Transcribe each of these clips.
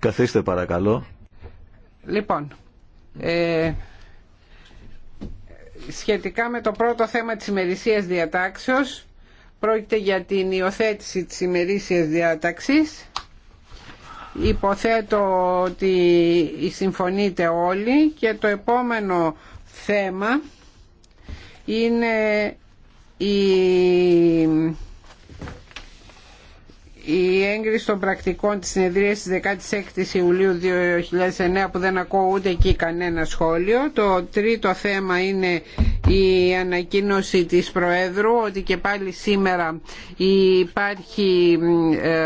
Καθίστε παρακαλώ. Λοιπόν, ε, σχετικά με το πρώτο θέμα της ημερησίας διατάξεως, πρόκειται για την υιοθέτηση της ημερησίας διάταξης. Υποθέτω ότι συμφωνείτε όλοι και το επόμενο θέμα είναι η η έγκριση των πρακτικών της συνεδρίας της 16ης Ιουλίου 2009 που δεν ακούω ούτε εκεί κανένα σχόλιο. Το τρίτο θέμα είναι η ανακοίνωση της Προέδρου ότι και πάλι σήμερα υπάρχει ε, ε,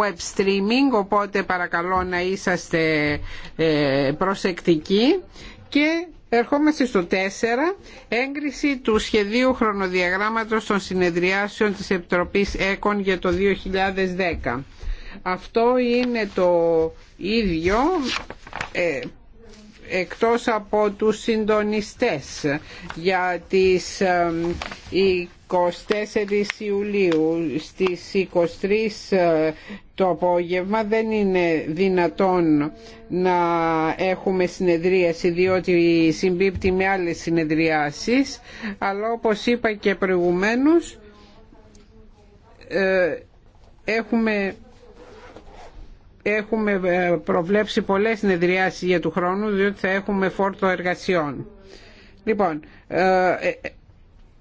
web streaming οπότε παρακαλώ να είσαστε ε, προσεκτικοί και Ερχόμαστε στο 4, έγκριση του σχεδίου χρονοδιαγράμματος των συνεδριάσεων της Επιτροπής ΕΚΟΝ για το 2010. Αυτό είναι το ίδιο ε, εκτός από τους συντονιστές για τις ε, 24 Ιουλίου στις 23 ε, το απόγευμα δεν είναι δυνατόν να έχουμε συνεδρίαση διότι συμπίπτει με άλλες συνεδριάσεις αλλά όπως είπα και προηγουμένως ε, έχουμε έχουμε ε, προβλέψει πολλές συνεδριάσεις για του χρόνου διότι θα έχουμε φόρτο εργασιών. Λοιπόν,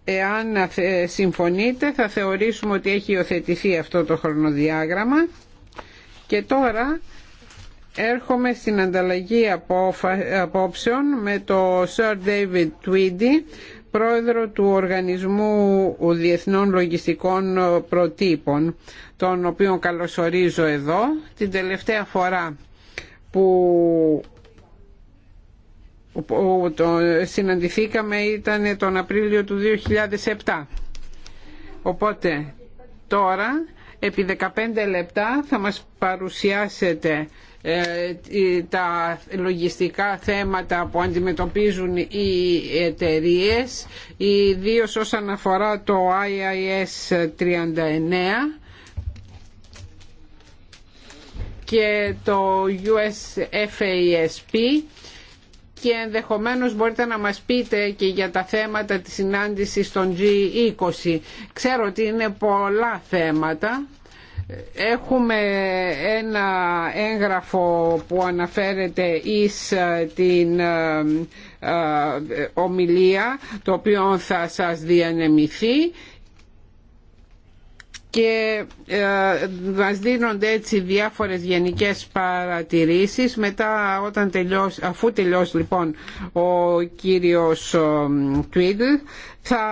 Εάν ε, συμφωνείτε θα θεωρήσουμε ότι έχει υιοθετηθεί αυτό το χρονοδιάγραμμα και τώρα έρχομαι στην ανταλλαγή απόψεων με το Sir David Tweedy, πρόεδρο του Οργανισμού Διεθνών Λογιστικών Προτύπων, τον οποίο καλωσορίζω εδώ. Την τελευταία φορά που που συναντηθήκαμε ήταν τον Απρίλιο του 2007. Οπότε τώρα επί 15 λεπτά θα μας παρουσιάσετε ε, τα λογιστικά θέματα που αντιμετωπίζουν οι εταιρείε, ιδίω όσον αφορά το IIS 39 και το USFASP και ενδεχομένως μπορείτε να μας πείτε και για τα θέματα της συνάντησης των G20. Ξέρω ότι είναι πολλά θέματα. Έχουμε ένα έγγραφο που αναφέρεται εις ε, την ε, ε, ομιλία το οποίο θα σας διανεμηθεί και ε, μας δίνονται έτσι διάφορες γενικές παρατηρήσεις μετά όταν τελειώσει, αφού τελειώσει λοιπόν ο κύριος ε, Τουίγκλ θα,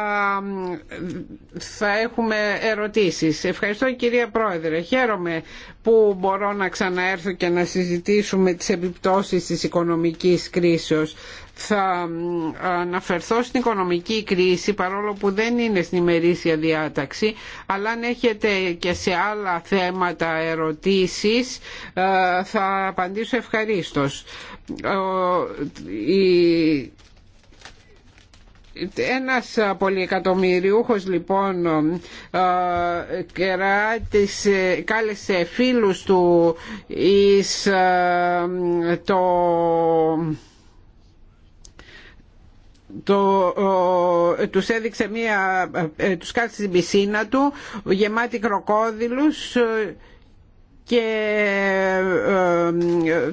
θα έχουμε ερωτήσεις. Ευχαριστώ κυρία Πρόεδρε. Χαίρομαι που μπορώ να ξαναέρθω και να συζητήσουμε τις επιπτώσεις της οικονομικής κρίσεως θα αναφερθώ στην οικονομική κρίση παρόλο που δεν είναι στην ημερήσια διάταξη αλλά αν έχετε και σε άλλα θέματα ερωτήσεις ε, θα απαντήσω ευχαρίστως. Ένας πολυεκατομμυριούχος λοιπόν ε, κεράτησε, κάλεσε φίλους του εις ε, το το, τους έδειξε μία, ε, τους κάτσε στην πισίνα του γεμάτη κροκόδιλους ε, και ε,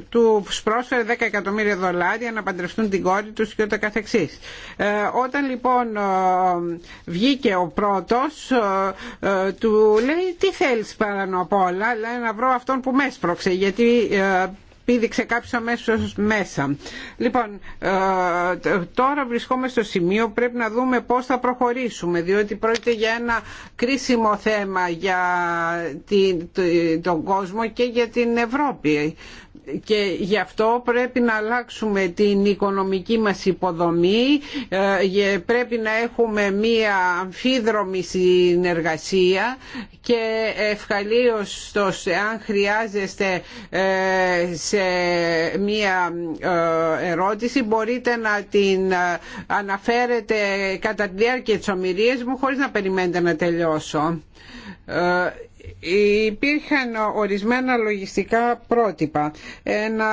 του πρόσφερε 10 εκατομμύρια δολάρια να παντρευτούν την κόρη τους και ούτε καθεξής. όταν λοιπόν βγήκε ο πρώτος του λέει τι θέλεις παρανοπόλα όλα λέει να βρω αυτόν που με έσπρωξε γιατί πήδηξε κάποιος αμέσως μέσα. Λοιπόν, ε, τώρα βρισκόμαστε στο σημείο πρέπει να δούμε πώς θα προχωρήσουμε, διότι πρόκειται για ένα κρίσιμο θέμα για τον κόσμο και για την Ευρώπη και γι' αυτό πρέπει να αλλάξουμε την οικονομική μας υποδομή ε, ε, πρέπει να έχουμε μία αμφίδρομη συνεργασία και σε αν χρειάζεστε ε, σε μία ερώτηση μπορείτε να την αναφέρετε κατά τη διάρκεια της ομιλίας μου χωρίς να περιμένετε να τελειώσω υπήρχαν ορισμένα λογιστικά πρότυπα ένα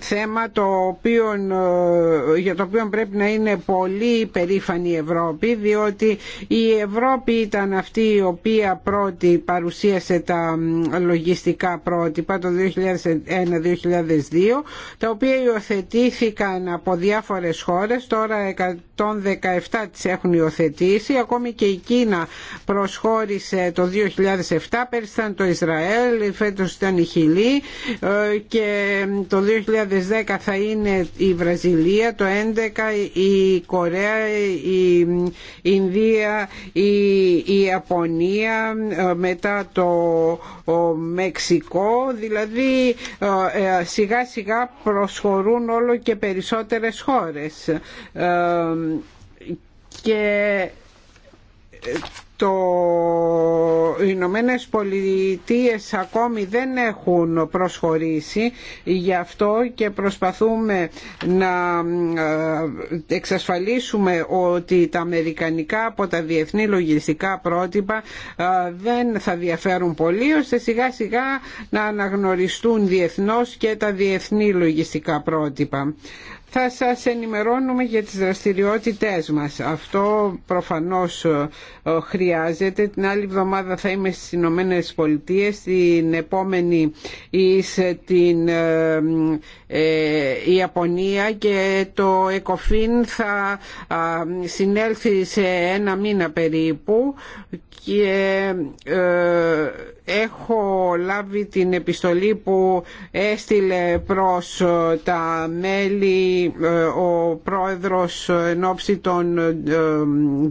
θέμα το οποίο, για το οποίο πρέπει να είναι πολύ περήφανη η Ευρώπη διότι η Ευρώπη ήταν αυτή η οποία πρώτη παρουσίασε τα λογιστικά πρότυπα το 2001-2002 τα οποία υιοθετήθηκαν από διάφορες χώρες τώρα 117 τις έχουν υιοθετήσει ακόμη και η Κίνα προσχώρησε το 2007 πέρυσι ήταν το Ισραήλ, φέτος ήταν η Χιλή ε, και το 2010 θα είναι η Βραζιλία, το 2011 η Κορέα, η Ινδία, η Ιαπωνία, ε, μετά το Μεξικό, δηλαδή ε, σιγά σιγά προσχωρούν όλο και περισσότερες χώρες και το Ηνωμένε Πολιτείε ακόμη δεν έχουν προσχωρήσει γι' αυτό και προσπαθούμε να ε, εξασφαλίσουμε ότι τα αμερικανικά από τα διεθνή λογιστικά πρότυπα ε, δεν θα διαφέρουν πολύ ώστε σιγά σιγά να αναγνωριστούν διεθνώς και τα διεθνή λογιστικά πρότυπα θα σας ενημερώνουμε για τις δραστηριότητές μας. Αυτό προφανώς ε, ε, χρειάζεται. Την άλλη εβδομάδα θα είμαι στις Ηνωμένε Πολιτείε, την επόμενη εις ε, την η Ιαπωνία και το ΕΚΟΦΗΝ θα συνέλθει σε ένα μήνα περίπου και έχω λάβει την επιστολή που έστειλε προς τα μέλη ε, ο πρόεδρος εν ώψη των ε,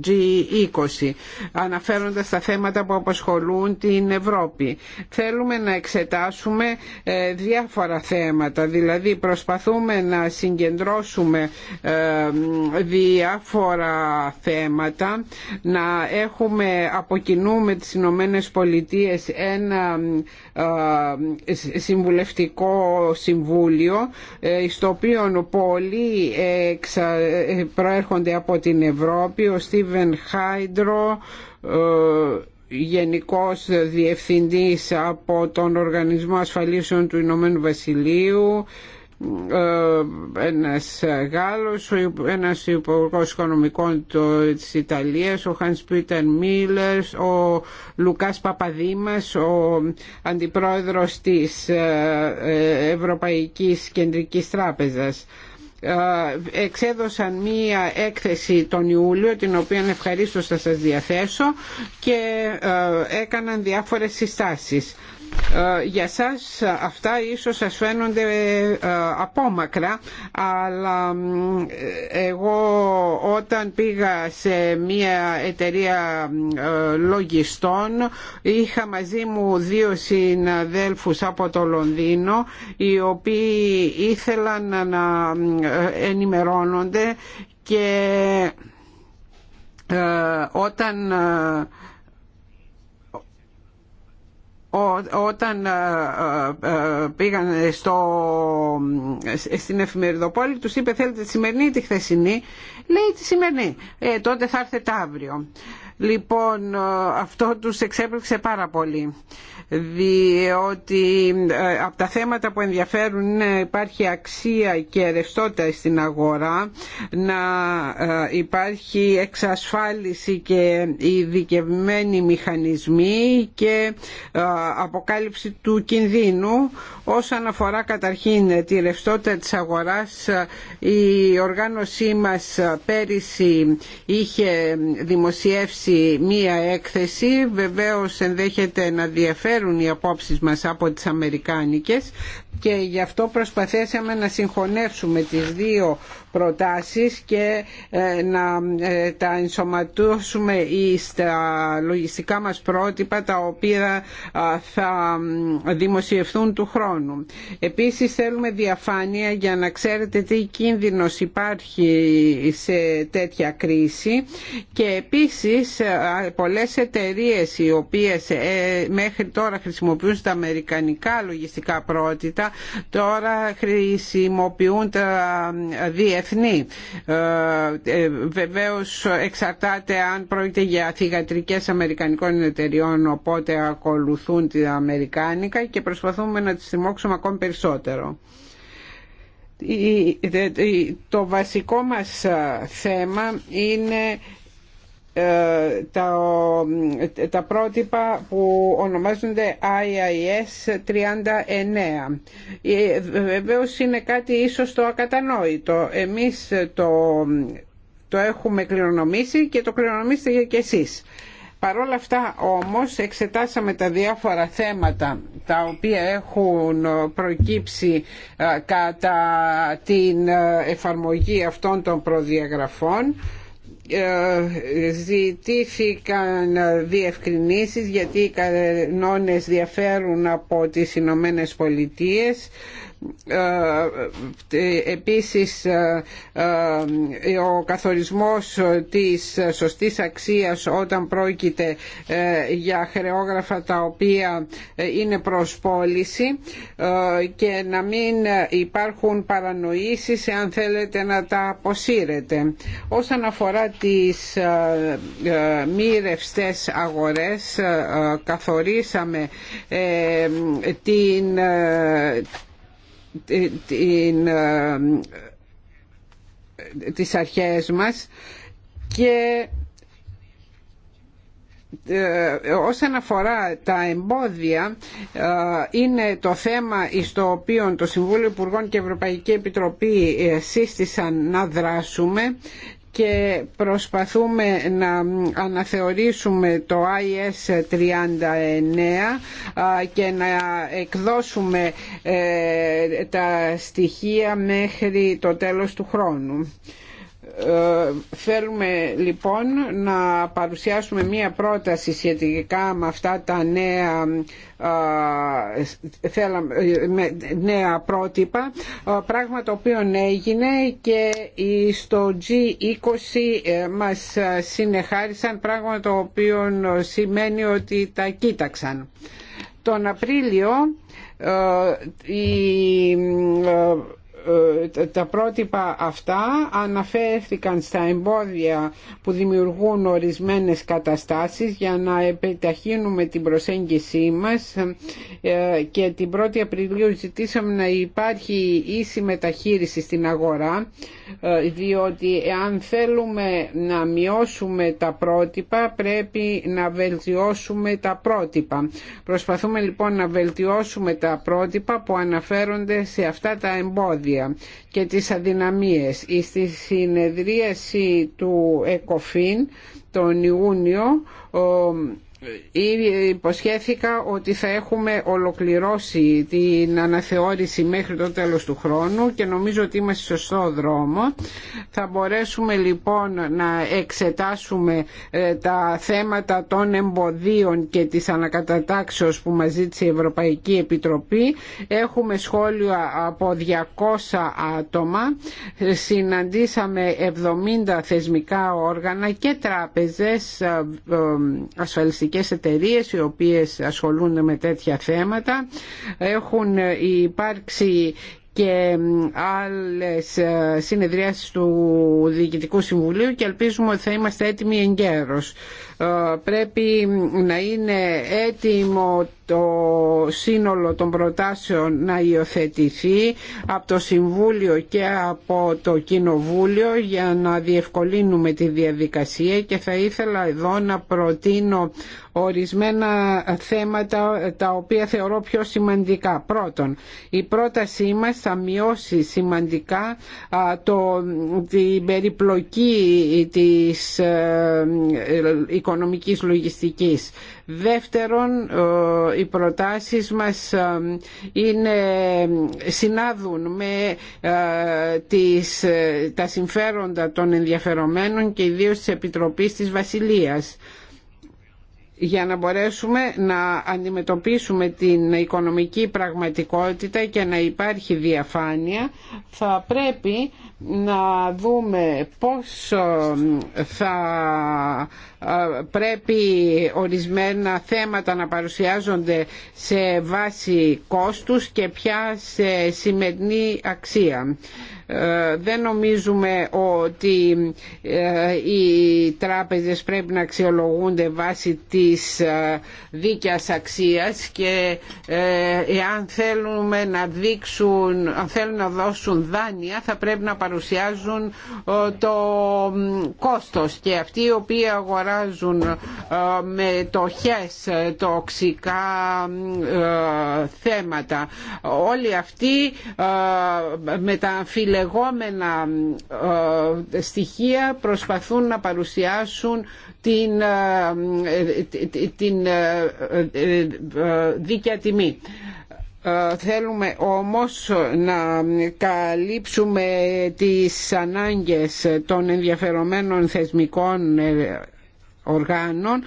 G20 αναφέροντας τα θέματα που απασχολούν την Ευρώπη. Θέλουμε να εξετάσουμε ε, διάφορα θέματα, δηλαδή προσπαθούμε να συγκεντρώσουμε διάφορα θέματα, να έχουμε από κοινού με τις Ηνωμένες Πολιτείες ένα ε, συμβουλευτικό συμβούλιο ε, στο οποίο πολλοί ε, προέρχονται από την Ευρώπη ο Στίβεν Χάιντρο Γενικός Διευθυντής από τον Οργανισμό Ασφαλίσεων του Ηνωμένου Βασιλείου ε, ένας Γάλλος, ένας υπουργός οικονομικών της Ιταλίας, ο Χάνς Πίτερ Μίλλερ, ο Λουκάς Παπαδήμας, ο αντιπρόεδρος της ε, ε, Ευρωπαϊκής Κεντρικής Τράπεζας εξέδωσαν μία έκθεση τον Ιούλιο την οποία ευχαρίστως θα σας διαθέσω και έκαναν διάφορες συστάσεις ε, για σας αυτά ίσως σας φαίνονται ε, απόμακρα αλλά εγώ όταν πήγα σε μια εταιρεία ε, λογιστών είχα μαζί μου δύο συναδέλφους από το Λονδίνο οι οποίοι ήθελαν να ενημερώνονται και όταν όταν ε, ε, ε, πήγαν στο, στην εφημεριδοπόλη τους είπε θέλετε τη σημερινή ή τη χθεσινή λέει τη σημερινή τότε θα έρθετε αύριο Λοιπόν, ε, αυτό τους εξέπληξε πάρα πολύ, διότι ε, από τα θέματα που ενδιαφέρουν υπάρχει αξία και ρευστότητα στην αγορά, να ε, υπάρχει εξασφάλιση και ειδικευμένοι μηχανισμοί και αποκάλυψη του κινδύνου όσον αφορά καταρχήν τη ρευστότητα της αγοράς η οργάνωσή μας πέρυσι είχε δημοσιεύσει μία έκθεση. Βεβαίως ενδέχεται να διαφέρουν οι απόψεις μας από τις Αμερικάνικες και γι' αυτό προσπαθήσαμε να συγχωνεύσουμε τις δύο προτάσεις και ε, να ε, τα ενσωματώσουμε στα λογιστικά μας πρότυπα τα οποία θα δημοσιευθούν του χρόνου. Επίσης θέλουμε διαφάνεια για να ξέρετε τι κίνδυνος υπάρχει σε τέτοια κρίση και επίσης πολλές εταιρείες οι οποίες ε, μέχρι τώρα χρησιμοποιούν τα αμερικανικά λογιστικά πρότυπα τώρα χρησιμοποιούν τα ε, διεθνή. Ε, ε, βεβαίως εξαρτάται αν πρόκειται για θηγατρικές αμερικανικών εταιριών οπότε ακολουθούν την αμερικάνικα και προσπαθούμε να τις θυμώξουμε ακόμη περισσότερο το βασικό μας θέμα είναι ε, τα, τα πρότυπα που ονομάζονται IIS 39. Βεβαίω είναι κάτι ίσως το ακατανόητο. Εμείς το, το έχουμε κληρονομήσει και το κληρονομήσετε και εσείς. Παρ' όλα αυτά όμως εξετάσαμε τα διάφορα θέματα τα οποία έχουν προκύψει ε, κατά την ε, εφαρμογή αυτών των προδιαγραφών ε, ζητήθηκαν διευκρινήσεις γιατί οι κανόνες διαφέρουν από τις Ηνωμένε Πολιτείες ε, ε, επίσης ε, ο καθορισμός της σωστής αξίας όταν πρόκειται για χρεόγραφα τα οποία είναι προς πώληση και να μην υπάρχουν παρανοήσεις εάν θέλετε να τα αποσύρετε. Όσον αφορά τις μη αγορές καθορίσαμε την την, ε, τις αρχές μας και ε, όσον αφορά τα εμπόδια ε, είναι το θέμα στο οποίο το Συμβούλιο Υπουργών και Ευρωπαϊκή Επιτροπή σύστησαν να δράσουμε και προσπαθούμε να αναθεωρήσουμε το IS 39 και να εκδώσουμε ε, τα στοιχεία μέχρι το τέλος του χρόνου. Ε, θέλουμε λοιπόν να παρουσιάσουμε μία πρόταση σχετικά με αυτά τα νέα, ε, νέα πρότυπα ε, πράγμα το οποίο έγινε και στο G20 μας συνεχάρισαν πράγμα το οποίο σημαίνει ότι τα κοίταξαν. Τον Απρίλιο ε, τα πρότυπα αυτά αναφέρθηκαν στα εμπόδια που δημιουργούν ορισμένες καταστάσεις για να επιταχύνουμε την προσέγγιση μας ε, και την 1η Απριλίου ζητήσαμε να υπάρχει ίση μεταχείριση στην αγορά ε, διότι αν θέλουμε να μειώσουμε τα πρότυπα πρέπει να βελτιώσουμε τα πρότυπα. Προσπαθούμε λοιπόν να βελτιώσουμε τα πρότυπα που αναφέρονται σε αυτά τα εμπόδια και τις αδυναμίες. Στη συνεδρίαση του ΕΚΟΦΗΝ τον Ιούνιο υποσχέθηκα ότι θα έχουμε ολοκληρώσει την αναθεώρηση μέχρι το τέλος του χρόνου και νομίζω ότι είμαστε στο σωστό δρόμο. Θα μπορέσουμε λοιπόν να εξετάσουμε ε, τα θέματα των εμποδίων και της ανακατατάξεως που μας ζήτησε η Ευρωπαϊκή Επιτροπή. Έχουμε σχόλια από 200 άτομα. Συναντήσαμε 70 θεσμικά όργανα και τράπεζες ε, ε, ασφαλιστικές σημαντικές εταιρείε οι οποίες ασχολούνται με τέτοια θέματα. Έχουν υπάρξει και άλλες ε, συνεδριάσεις του Διοικητικού Συμβουλίου και ελπίζουμε ότι θα είμαστε έτοιμοι εγκαίρως. Ε, πρέπει να είναι έτοιμο το σύνολο των προτάσεων να υιοθετηθεί από το Συμβούλιο και από το Κοινοβούλιο για να διευκολύνουμε τη διαδικασία και θα ήθελα εδώ να προτείνω ορισμένα θέματα τα οποία θεωρώ πιο σημαντικά. Πρώτον, η πρότασή μας θα μειώσει σημαντικά το, την περιπλοκή της ε, ε οικονομικής λογιστικής. Δεύτερον, ε, οι προτάσεις μας ε, είναι, συνάδουν με ε, τις, τα συμφέροντα των ενδιαφερομένων και ιδίως της Επιτροπής της Βασιλείας για να μπορέσουμε να αντιμετωπίσουμε την οικονομική πραγματικότητα και να υπάρχει διαφάνεια θα πρέπει να δούμε πώς θα πρέπει ορισμένα θέματα να παρουσιάζονται σε βάση κόστους και πια σε σημερινή αξία δεν νομίζουμε ότι ε, οι τράπεζες πρέπει να αξιολογούνται βάσει της ε, δίκαιας αξίας και ε, εάν θέλουμε να δείξουν, αν θέλουν να δώσουν δάνεια θα πρέπει να παρουσιάζουν το κόστος και αυτοί οι οποίοι αγοράζουν με το τοχές τοξικά θέματα όλοι αυτοί με τα λεγόμενα ε, στοιχεία προσπαθούν να παρουσιάσουν την, ε, ε, την δίκαια τιμή. Θέλουμε όμως να καλύψουμε τις ανάγκες των ενδιαφερομένων θεσμικών οργάνων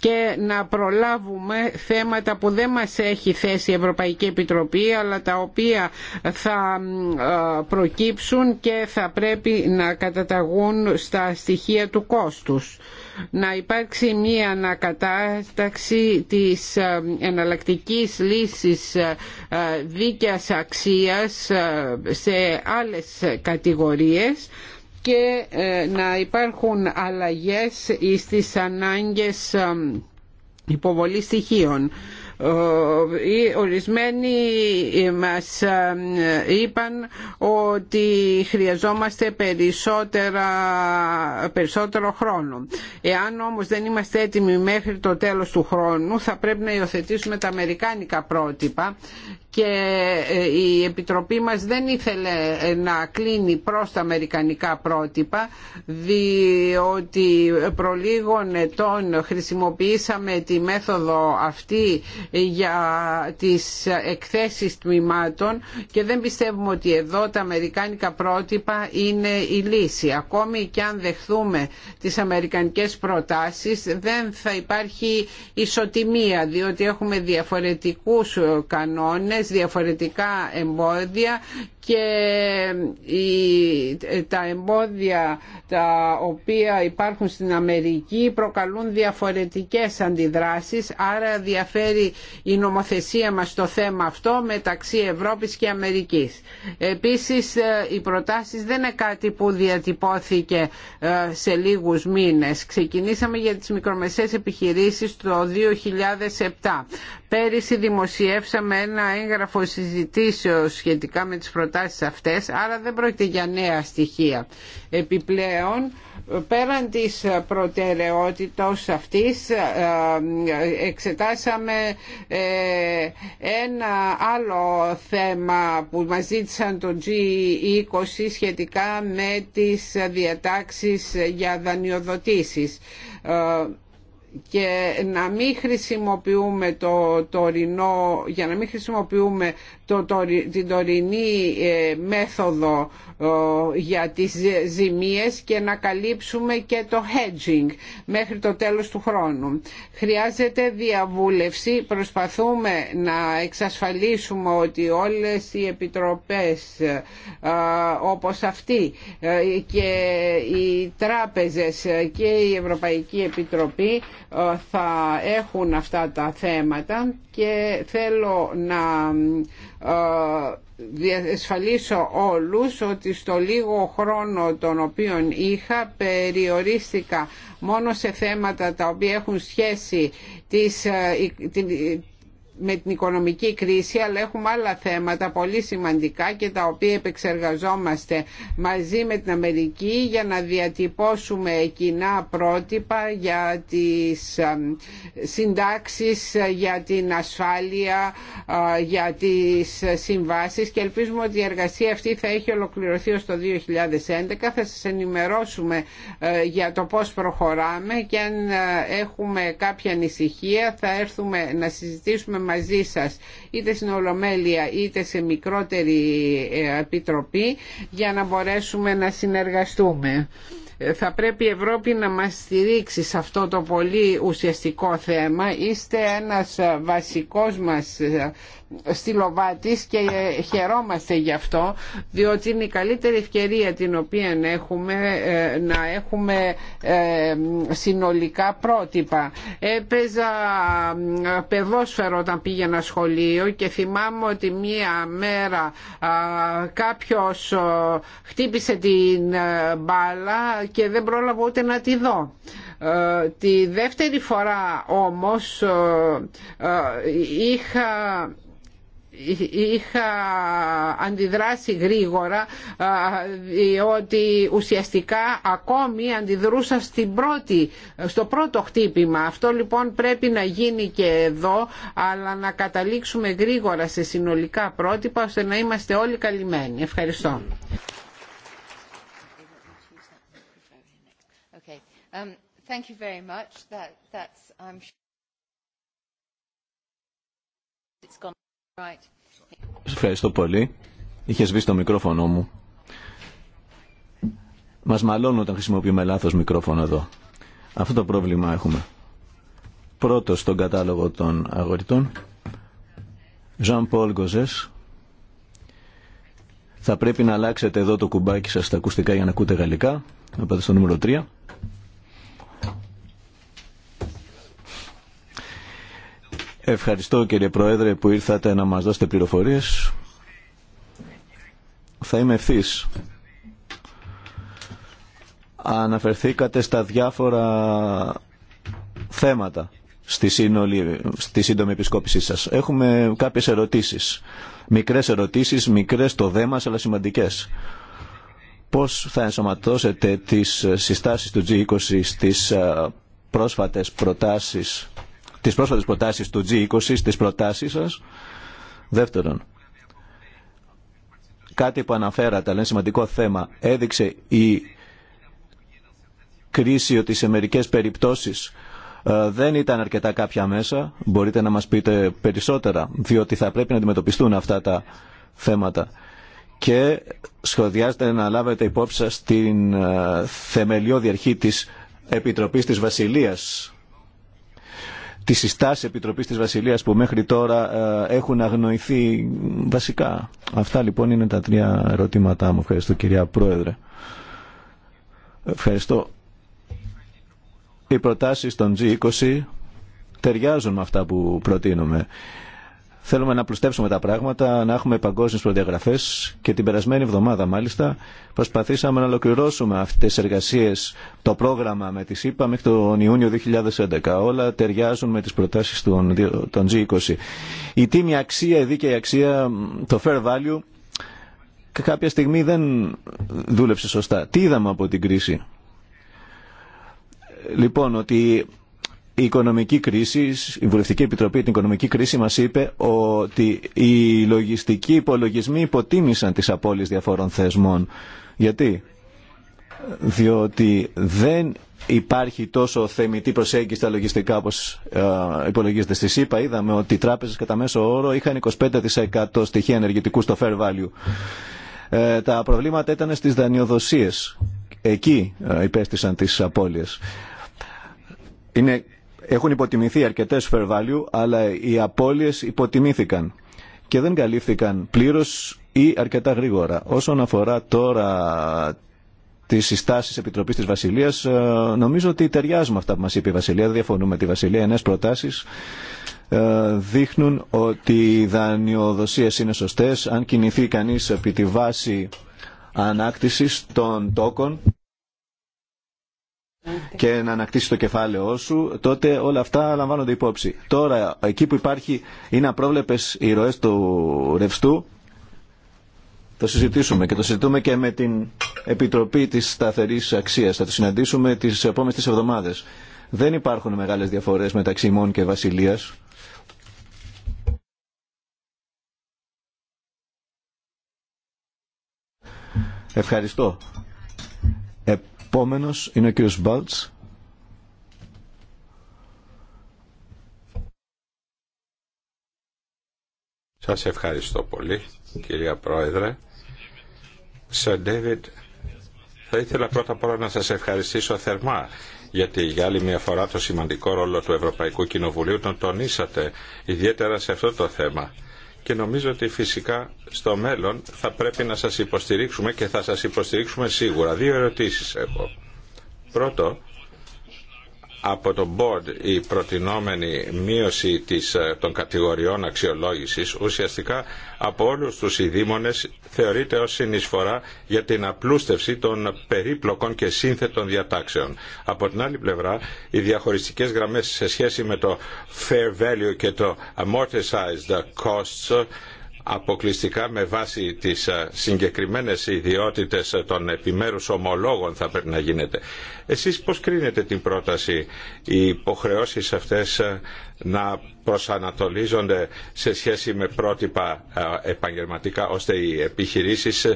και να προλάβουμε θέματα που δεν μας έχει θέσει η Ευρωπαϊκή Επιτροπή αλλά τα οποία θα ε, προκύψουν και θα πρέπει να καταταγούν στα στοιχεία του κόστους. Να υπάρξει μία ανακατάσταξη της ε, εναλλακτικής λύσης ε, δίκαιας αξίας σε άλλες κατηγορίες και ε, να υπάρχουν αλλαγές στις ανάγκες ε, υποβολής στοιχείων ορισμένοι μας ε, είπαν ότι χρειαζόμαστε περισσότερα, περισσότερο χρόνο. Εάν όμως δεν είμαστε έτοιμοι μέχρι το τέλος του χρόνου θα πρέπει να υιοθετήσουμε τα αμερικάνικα πρότυπα και ε, η Επιτροπή μας δεν ήθελε ε, να κλείνει προς τα αμερικανικά πρότυπα διότι προλίγων ετών χρησιμοποιήσαμε τη μέθοδο αυτή για τις εκθέσεις τμήματων και δεν πιστεύουμε ότι εδώ τα αμερικάνικα πρότυπα είναι η λύση. Ακόμη και αν δεχθούμε τις αμερικανικές προτάσεις δεν θα υπάρχει ισοτιμία διότι έχουμε διαφορετικούς κανόνες, διαφορετικά εμπόδια και ε, ε, τα εμπόδια τα οποία υπάρχουν στην Αμερική προκαλούν διαφορετικές αντιδράσεις άρα διαφέρει η νομοθεσία μας στο θέμα αυτό μεταξύ Ευρώπης και Αμερικής. Επίσης ε, οι προτάσεις δεν είναι κάτι που διατυπώθηκε σε λίγους μήνες. Ξεκινήσαμε για τις μικρομεσαίες επιχειρήσεις το 2007. Πέρυσι δημοσιεύσαμε ένα έγγραφο συζητήσεως σχετικά με τις προτάσεις αυτές, άρα δεν πρόκειται για νέα στοιχεία. Επιπλέον, πέραν της προτεραιότητας αυτής, ε, εξετάσαμε ε, ένα άλλο θέμα που μας ζήτησαν το G20 σχετικά με τις διατάξεις για δανειοδοτήσεις. Ε, και να μην χρησιμοποιούμε το τωρινό, για να μην χρησιμοποιούμε την τωρινή ε, μέθοδο για τις ζημίες και να καλύψουμε και το hedging μέχρι το τέλος του χρόνου. Χρειάζεται διαβούλευση. Προσπαθούμε να εξασφαλίσουμε ότι όλες οι επιτροπές ε, όπως αυτή ε, και οι τράπεζες και η Ευρωπαϊκή Επιτροπή θα έχουν αυτά τα θέματα και θέλω να ε, διασφαλίσω όλους ότι στο λίγο χρόνο τον οποίο είχα περιορίστηκα μόνο σε θέματα τα οποία έχουν σχέση της, ε, με την οικονομική κρίση αλλά έχουμε άλλα θέματα πολύ σημαντικά και τα οποία επεξεργαζόμαστε μαζί με την Αμερική για να διατυπώσουμε κοινά πρότυπα για τις συντάξεις, για την ασφάλεια, για τις συμβάσεις και ελπίζουμε ότι η εργασία αυτή θα έχει ολοκληρωθεί ως το 2011. Θα σας ενημερώσουμε ε, για το πώς προχωράμε και αν ε, έχουμε κάποια ανησυχία θα έρθουμε να συζητήσουμε μαζί σας είτε στην Ολομέλεια είτε σε μικρότερη ε, επιτροπή για να μπορέσουμε να συνεργαστούμε. Ε, θα πρέπει η Ευρώπη να μας στηρίξει σε αυτό το πολύ ουσιαστικό θέμα. Είστε ένας ε, βασικός μας στυλοβάτης και χαιρόμαστε γι' αυτό διότι είναι η καλύτερη ευκαιρία την οποία έχουμε ε, να έχουμε ε, συνολικά πρότυπα. Έπαιζα παιδόσφαιρο όταν πήγαινα σχολείο και θυμάμαι ότι μία μέρα κάποιος χτύπησε την ε, μπάλα και δεν πρόλαβα ούτε να τη δω. Τη δεύτερη φορά όμως είχα είχα αντιδράσει γρήγορα διότι ουσιαστικά ακόμη αντιδρούσα στην πρώτη, στο πρώτο χτύπημα. Αυτό λοιπόν πρέπει να γίνει και εδώ αλλά να καταλήξουμε γρήγορα σε συνολικά πρότυπα ώστε να είμαστε όλοι καλυμμένοι. Ευχαριστώ. Right. Ευχαριστώ πολύ. Είχε σβήσει το μικρόφωνο μου. Μας μαλώνουν όταν χρησιμοποιούμε λάθος μικρόφωνο εδώ. Αυτό το πρόβλημα έχουμε. Πρώτος στον κατάλογο των αγοριτών, jean Jean-Paul Gauzes. Θα πρέπει να αλλάξετε εδώ το κουμπάκι σας στα ακουστικά για να ακούτε γαλλικά. Να πάτε στο νούμερο 3. Ευχαριστώ κύριε Πρόεδρε που ήρθατε να μας δώσετε πληροφορίες. Θα είμαι ευθύ. Αναφερθήκατε στα διάφορα θέματα στη, σύνολη, στη σύντομη επισκόπησή σας. Έχουμε κάποιες ερωτήσεις. Μικρές ερωτήσεις, μικρές το δέμα, αλλά σημαντικές. Πώς θα ενσωματώσετε τις συστάσεις του G20 στις ε, πρόσφατες προτάσεις τις πρόσφατες προτάσεις του G20, στις προτάσεις σας. Δεύτερον, κάτι που αναφέρατε, αλλά είναι σημαντικό θέμα, έδειξε η κρίση ότι σε μερικές περιπτώσεις ε, δεν ήταν αρκετά κάποια μέσα. Μπορείτε να μας πείτε περισσότερα, διότι θα πρέπει να αντιμετωπιστούν αυτά τα θέματα. Και σχεδιάζετε να λάβετε υπόψη σας την ε, θεμελιώδη αρχή της Επιτροπής της Βασιλείας τι συστάσει Επιτροπή τη Βασιλεία που μέχρι τώρα ε, έχουν αγνοηθεί βασικά. Αυτά λοιπόν είναι τα τρία ερωτήματά μου. Ευχαριστώ κυρία Πρόεδρε. Ευχαριστώ. Οι προτάσεις των G20 ταιριάζουν με αυτά που προτείνουμε. Θέλουμε να πλουστεύσουμε τα πράγματα, να έχουμε παγκόσμιε προδιαγραφέ και την περασμένη εβδομάδα μάλιστα προσπαθήσαμε να ολοκληρώσουμε αυτέ τι εργασίε, το πρόγραμμα με τις ΣΥΠΑ μέχρι τον Ιούνιο 2011. Όλα ταιριάζουν με τι προτάσει των G20. Η τίμη αξία, η δίκαιη αξία, το fair value κάποια στιγμή δεν δούλεψε σωστά. Τι είδαμε από την κρίση. Λοιπόν, ότι η οικονομική κρίση, η Βουλευτική Επιτροπή την οικονομική κρίση μας είπε ότι οι λογιστικοί υπολογισμοί υποτίμησαν τις απώλειες διαφορών θεσμών. Γιατί? Διότι δεν υπάρχει τόσο θεμητή προσέγγιση στα λογιστικά όπως ε, υπολογίζεται στη ΣΥΠΑ. Είδαμε ότι οι τράπεζες κατά μέσο όρο είχαν 25% στοιχεία ενεργητικού στο fair value. Ε, τα προβλήματα ήταν στις δανειοδοσίες. Εκεί ε, υπέστησαν τις απώλειες. Είναι έχουν υποτιμηθεί αρκετές fair value, αλλά οι απώλειες υποτιμήθηκαν και δεν καλύφθηκαν πλήρως ή αρκετά γρήγορα. Όσον αφορά τώρα τι συστάσει Επιτροπή τη Βασιλείας, ε, νομίζω ότι ταιριάζουμε αυτά που μα είπε η Βασιλεία. Δεν διαφωνούμε τη Βασιλεία. Οι ε, δείχνουν ότι οι δανειοδοσίε είναι σωστέ. Αν κινηθεί κανεί επί τη βάση ανάκτηση των τόκων, και να ανακτήσει το κεφάλαιό σου, τότε όλα αυτά λαμβάνονται υπόψη. Τώρα, εκεί που υπάρχει είναι απρόβλεπε οι ροέ του ρευστού, το συζητήσουμε και το συζητούμε και με την Επιτροπή της σταθερή Αξίας. Θα το συναντήσουμε τις επόμενες εβδομάδε. εβδομάδες. Δεν υπάρχουν μεγάλες διαφορές μεταξύ ημών και βασιλεία. Ευχαριστώ. Ε, Επόμενος είναι ο Μπάλτς. Σας ευχαριστώ πολύ, κυρία Πρόεδρε. Σε David, θα ήθελα πρώτα απ' όλα να σας ευχαριστήσω θερμά γιατί για άλλη μια φορά το σημαντικό ρόλο του Ευρωπαϊκού Κοινοβουλίου τον τονίσατε ιδιαίτερα σε αυτό το θέμα και νομίζω ότι φυσικά στο μέλλον θα πρέπει να σας υποστηρίξουμε και θα σας υποστηρίξουμε σίγουρα. Δύο ερωτήσεις έχω. Πρώτο, από το board η προτινόμενη μείωση της, ε, των κατηγοριών αξιολόγησης ουσιαστικά από όλους τους ειδήμονες θεωρείται ως συνεισφορά για την απλούστευση των περίπλοκων και σύνθετων διατάξεων. Από την άλλη πλευρά οι διαχωριστικές γραμμές σε σχέση με το fair value και το amortized costs αποκλειστικά με βάση τις συγκεκριμένες ιδιότητες των επιμέρους ομολόγων θα πρέπει να γίνεται. Εσείς πώς κρίνετε την πρόταση οι υποχρεώσεις αυτές να προσανατολίζονται σε σχέση με πρότυπα επαγγελματικά ώστε οι επιχειρήσεις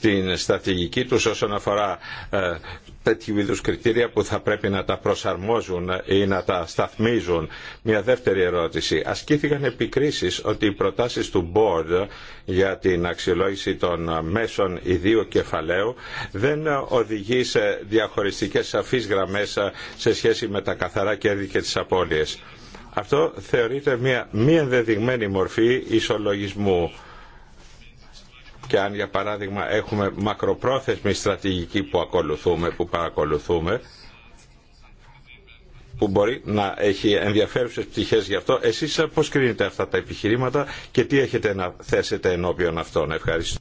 την στρατηγική τους όσον αφορά τέτοιου είδου κριτήρια που θα πρέπει να τα προσαρμόζουν ή να τα σταθμίζουν. Μια δεύτερη ερώτηση. Ασκήθηκαν επικρίσεις ότι οι προτάσεις του Board για την αξιολόγηση των μέσων ιδίου κεφαλαίου δεν οδηγεί σε διαχωριστικές σαφείς γραμμές σε σχέση με τα καθαρά κέρδη και τις απώλειες. Αυτό θεωρείται μια μη ενδεδειγμένη μορφή ισολογισμού και αν για παράδειγμα έχουμε μακροπρόθεσμη στρατηγική που ακολουθούμε, που παρακολουθούμε, που μπορεί να έχει ενδιαφέρουσες πτυχές γι' αυτό, εσείς πώς κρίνετε αυτά τα επιχειρήματα και τι έχετε να θέσετε ενώπιον αυτών. Ευχαριστώ.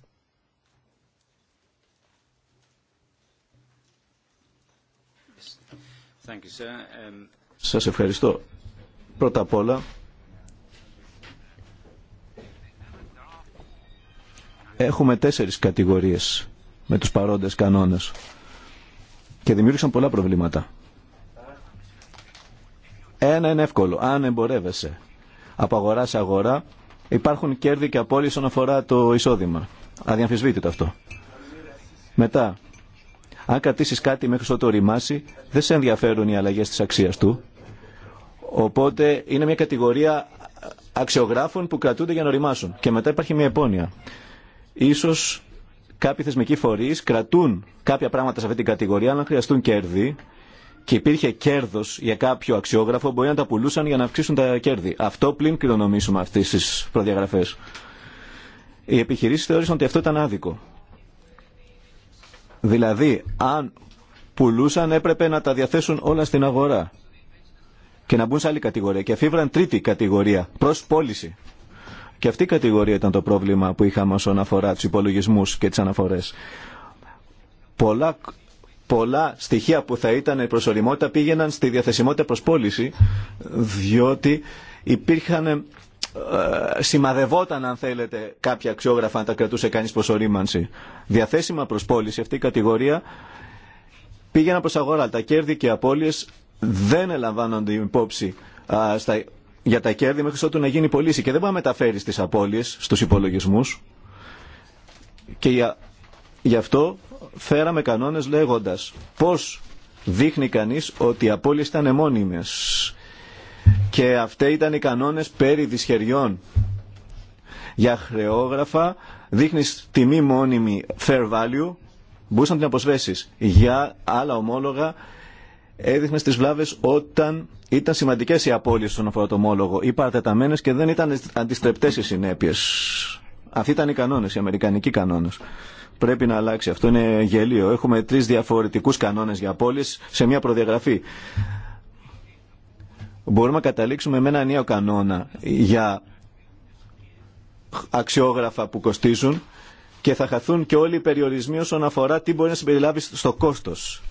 Um, Σας ευχαριστώ. Πρώτα απ' όλα Έχουμε τέσσερις κατηγορίες με τους παρόντες κανόνες και δημιούργησαν πολλά προβλήματα. Ένα είναι εύκολο, αν εμπορεύεσαι από αγορά σε αγορά, υπάρχουν κέρδη και απόλυση όσον αφορά το εισόδημα. Αδιαμφισβήτητο αυτό. Μετά, αν κρατήσει κάτι μέχρι ότου οριμάσει, δεν σε ενδιαφέρουν οι αλλαγέ τη αξία του. Οπότε είναι μια κατηγορία αξιογράφων που κρατούνται για να οριμάσουν. Και μετά υπάρχει μια επώνυα. Ίσως κάποιοι θεσμικοί φορείς κρατούν κάποια πράγματα σε αυτή την κατηγορία, αλλά αν χρειαστούν κέρδη και υπήρχε κέρδο για κάποιο αξιόγραφο, μπορεί να τα πουλούσαν για να αυξήσουν τα κέρδη. Αυτό πλην κληρονομήσουμε αυτέ τι προδιαγραφέ. Οι επιχειρήσει θεώρησαν ότι αυτό ήταν άδικο. Δηλαδή, αν πουλούσαν, έπρεπε να τα διαθέσουν όλα στην αγορά και να μπουν σε άλλη κατηγορία. Και αφήβραν τρίτη κατηγορία προ πώληση. Και αυτή η κατηγορία ήταν το πρόβλημα που είχαμε όσον αφορά του υπολογισμού και τι αναφορέ. Πολλά, πολλά στοιχεία που θα ήταν προσωριμότητα πήγαιναν στη διαθεσιμότητα προσπόληση πώληση, διότι υπήρχαν ε, σημαδευόταν αν θέλετε κάποια αξιόγραφα αν τα κρατούσε κανείς προσωρίμανση. Διαθέσιμα προσπόληση πώληση αυτή η κατηγορία πήγαιναν προς αγορά. Τα κέρδη και οι δεν ελαμβάνονται υπόψη στα για τα κέρδη μέχρι ότου να γίνει πωλήση και δεν μπορεί να μεταφέρει τι απώλειες στους υπολογισμούς και για, γι' αυτό φέραμε κανόνες λέγοντας πώς δείχνει κανείς ότι οι απώλειε ήταν μόνιμες και αυτές ήταν οι κανόνες περί δυσχεριών για χρεόγραφα δείχνεις τιμή μόνιμη fair value μπορούσαν να την αποσβέσεις για άλλα ομόλογα έδειχνε στις βλάβες όταν ήταν σημαντικές οι απώλειες στον αφορά το ομόλογο ή παρατεταμένες και δεν ήταν αντιστρεπτές οι συνέπειες. Αυτοί ήταν οι κανόνες, οι αμερικανικοί κανόνες. Πρέπει να αλλάξει. Αυτό είναι γελίο. Έχουμε τρεις διαφορετικούς κανόνες για απώλειες σε μια προδιαγραφή. Μπορούμε να καταλήξουμε με ένα νέο κανόνα για αξιόγραφα που κοστίζουν και θα χαθούν και όλοι οι περιορισμοί όσον αφορά τι μπορεί να συμπεριλάβει στο κόστος.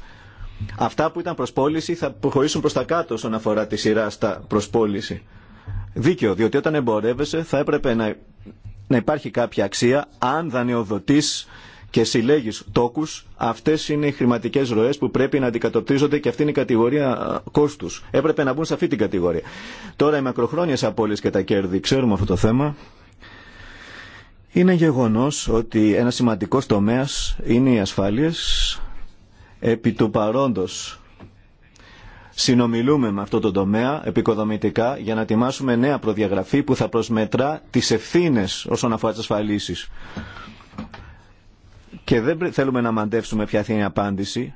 Αυτά που ήταν προς πώληση θα προχωρήσουν προς τα κάτω όσον αφορά τη σειρά στα προς πώληση. Δίκαιο, διότι όταν εμπορεύεσαι θα έπρεπε να, να υπάρχει κάποια αξία αν δανειοδοτείς και συλλέγει τόκου, αυτέ είναι οι χρηματικέ ροέ που πρέπει να αντικατοπτρίζονται και αυτή είναι η κατηγορία κόστου. Έπρεπε να μπουν σε αυτή την κατηγορία. Τώρα οι μακροχρόνιε απώλειε και τα κέρδη, ξέρουμε αυτό το θέμα. Είναι γεγονό ότι ένα σημαντικό τομέα είναι οι ασφάλειε Επί του παρόντος συνομιλούμε με αυτό το τομέα επικοδομητικά για να ετοιμάσουμε νέα προδιαγραφή που θα προσμετρά τις ευθύνες όσον αφορά τις ασφαλίσεις. Και δεν θέλουμε να μαντεύσουμε ποια θα είναι η απάντηση.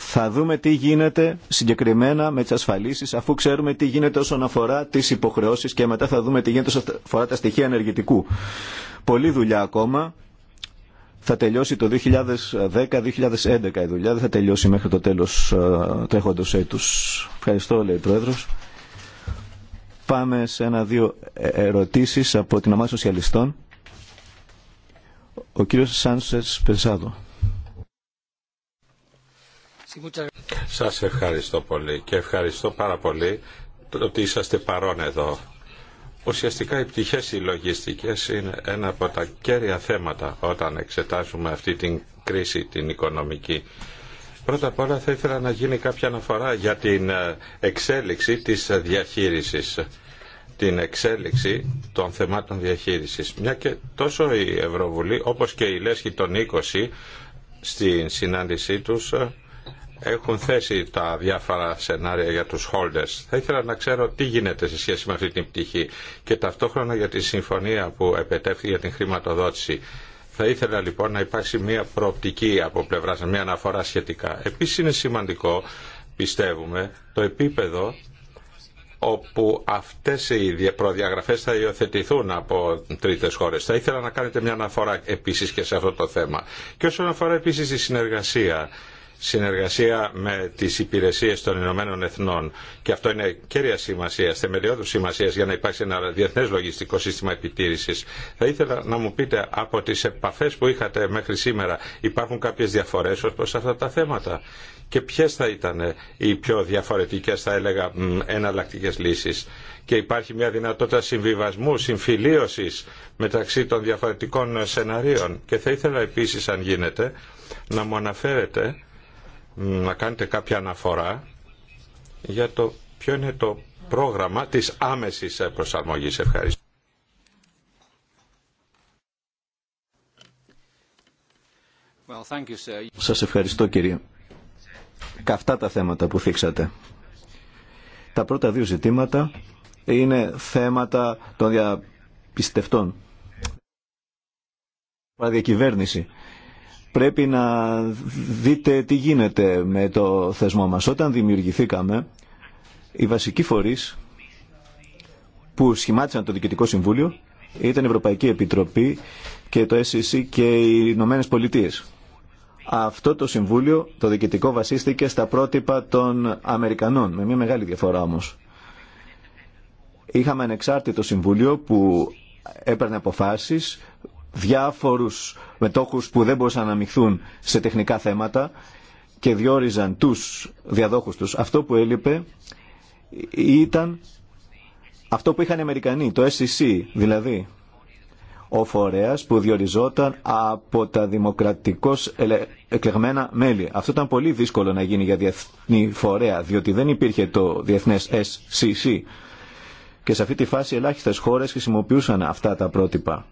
Θα δούμε τι γίνεται συγκεκριμένα με τις ασφαλίσεις αφού ξέρουμε τι γίνεται όσον αφορά τις υποχρεώσεις και μετά θα δούμε τι γίνεται όσον αφορά τα στοιχεία ενεργητικού. Πολύ δουλειά ακόμα θα τελειώσει το 2010-2011 η δουλειά, δεν θα τελειώσει μέχρι το τέλος ε, τρέχοντος έτους. Ευχαριστώ, λέει ο Πρόεδρος. Πάμε σε ένα-δύο ε, ερωτήσεις από την ομάδα σοσιαλιστών. Ο κύριος Σάνσες Πεσάδο. Σας ευχαριστώ πολύ και ευχαριστώ πάρα πολύ ότι είσαστε παρόν εδώ. Ουσιαστικά οι πτυχές οι είναι ένα από τα κέρια θέματα όταν εξετάζουμε αυτή την κρίση την οικονομική. Πρώτα απ' όλα θα ήθελα να γίνει κάποια αναφορά για την ε, εξέλιξη της διαχείρισης την εξέλιξη των θεμάτων διαχείρισης. Μια και τόσο η Ευρωβουλή όπως και η Λέσχη των 20 στην συνάντησή τους ε, έχουν θέσει τα διάφορα σενάρια για τους holders. Θα ήθελα να ξέρω τι γίνεται σε σχέση με αυτή την πτυχή και ταυτόχρονα για τη συμφωνία που επετεύχθη για την χρηματοδότηση. Θα ήθελα λοιπόν να υπάρξει μια προοπτική από πλευρά μια αναφορά σχετικά. Επίσης είναι σημαντικό, πιστεύουμε, το επίπεδο όπου αυτές οι προδιαγραφές θα υιοθετηθούν από τρίτες χώρες. Θα ήθελα να κάνετε μια αναφορά επίσης και σε αυτό το θέμα. Και όσον αφορά επίσης τη συνεργασία, συνεργασία με τις υπηρεσίες των Ηνωμένων Εθνών. Και αυτό είναι κέρια σημασία, θεμελιώδου σημασία για να υπάρξει ένα διεθνέ λογιστικό σύστημα επιτήρηση. Θα ήθελα να μου πείτε από τι επαφέ που είχατε μέχρι σήμερα, υπάρχουν κάποιε διαφορέ ω προ αυτά τα θέματα. Και ποιε θα ήταν οι πιο διαφορετικέ, θα έλεγα, εναλλακτικέ λύσει. Και υπάρχει μια δυνατότητα συμβιβασμού, συμφιλίωση μεταξύ των διαφορετικών σεναρίων. Και θα ήθελα επίση, αν γίνεται, να μου αναφέρετε να κάνετε κάποια αναφορά για το ποιο είναι το πρόγραμμα της άμεσης προσαρμογής. Ευχαριστώ. Σας ευχαριστώ κύριε. Καυτά τα θέματα που θίξατε. Τα πρώτα δύο ζητήματα είναι θέματα των διαπιστευτών. Παραδιακυβέρνηση πρέπει να δείτε τι γίνεται με το θεσμό μας. Όταν δημιουργηθήκαμε, οι βασικοί φορείς που σχημάτισαν το Διοικητικό Συμβούλιο ήταν η Ευρωπαϊκή Επιτροπή και το SEC και οι Ηνωμένε Πολιτείε. Αυτό το Συμβούλιο, το Διοικητικό, βασίστηκε στα πρότυπα των Αμερικανών, με μια μεγάλη διαφορά όμως. Είχαμε ανεξάρτητο Συμβούλιο που έπαιρνε αποφάσεις διάφορους μετόχους που δεν μπορούσαν να σε τεχνικά θέματα και διόριζαν τους διαδόχους τους. Αυτό που έλειπε ήταν αυτό που είχαν οι Αμερικανοί, το SEC δηλαδή, ο φορέας που διοριζόταν από τα δημοκρατικώς εκλεγμένα μέλη. Αυτό ήταν πολύ δύσκολο να γίνει για διεθνή φορέα, διότι δεν υπήρχε το διεθνές SCC. Και σε αυτή τη φάση ελάχιστες χώρες χρησιμοποιούσαν αυτά τα πρότυπα.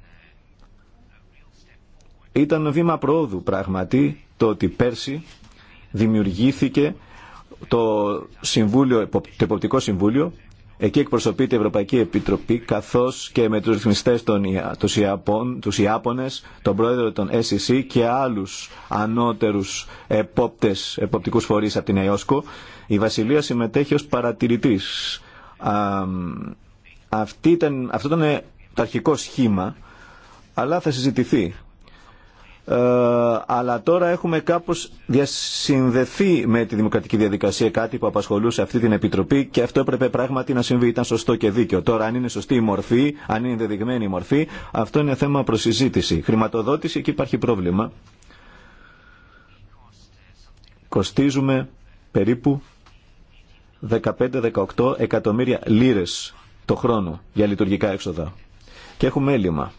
Ήταν βήμα προόδου πράγματι το ότι πέρσι δημιουργήθηκε το, συμβούλιο, το Εποπτικό Συμβούλιο Εκεί εκπροσωπείται η Ευρωπαϊκή Επιτροπή καθώς και με τους ρυθμιστές των, τους, Ιαπών, τους Ιάπωνες, τον πρόεδρο των SEC και άλλους ανώτερους επόπτες, εποπτικούς φορείς από την ΕΟΣΚΟ. Η Βασιλεία συμμετέχει ως παρατηρητής. αυτή ήταν, αυτό ήταν το αρχικό σχήμα, αλλά θα συζητηθεί ε, αλλά τώρα έχουμε κάπως διασυνδεθεί με τη δημοκρατική διαδικασία κάτι που απασχολούσε αυτή την Επιτροπή και αυτό έπρεπε πράγματι να συμβεί. Ήταν σωστό και δίκαιο. Τώρα αν είναι σωστή η μορφή, αν είναι δεδειγμένη η μορφή, αυτό είναι θέμα προσυζήτηση. Χρηματοδότηση, εκεί υπάρχει πρόβλημα. Κοστίζουμε περίπου 15-18 εκατομμύρια λίρες το χρόνο για λειτουργικά έξοδα. Και έχουμε έλλειμμα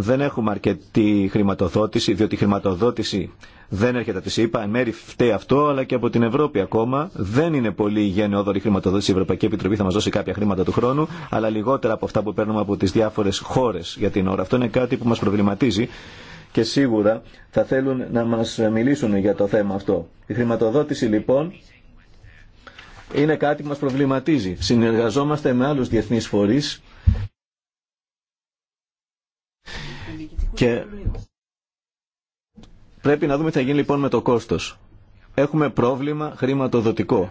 δεν έχουμε αρκετή χρηματοδότηση, διότι η χρηματοδότηση δεν έρχεται από τη ΣΥΠΑ. Εν φταίει αυτό, αλλά και από την Ευρώπη ακόμα. Δεν είναι πολύ γενναιόδορη χρηματοδότηση. Η Ευρωπαϊκή Επιτροπή θα μα δώσει κάποια χρήματα του χρόνου, αλλά λιγότερα από αυτά που παίρνουμε από τι διάφορε χώρε για την ώρα. Αυτό είναι κάτι που μα προβληματίζει και σίγουρα θα θέλουν να μα μιλήσουν για το θέμα αυτό. Η χρηματοδότηση λοιπόν είναι κάτι που μα προβληματίζει. Συνεργαζόμαστε με άλλου διεθνεί φορεί Και πρέπει να δούμε τι θα γίνει λοιπόν με το κόστος. Έχουμε πρόβλημα χρηματοδοτικό.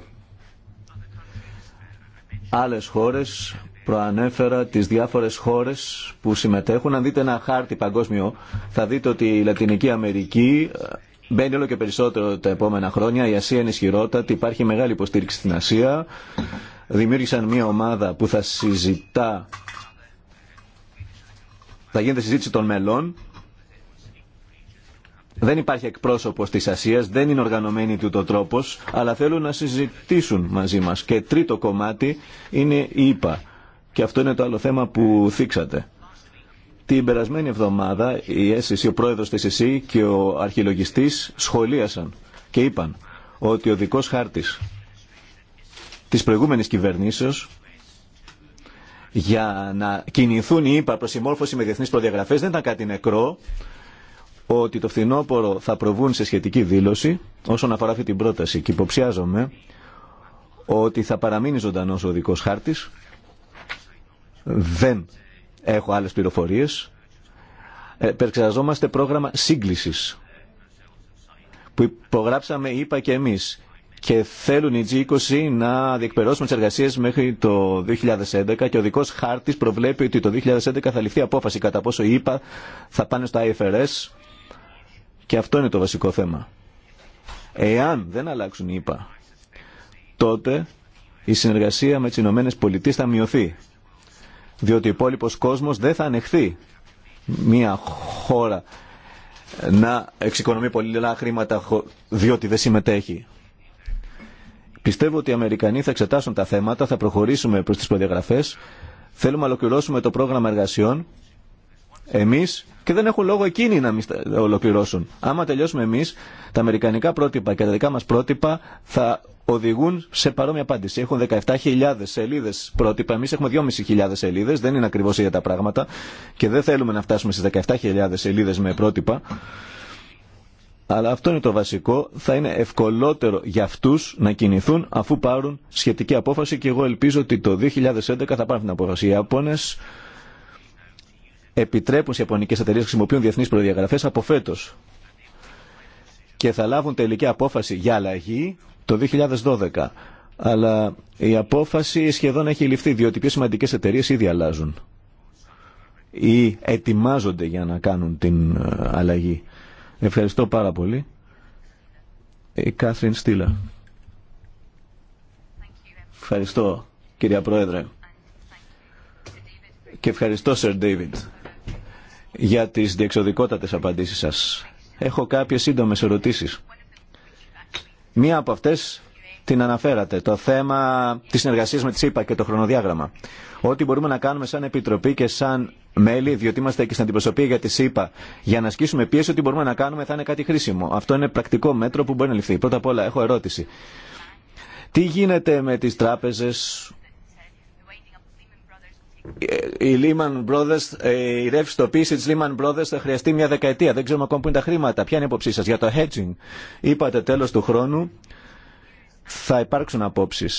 Άλλες χώρες, προανέφερα τις διάφορες χώρες που συμμετέχουν. Αν δείτε ένα χάρτη παγκόσμιο, θα δείτε ότι η Λατινική Αμερική ε, μπαίνει όλο και περισσότερο τα επόμενα χρόνια. Η Ασία είναι ισχυρότατη, υπάρχει μεγάλη υποστήριξη στην Ασία. Δημιούργησαν μια ομάδα που θα συζητά θα γίνεται συζήτηση των μελών. Δεν υπάρχει εκπρόσωπος τη Ασία, δεν είναι οργανωμένοι το τρόπο, αλλά θέλουν να συζητήσουν μαζί μας. Και τρίτο κομμάτι είναι η ΕΠΑ. Και αυτό είναι το άλλο θέμα που θίξατε. Την περασμένη εβδομάδα η SEC, ο πρόεδρος της ΕΣΥ και ο αρχιλογιστής σχολίασαν και είπαν ότι ο δικό χάρτης της προηγούμενη κυβερνήσεω για να κινηθούν οι ΙΠΑ προς συμμόρφωση με διεθνεί προδιαγραφέ. δεν ήταν κάτι νεκρό ότι το φθινόπωρο θα προβούν σε σχετική δήλωση όσον αφορά αυτή την πρόταση και υποψιάζομαι ότι θα παραμείνει ζωντανό ο δικό χάρτης δεν έχω άλλες πληροφορίες επεξεργαζόμαστε πρόγραμμα σύγκληση που υπογράψαμε είπα και εμείς και θέλουν οι G20 να διεκπαιρώσουν τις εργασίε μέχρι το 2011 και ο δικός χάρτης προβλέπει ότι το 2011 θα ληφθεί απόφαση κατά πόσο οι ΕΠΑ θα πάνε στα IFRS και αυτό είναι το βασικό θέμα. Εάν δεν αλλάξουν οι ΕΠΑ τότε η συνεργασία με τι ΗΠΑ θα μειωθεί διότι ο υπόλοιπο κόσμος δεν θα ανεχθεί μια χώρα να εξοικονομεί πολύ χρήματα διότι δεν συμμετέχει. Πιστεύω ότι οι Αμερικανοί θα εξετάσουν τα θέματα, θα προχωρήσουμε προς τις προδιαγραφές, θέλουμε να ολοκληρώσουμε το πρόγραμμα εργασιών, εμείς και δεν έχουν λόγο εκείνοι να μην ολοκληρώσουν. Άμα τελειώσουμε εμείς, τα αμερικανικά πρότυπα και τα δικά μας πρότυπα θα οδηγούν σε παρόμοια απάντηση. Έχουν 17.000 σελίδε πρότυπα. Εμεί έχουμε 2.500 σελίδε. Δεν είναι ακριβώ για τα πράγματα. Και δεν θέλουμε να φτάσουμε στι 17.000 σελίδε με πρότυπα. Αλλά αυτό είναι το βασικό. Θα είναι ευκολότερο για αυτούς να κινηθούν αφού πάρουν σχετική απόφαση και εγώ ελπίζω ότι το 2011 θα πάρουν την απόφαση. Οι Ιαπώνες επιτρέπουν σε Ιαπωνικές εταιρείες να χρησιμοποιούν διεθνείς προδιαγραφές από φέτο και θα λάβουν τελική απόφαση για αλλαγή το 2012. Αλλά η απόφαση σχεδόν έχει ληφθεί, διότι πιο σημαντικές εταιρείε ήδη αλλάζουν ή ετοιμάζονται για να κάνουν την ε, αλλαγή. Ευχαριστώ πάρα πολύ. Η Κάθριν Στήλα. Ευχαριστώ κυρία Πρόεδρε. Και ευχαριστώ Σερ Ντέιβιντ για τις διεξοδικότατες απαντήσεις σας. Έχω κάποιες σύντομες ερωτήσεις. Μία από αυτές την αναφέρατε, το θέμα της συνεργασίας με τη ΣΥΠΑ και το χρονοδιάγραμμα. Ό,τι μπορούμε να κάνουμε σαν Επιτροπή και σαν μέλη, διότι είμαστε και στην αντιπροσωπεία για τη ΣΥΠΑ, για να ασκήσουμε πίεση, ό,τι μπορούμε να κάνουμε θα είναι κάτι χρήσιμο. Αυτό είναι πρακτικό μέτρο που μπορεί να ληφθεί. Πρώτα απ' όλα, έχω ερώτηση. Τι γίνεται με τις τράπεζες ε, η Lehman Brothers, ε, η ρευστοποίηση τη Lehman Brothers θα χρειαστεί μια δεκαετία. Δεν ξέρουμε ακόμα πού είναι τα χρήματα. Ποια είναι η υποψή σα, για το hedging. Είπατε τέλο του χρόνου θα υπάρξουν απόψει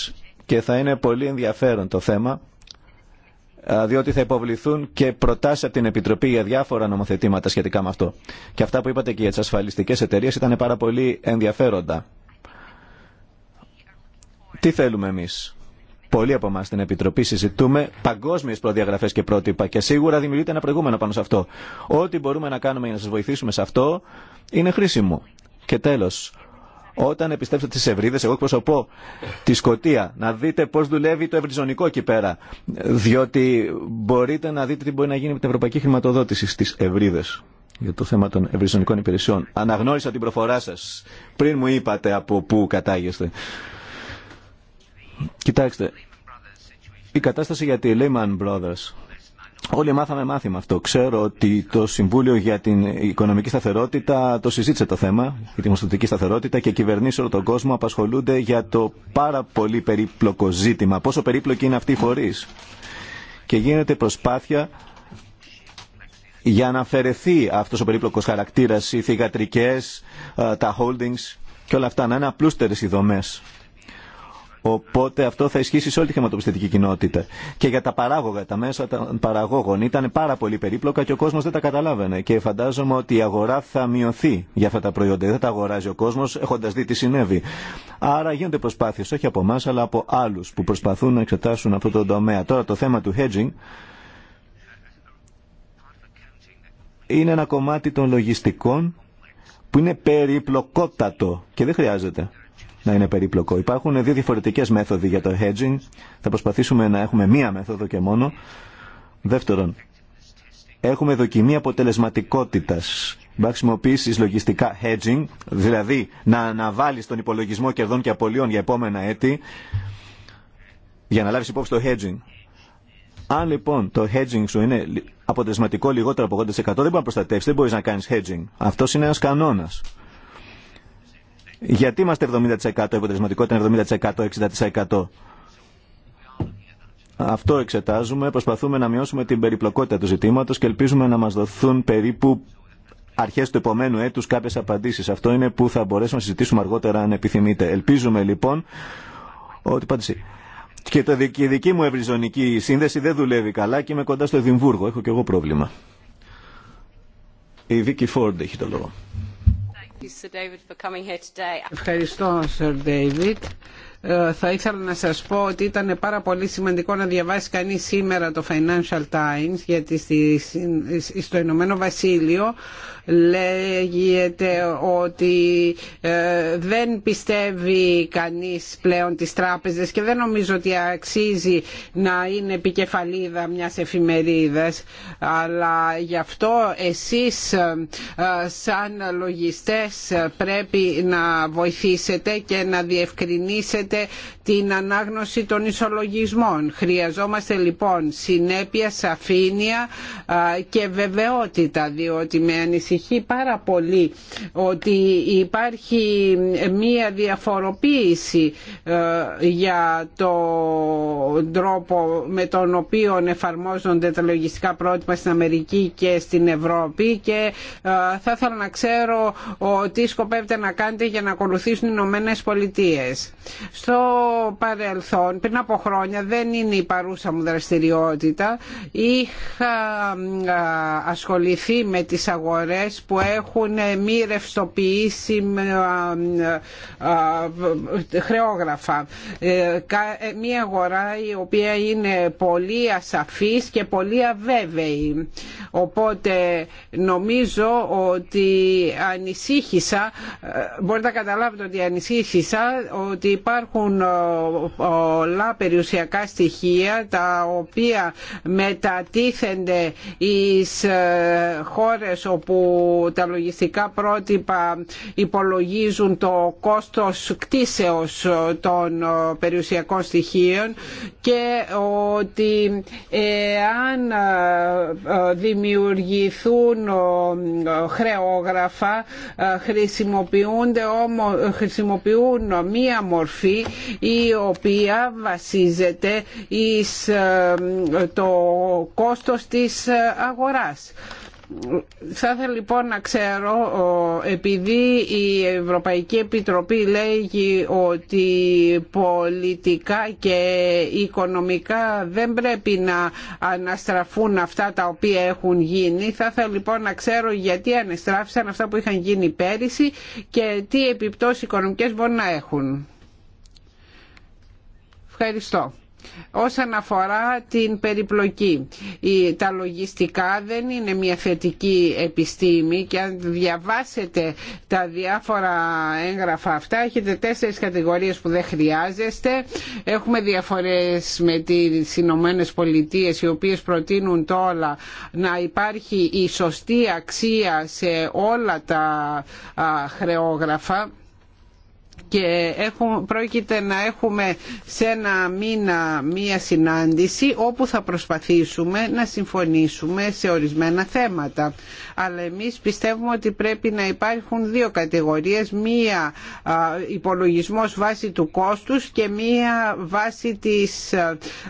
και θα είναι πολύ ενδιαφέρον το θέμα διότι θα υποβληθούν και προτάσει από την Επιτροπή για διάφορα νομοθετήματα σχετικά με αυτό. Και αυτά που είπατε και για τι ασφαλιστικέ εταιρείε ήταν πάρα πολύ ενδιαφέροντα. Τι θέλουμε εμεί. Πολλοί από εμά στην Επιτροπή συζητούμε παγκόσμιε προδιαγραφέ και πρότυπα και σίγουρα δημιουργείται ένα προηγούμενο πάνω σε αυτό. Ό,τι μπορούμε να κάνουμε για να σα βοηθήσουμε σε αυτό είναι χρήσιμο. Και τέλο, όταν επιστρέψετε τι Ευρύδε, εγώ εκπροσωπώ τη Σκοτία, να δείτε πώς δουλεύει το ευρυζωνικό εκεί πέρα. Διότι μπορείτε να δείτε τι μπορεί να γίνει με την ευρωπαϊκή χρηματοδότηση στι Ευρύδε για το θέμα των ευρυζωνικών υπηρεσιών. Αναγνώρισα την προφορά σας πριν μου είπατε από πού κατάγεστε. Κοιτάξτε, η κατάσταση για τη Lehman Brothers Όλοι μάθαμε μάθημα αυτό. Ξέρω ότι το Συμβούλιο για την Οικονομική Σταθερότητα το συζήτησε το θέμα, για την σταθερότητα και κυβερνήσει όλο τον κόσμο απασχολούνται για το πάρα πολύ περίπλοκο ζήτημα. Πόσο περίπλοκοι είναι αυτή η φορεί. Και γίνεται προσπάθεια για να αφαιρεθεί αυτό ο περίπλοκο χαρακτήρα, οι θηγατρικέ, τα holdings και όλα αυτά, να είναι απλούστερε οι δομέ. Οπότε αυτό θα ισχύσει σε όλη τη χρηματοπιστωτική κοινότητα. Και για τα παράγωγα, τα μέσα των παραγόγων ήταν πάρα πολύ περίπλοκα και ο κόσμο δεν τα καταλάβαινε. Και φαντάζομαι ότι η αγορά θα μειωθεί για αυτά τα προϊόντα. Δεν τα αγοράζει ο κόσμο έχοντα δει τι συνέβη. Άρα γίνονται προσπάθειε όχι από εμά αλλά από άλλου που προσπαθούν να εξετάσουν αυτό το τομέα. Τώρα το θέμα του hedging είναι ένα κομμάτι των λογιστικών που είναι περιπλοκότατο και δεν χρειάζεται να είναι περίπλοκο. Υπάρχουν δύο διαφορετικέ μέθοδοι για το hedging. Θα προσπαθήσουμε να έχουμε μία μέθοδο και μόνο. Δεύτερον, έχουμε δοκιμή αποτελεσματικότητα να χρησιμοποιήσει λογιστικά hedging, δηλαδή να αναβάλει τον υπολογισμό κερδών και απολύων για επόμενα έτη, για να λάβει υπόψη το hedging. Αν λοιπόν το hedging σου είναι αποτελεσματικό λιγότερο από 80% δεν μπορεί να προστατεύσει, δεν μπορεί να κάνει hedging. Αυτό είναι ένα κανόνα. Γιατί είμαστε 70% αποτελεσματικότητα, 70% 60%. Αυτό εξετάζουμε, προσπαθούμε να μειώσουμε την περιπλοκότητα του ζητήματος και ελπίζουμε να μας δοθούν περίπου αρχέ του επόμενου έτου κάποιε απαντήσει. Αυτό είναι που θα μπορέσουμε να συζητήσουμε αργότερα αν επιθυμείτε. Ελπίζουμε λοιπόν ότι πάντως... Και το, η δική μου ευρυζωνική σύνδεση δεν δουλεύει καλά και είμαι κοντά στο Εδιμβούργο. Έχω και εγώ πρόβλημα. Η Βίκη Φόρντ έχει το λόγο. Ευχαριστώ, Σερ David. Ε, θα ήθελα να σας πω ότι ήταν πάρα πολύ σημαντικό να διαβάσει κανείς σήμερα το Financial Times γιατί στο Ηνωμένο Βασίλειο λέγεται ότι ε, δεν πιστεύει κανείς πλέον τις τράπεζες και δεν νομίζω ότι αξίζει να είναι επικεφαλίδα μιας εφημερίδας αλλά γι' αυτό εσείς ε, σαν λογιστές πρέπει να βοηθήσετε και να διευκρινίσετε την ανάγνωση των ισολογισμών. Χρειαζόμαστε λοιπόν συνέπεια, σαφήνεια ε, και βεβαιότητα διότι με ανησυχία ανησυχεί πάρα πολύ ότι υπάρχει μία διαφοροποίηση ε, για τον τρόπο με τον οποίο εφαρμόζονται τα λογιστικά πρότυπα στην Αμερική και στην Ευρώπη και ε, θα ήθελα να ξέρω τι σκοπεύετε να κάνετε για να ακολουθήσουν οι Ηνωμένε Πολιτείε. Στο παρελθόν, πριν από χρόνια, δεν είναι η παρούσα μου δραστηριότητα, είχα ε, ασχοληθεί με τις αγορές που έχουν μη ρευστοποιήσει χρεόγραφα. Μία ε, ε, αγορά η οποία είναι πολύ ασαφής και πολύ αβέβαιη. Οπότε νομίζω ότι ανησύχησα, ε, μπορείτε να καταλάβετε ότι ανησύχησα ότι υπάρχουν πολλά περιουσιακά στοιχεία τα οποία μετατίθενται εις χώρες όπου τα λογιστικά πρότυπα υπολογίζουν το κόστος κτίσεως των ε, περιουσιακών στοιχείων και ότι εάν ε, ε, δημιουργηθούν χρεόγραφα χρησιμοποιούνται όμο χρησιμοποιούν μία μορφή η οποία βασίζεται εις το κόστος της αγοράς θα ήθελα λοιπόν να ξέρω επειδή η Ευρωπαϊκή Επιτροπή λέγει ότι πολιτικά και οικονομικά δεν πρέπει να αναστραφούν αυτά τα οποία έχουν γίνει θα ήθελα λοιπόν να ξέρω γιατί αναστράφησαν αυτά που είχαν γίνει πέρυσι και τι επιπτώσεις οικονομικές μπορούν να έχουν. Ευχαριστώ όσον αφορά την περιπλοκή. Τα λογιστικά δεν είναι μια θετική επιστήμη και αν διαβάσετε τα διάφορα έγγραφα αυτά έχετε τέσσερις κατηγορίες που δεν χρειάζεστε. Έχουμε διαφορές με τις Ηνωμένε Πολιτείε οι οποίες προτείνουν τώρα να υπάρχει η σωστή αξία σε όλα τα χρεόγραφα και έχουμε, πρόκειται να έχουμε σε ένα μήνα μία συνάντηση όπου θα προσπαθήσουμε να συμφωνήσουμε σε ορισμένα θέματα. Αλλά εμείς πιστεύουμε ότι πρέπει να υπάρχουν δύο κατηγορίες, μία υπολογισμός βάση του κόστους και μία βάση της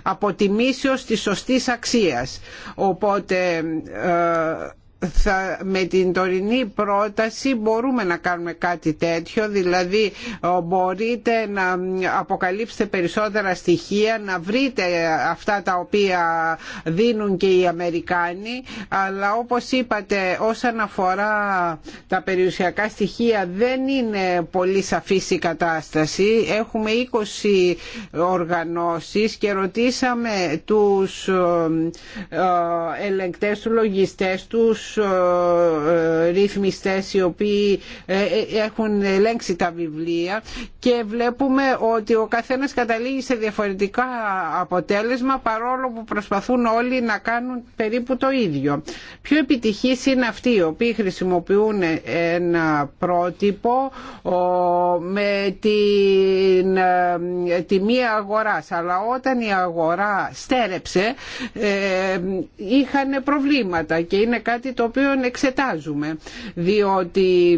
αποτιμήσεως της σωστής αξίας. Οπότε ε, θα, με την τωρινή πρόταση μπορούμε να κάνουμε κάτι τέτοιο δηλαδή μπορείτε να αποκαλύψετε περισσότερα στοιχεία να βρείτε αυτά τα οποία δίνουν και οι Αμερικάνοι αλλά όπως είπατε όσον αφορά τα περιουσιακά στοιχεία δεν είναι πολύ σαφής η κατάσταση έχουμε 20 οργανώσεις και ρωτήσαμε τους ε, ε, ελεγκτές, του λογιστές τους ε, ε, ρυθμιστές οι οποίοι ε, έχουν ελέγξει τα βιβλία και βλέπουμε ότι ο καθένας καταλήγει σε διαφορετικά αποτέλεσμα παρόλο που προσπαθούν όλοι να κάνουν περίπου το ίδιο. Πιο επιτυχής είναι αυτοί οι οποίοι χρησιμοποιούν ένα πρότυπο με την τιμή αγοράς αλλά όταν η αγορά στέρεψε είχαν προβλήματα και είναι κάτι το οποίο εξετάζουμε διότι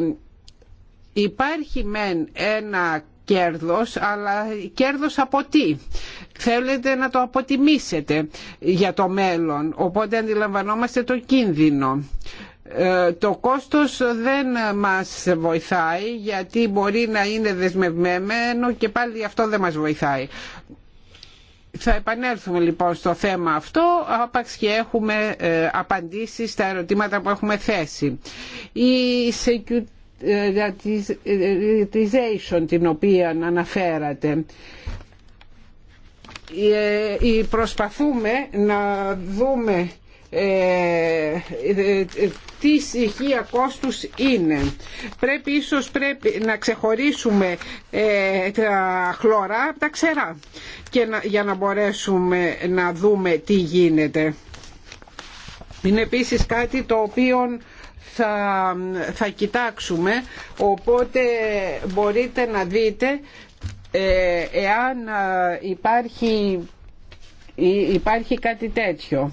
υπάρχει μεν ένα κέρδος, αλλά κέρδος από τι. Θέλετε να το αποτιμήσετε για το μέλλον, οπότε αντιλαμβανόμαστε το κίνδυνο. Ε, το κόστος δεν μας βοηθάει γιατί μπορεί να είναι δεσμευμένο και πάλι αυτό δεν μας βοηθάει. Θα επανέλθουμε λοιπόν στο θέμα αυτό, άπαξ και έχουμε ε, απαντήσεις στα ερωτήματα που έχουμε θέσει. Η securitization ε, την οποία αναφέρατε ε, προσπαθούμε να δούμε ε, ε, ε, τι στοιχεία κόστους είναι. Πρέπει ίσως πρέπει να ξεχωρίσουμε τα χλωρά από τα ξερά και για να μπορέσουμε να δούμε τι γίνεται. Είναι επίσης κάτι το οποίο θα, θα κοιτάξουμε, οπότε μπορείτε να δείτε ε, εάν υπάρχει, υπάρχει κάτι τέτοιο.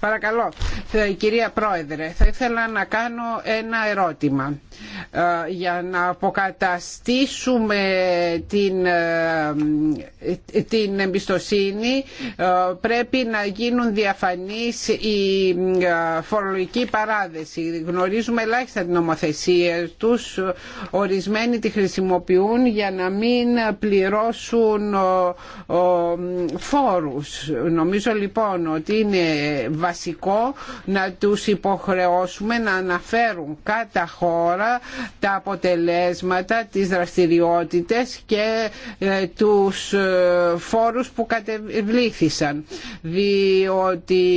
Παρακαλώ, ε, κυρία Πρόεδρε, θα ήθελα να κάνω ένα ερώτημα. Ε, για να αποκαταστήσουμε την, ε, την εμπιστοσύνη πρέπει να γίνουν διαφανείς η φορολογική παράδεση. Γνωρίζουμε ελάχιστα την νομοθεσία τους. Ορισμένοι τη χρησιμοποιούν για να μην πληρώσουν φόρο Νομίζω λοιπόν ότι είναι βασικό να τους υποχρεώσουμε να αναφέρουν κατά χώρα τα αποτελέσματα, τις δραστηριότητες και ε, τους ε, φόρους που κατεβλήθησαν. Διότι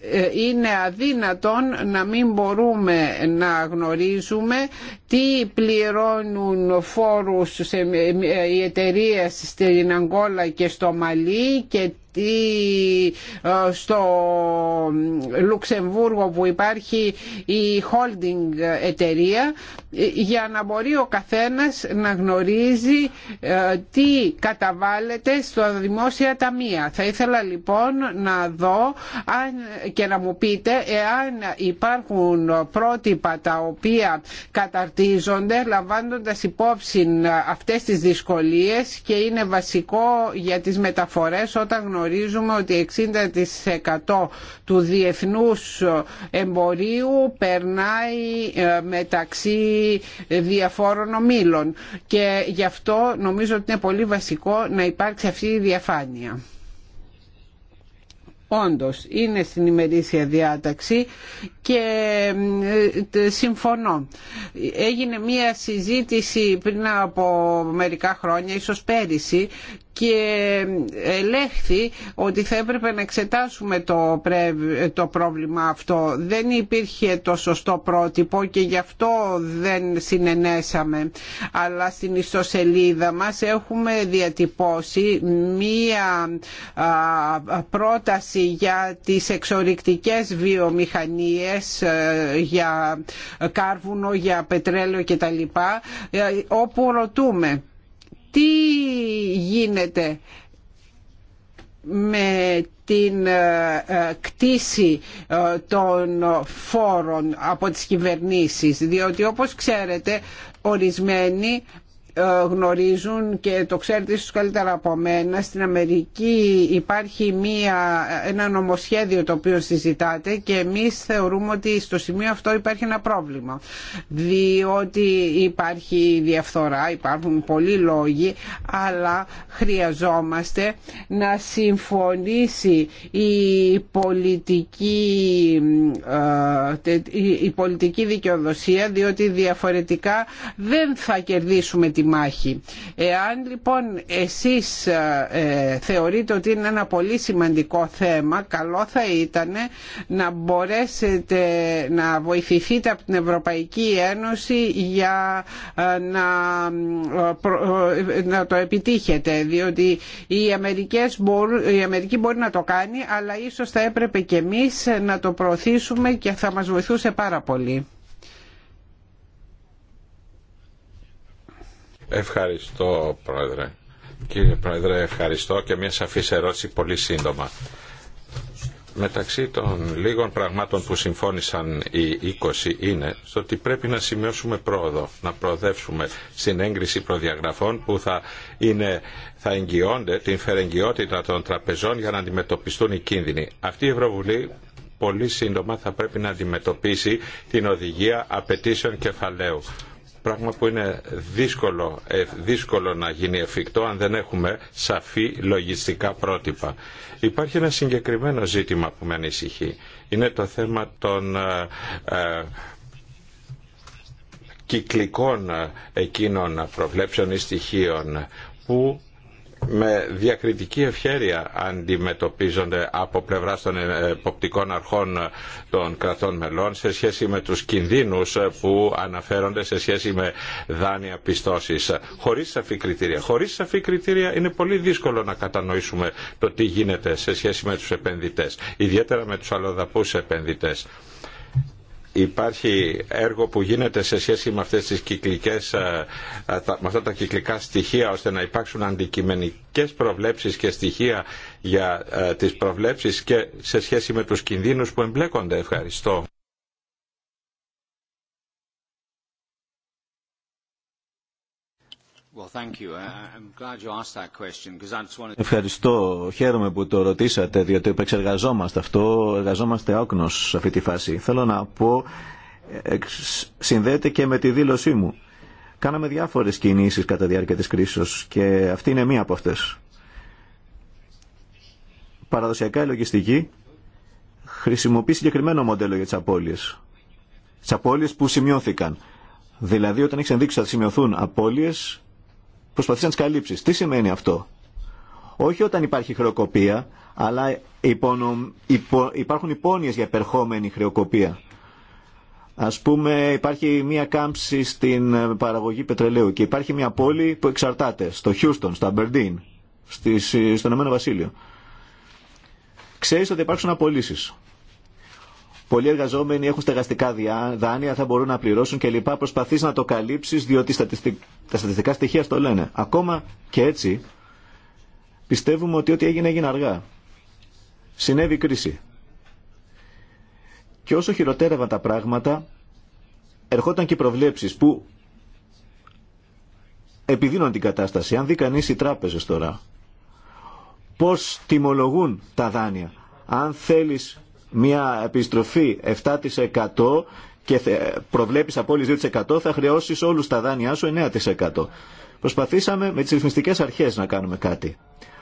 ε, είναι αδύνατον να μην μπορούμε να γνωρίζουμε τι πληρώνουν φόρους ε, οι εταιρείε στην Αγγόλα και στο Μαλί και ή ε, στο Λουξεμβούργο που υπάρχει η holding εταιρεία ε, για να μπορεί ο καθένας να γνωρίζει ε, τι καταβάλλεται στο δημόσια ταμεία. Θα ήθελα λοιπόν να δω και να μου πείτε εάν υπάρχουν πρότυπα τα οποία καταρτίζονται λαμβάνοντας υπόψη αυτές τις δυσκολίες και είναι βασικό για τις μεταφορές όταν γνωρίζουμε ότι 60% του διεθνούς εμπορίου περνάει ε, μεταξύ διαφόρων ομήλων και γι' αυτό νομίζω ότι είναι πολύ βασικό να υπάρξει αυτή η διαφάνεια όντως είναι στην ημερήσια διάταξη και ε, συμφωνώ. Έγινε μία συζήτηση πριν από μερικά χρόνια, ίσως πέρυσι, και ελέγχθη ότι θα έπρεπε να εξετάσουμε το, το πρόβλημα αυτό. Δεν υπήρχε το σωστό πρότυπο και γι' αυτό δεν συνενέσαμε. Αλλά στην ιστοσελίδα μας έχουμε διατυπώσει μία πρόταση για τις εξορυκτικές βιομηχανίες ε, για κάρβουνο, για πετρέλαιο κτλ. Ε, όπου ρωτούμε τι γίνεται με την ε, ε, κτήση ε, των φόρων από τις κυβερνήσεις διότι όπως ξέρετε ορισμένοι ε, γνωρίζουν και το ξέρετε ίσως καλύτερα από μένα στην Αμερική υπάρχει μία, ένα νομοσχέδιο το οποίο συζητάτε και εμείς θεωρούμε ότι στο σημείο αυτό υπάρχει ένα πρόβλημα διότι υπάρχει διαφθορά, υπάρχουν πολλοί λόγοι αλλά χρειαζόμαστε να συμφωνήσει η πολιτική, ε, η πολιτική δικαιοδοσία διότι διαφορετικά δεν θα κερδίσουμε τη μάχη. Εάν λοιπόν εσείς ε, θεωρείτε ότι είναι ένα πολύ σημαντικό θέμα, καλό θα ήταν να μπορέσετε να βοηθηθείτε από την Ευρωπαϊκή Ένωση για ε, να, ε, να το επιτύχετε, διότι οι, Αμερικές η Αμερική μπορεί να το κάνει, αλλά ίσως θα έπρεπε και εμείς να το προωθήσουμε και θα μας βοηθούσε πάρα πολύ. Ευχαριστώ, Πρόεδρε. Κύριε Πρόεδρε, ευχαριστώ και μια σαφής ερώτηση πολύ σύντομα. Μεταξύ των λίγων πραγμάτων που συμφώνησαν οι 20 είναι στο ότι πρέπει να σημειώσουμε πρόοδο, να προοδεύσουμε στην έγκριση προδιαγραφών που θα, είναι, θα εγγυώνται την φερεγγιότητα των τραπεζών για να αντιμετωπιστούν οι κίνδυνοι. Αυτή η Ευρωβουλή πολύ σύντομα θα πρέπει να αντιμετωπίσει την οδηγία απαιτήσεων κεφαλαίου Πράγμα που είναι δύσκολο, ε, δύσκολο να γίνει εφικτό αν δεν έχουμε σαφή λογιστικά πρότυπα. Υπάρχει ένα συγκεκριμένο ζήτημα που με ανησυχεί. Είναι το θέμα των ε, ε, κυκλικών εκείνων προβλέψεων ή στοιχείων που με διακριτική ευχέρεια αντιμετωπίζονται από πλευρά των εποπτικών αρχών των κρατών μελών σε σχέση με τους κινδύνους που αναφέρονται σε σχέση με δάνεια πιστώσεις. Χωρίς σαφή κριτήρια. Χωρίς σαφή κριτήρια είναι πολύ δύσκολο να κατανοήσουμε το τι γίνεται σε σχέση με τους επενδυτές, ιδιαίτερα με τους αλλοδαπούς επενδυτές υπάρχει έργο που γίνεται σε σχέση με, αυτές τις κυκλικές, ε, ε, με αυτά τα κυκλικά στοιχεία ώστε να υπάρξουν αντικειμενικές προβλέψεις και στοιχεία για ε, τις προβλέψεις και σε σχέση με τους κινδύνους που εμπλέκονται. Ευχαριστώ. Ευχαριστώ. Χαίρομαι που το ρωτήσατε, διότι επεξεργαζόμαστε αυτό, εργαζόμαστε άκνος σε αυτή τη φάση. Θέλω να πω, συνδέεται και με τη δήλωσή μου. Κάναμε διάφορες κινήσεις κατά διάρκεια της κρίσης και αυτή είναι μία από αυτές. Παραδοσιακά η λογιστική χρησιμοποιεί συγκεκριμένο μοντέλο για τις απώλειες. Τις απώλειες που σημειώθηκαν. Δηλαδή όταν έχει ενδείξει ότι θα σημειωθούν απώλειες, προσπαθεί να τι καλύψει. Τι σημαίνει αυτό. Όχι όταν υπάρχει χρεοκοπία, αλλά υπάρχουν υπόνοιες για επερχόμενη χρεοκοπία. Ας πούμε υπάρχει μια κάμψη στην ε, παραγωγή πετρελαίου και υπάρχει μια πόλη που εξαρτάται στο Χιούστον, στο Αμπερντίν, στο Ηνωμένο Βασίλειο. Ξέρεις ότι υπάρχουν απολύσεις. Πολλοί εργαζόμενοι έχουν στεγαστικά δάνεια, θα μπορούν να πληρώσουν κλπ. Προσπαθεί να το καλύψει διότι τα στατιστικά στοιχεία στο λένε. Ακόμα και έτσι πιστεύουμε ότι ό,τι έγινε έγινε αργά. Συνέβη κρίση. Και όσο χειροτέρευαν τα πράγματα, ερχόταν και οι προβλέψεις που επιδίνουν την κατάσταση. Αν δει κανεί οι τράπεζε τώρα, Πώ τιμολογούν τα δάνεια. Αν θέλεις μια επιστροφή 7% και προβλέπεις απόλυση 2% θα χρεώσεις όλους τα δάνειά σου 9%. Προσπαθήσαμε με τις ρυθμιστικές αρχές να κάνουμε κάτι.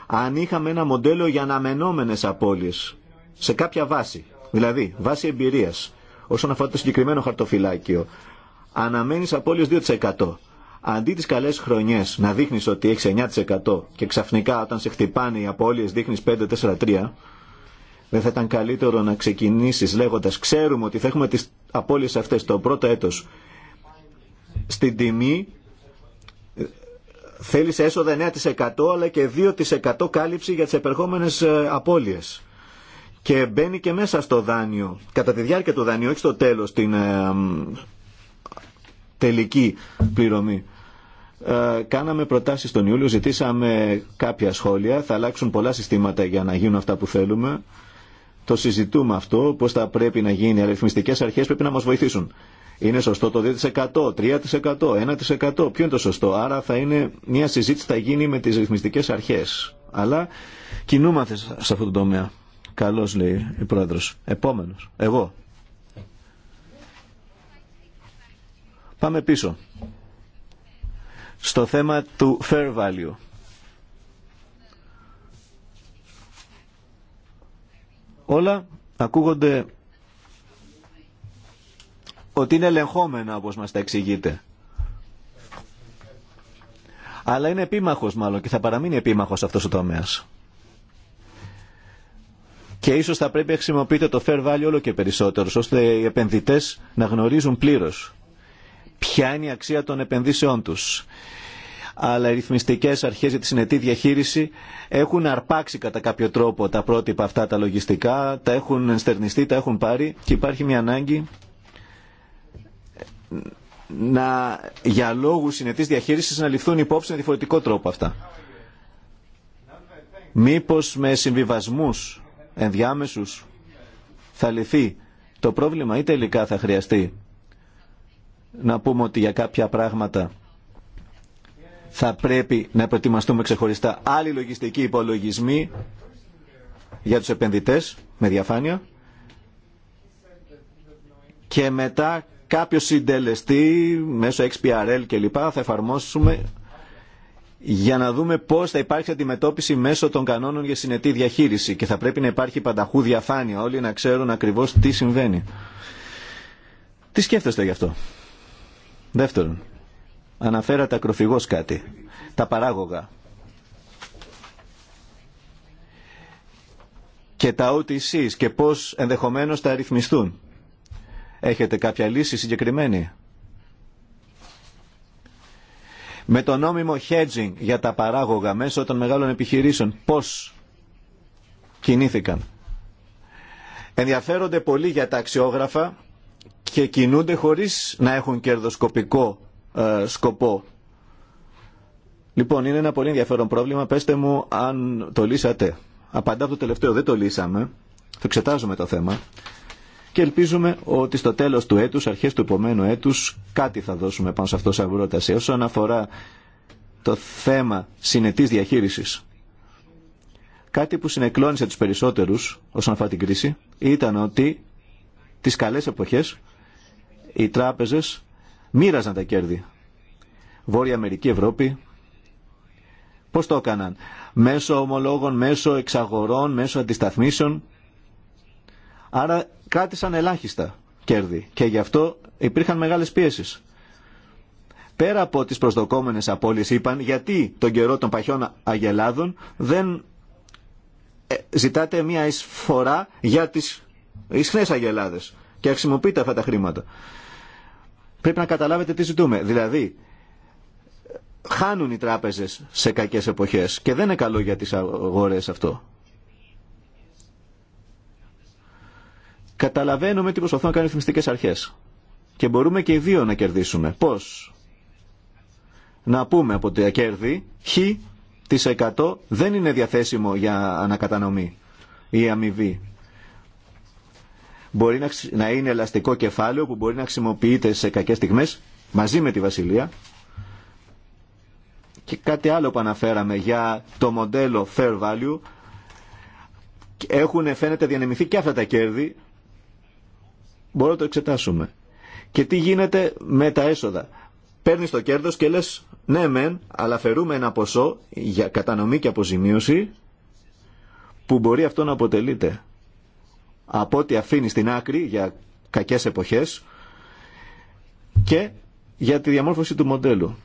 Αν είχαμε ένα μοντέλο για αναμενόμενες απόλυες σε κάποια βάση, δηλαδή βάση εμπειρίας όσον αφορά το συγκεκριμένο χαρτοφυλάκιο, αναμένεις απόλυες 2%. Αντί τις καλές χρονιές να δείχνεις ότι έχεις 9% και ξαφνικά όταν σε χτυπάνε οι απώλειες δείχνεις 5-4-3, δεν θα ήταν καλύτερο να ξεκινήσεις λέγοντας ξέρουμε ότι θα έχουμε τις απώλειες αυτές το πρώτο έτος στην τιμή θέλεις έσοδα 9% αλλά και 2% κάλυψη για τις επερχόμενες ε, απώλειες. Και μπαίνει και μέσα στο δάνειο, κατά τη διάρκεια του δάνειου, όχι στο τέλος την ε, τελική πληρωμή. Ε, κάναμε προτάσεις τον Ιούλιο, ζητήσαμε κάποια σχόλια, θα αλλάξουν πολλά συστήματα για να γίνουν αυτά που θέλουμε. Το συζητούμε αυτό, πώς θα πρέπει να γίνει. Οι αριθμιστικές αρχές πρέπει να μας βοηθήσουν. Είναι σωστό το 2%, 3%, 1%. Ποιο είναι το σωστό. Άρα θα είναι μια συζήτηση θα γίνει με τις ρυθμιστικές αρχές. Αλλά κινούμαστε σε αυτό το τομέα. Καλώς λέει η πρόεδρος. Επόμενος. Εγώ. Πάμε πίσω. Στο θέμα του fair value. όλα ακούγονται ότι είναι ελεγχόμενα όπως μας τα εξηγείτε. Αλλά είναι επίμαχος μάλλον και θα παραμείνει επίμαχος αυτός ο τομέας. Και ίσως θα πρέπει να χρησιμοποιείτε το fair value όλο και περισσότερο, ώστε οι επενδυτές να γνωρίζουν πλήρως ποια είναι η αξία των επενδύσεών τους αλλά οι ρυθμιστικές αρχές για τη συνετή διαχείριση έχουν αρπάξει κατά κάποιο τρόπο τα πρότυπα αυτά τα λογιστικά, τα έχουν ενστερνιστεί, τα έχουν πάρει και υπάρχει μια ανάγκη να, για λόγους συνετής διαχείρισης να ληφθούν υπόψη με διαφορετικό τρόπο αυτά. Μήπως με συμβιβασμούς ενδιάμεσους θα λυθεί το πρόβλημα ή τελικά θα χρειαστεί να πούμε ότι για κάποια πράγματα θα πρέπει να προετοιμαστούμε ξεχωριστά άλλοι λογιστικοί υπολογισμοί για τους επενδυτές με διαφάνεια και μετά κάποιο συντελεστή μέσω XPRL λοιπά θα εφαρμόσουμε για να δούμε πώς θα υπάρξει αντιμετώπιση μέσω των κανόνων για συνετή διαχείριση και θα πρέπει να υπάρχει πανταχού διαφάνεια όλοι να ξέρουν ακριβώς τι συμβαίνει. Τι σκέφτεστε γι' αυτό. Δεύτερον, Αναφέρατε ακροφυγώς κάτι. Τα παράγωγα. Και τα OTCs και πώς ενδεχομένως τα αριθμιστούν. Έχετε κάποια λύση συγκεκριμένη. Με το νόμιμο hedging για τα παράγωγα μέσω των μεγάλων επιχειρήσεων, πώς κινήθηκαν. Ενδιαφέρονται πολύ για τα αξιόγραφα και κινούνται χωρίς να έχουν κερδοσκοπικό ε, σκοπό. Λοιπόν, είναι ένα πολύ ενδιαφέρον πρόβλημα. Πέστε μου αν το λύσατε. Απαντάω το τελευταίο. Δεν το λύσαμε. Το εξετάζουμε το θέμα. Και ελπίζουμε ότι στο τέλος του έτους, αρχές του επομένου έτους, κάτι θα δώσουμε πάνω σε αυτό σαν πρόταση. Όσον αφορά το θέμα συνετής διαχείρισης, κάτι που συνεκλώνησε τους περισσότερους όσον αφορά την κρίση, ήταν ότι τις καλές εποχές οι τράπεζες μοίραζαν τα κέρδη. Βόρεια Αμερική, Ευρώπη. Πώς το έκαναν. Μέσω ομολόγων, μέσω εξαγορών, μέσω αντισταθμίσεων. Άρα κράτησαν ελάχιστα κέρδη και γι' αυτό υπήρχαν μεγάλες πίεσεις. Πέρα από τις προσδοκόμενες απώλειες είπαν γιατί τον καιρό των παχιών αγελάδων δεν ε, ζητάτε μια εισφορά για τις ισχνές αγελάδες και χρησιμοποιείτε αυτά τα χρήματα. Πρέπει να καταλάβετε τι ζητούμε. Δηλαδή, χάνουν οι τράπεζες σε κακές εποχές και δεν είναι καλό για τις αγορές αυτό. Καταλαβαίνουμε τι προσπαθούν να κάνουν οι αρχές. Και μπορούμε και οι δύο να κερδίσουμε. Πώς? Να πούμε από τα κέρδη, χ της 100 δεν είναι διαθέσιμο για ανακατανομή ή αμοιβή μπορεί να είναι ελαστικό κεφάλαιο που μπορεί να χρησιμοποιείται σε κακές στιγμές μαζί με τη Βασιλεία. Και κάτι άλλο που αναφέραμε για το μοντέλο Fair Value έχουν φαίνεται διανεμηθεί και αυτά τα κέρδη. Μπορώ να το εξετάσουμε. Και τι γίνεται με τα έσοδα. Παίρνεις το κέρδος και λες ναι μεν, αλλά φερούμε ένα ποσό για κατανομή και αποζημίωση που μπορεί αυτό να αποτελείται από ό,τι αφήνει στην άκρη για κακές εποχές και για τη διαμόρφωση του μοντέλου.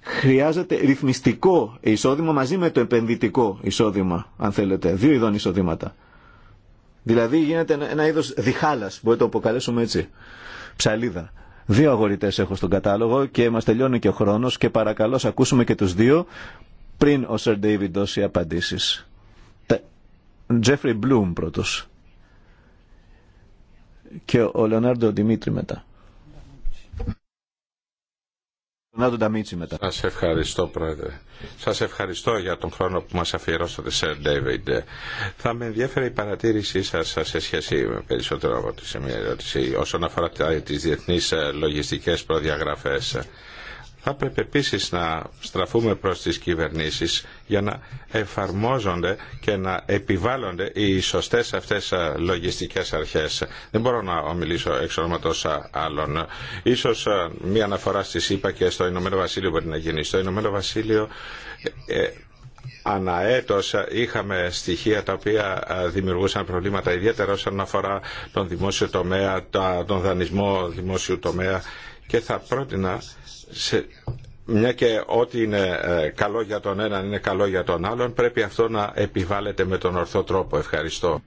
Χρειάζεται ρυθμιστικό εισόδημα μαζί με το επενδυτικό εισόδημα, αν θέλετε, δύο ειδών εισοδήματα. Δηλαδή γίνεται ένα είδος διχάλας, μπορείτε να το αποκαλέσουμε έτσι, ψαλίδα. Δύο αγορητές έχω στον κατάλογο και μας τελειώνει και ο χρόνος και παρακαλώ ακούσουμε και τους δύο πριν ο Σερ Ντέιβιντ δώσει απαντήσεις. Τζέφρι Μπλουμ πρώτο. και ο Λεωνάρντο Δημήτρη μετά. μετά. Σας ευχαριστώ πρόεδρε. Σα ευχαριστώ για τον χρόνο που μας αφιερώσατε Σερ Ντέιβιντ. Θα με ενδιαφέρει η παρατήρησή σα σε σχέση με περισσότερο από τη σε μια ερώτηση όσον αφορά τι διεθνεί ε, λογιστικέ προδιαγραφέ. Θα έπρεπε επίση να στραφούμε προς τις κυβερνήσεις για να εφαρμόζονται και να επιβάλλονται οι σωστές αυτές λογιστικές αρχές. Δεν μπορώ να ομιλήσω εξ ονόματος άλλων. Ίσως μία αναφορά στη ΣΥΠΑ και στο Ηνωμένο Βασίλειο μπορεί να γίνει. Στο Ηνωμένο Βασίλειο ε, ε, αναέτος είχαμε στοιχεία τα οποία δημιουργούσαν προβλήματα ιδιαίτερα όσον αφορά τον δημόσιο τομέα, τον δανεισμό δημόσιου τομέα και θα πρότεινα σε, μια και ό,τι είναι ε, καλό για τον έναν είναι καλό για τον άλλον, πρέπει αυτό να επιβάλλεται με τον ορθό τρόπο. Ευχαριστώ.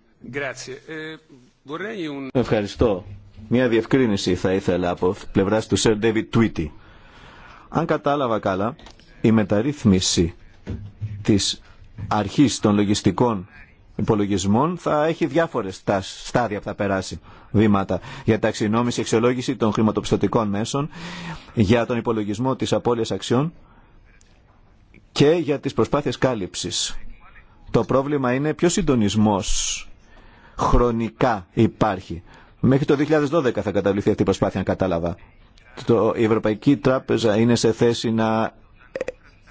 Ε, Ευχαριστώ. Μια διευκρίνηση θα ήθελα από πλευρά του Σερ David Tweety. Αν κατάλαβα καλά, η μεταρρύθμιση της αρχής των λογιστικών υπολογισμών θα έχει διάφορε στάδια που θα περάσει βήματα. Για ταξινόμηση, εξολόγηση των χρηματοπιστωτικών μέσων, για τον υπολογισμό τη απώλεια αξιών και για τι προσπάθειε κάλυψη. Το πρόβλημα είναι ποιο συντονισμό χρονικά υπάρχει. Μέχρι το 2012 θα καταβληθεί αυτή η προσπάθεια, αν κατάλαβα. Το, η Ευρωπαϊκή Τράπεζα είναι σε θέση να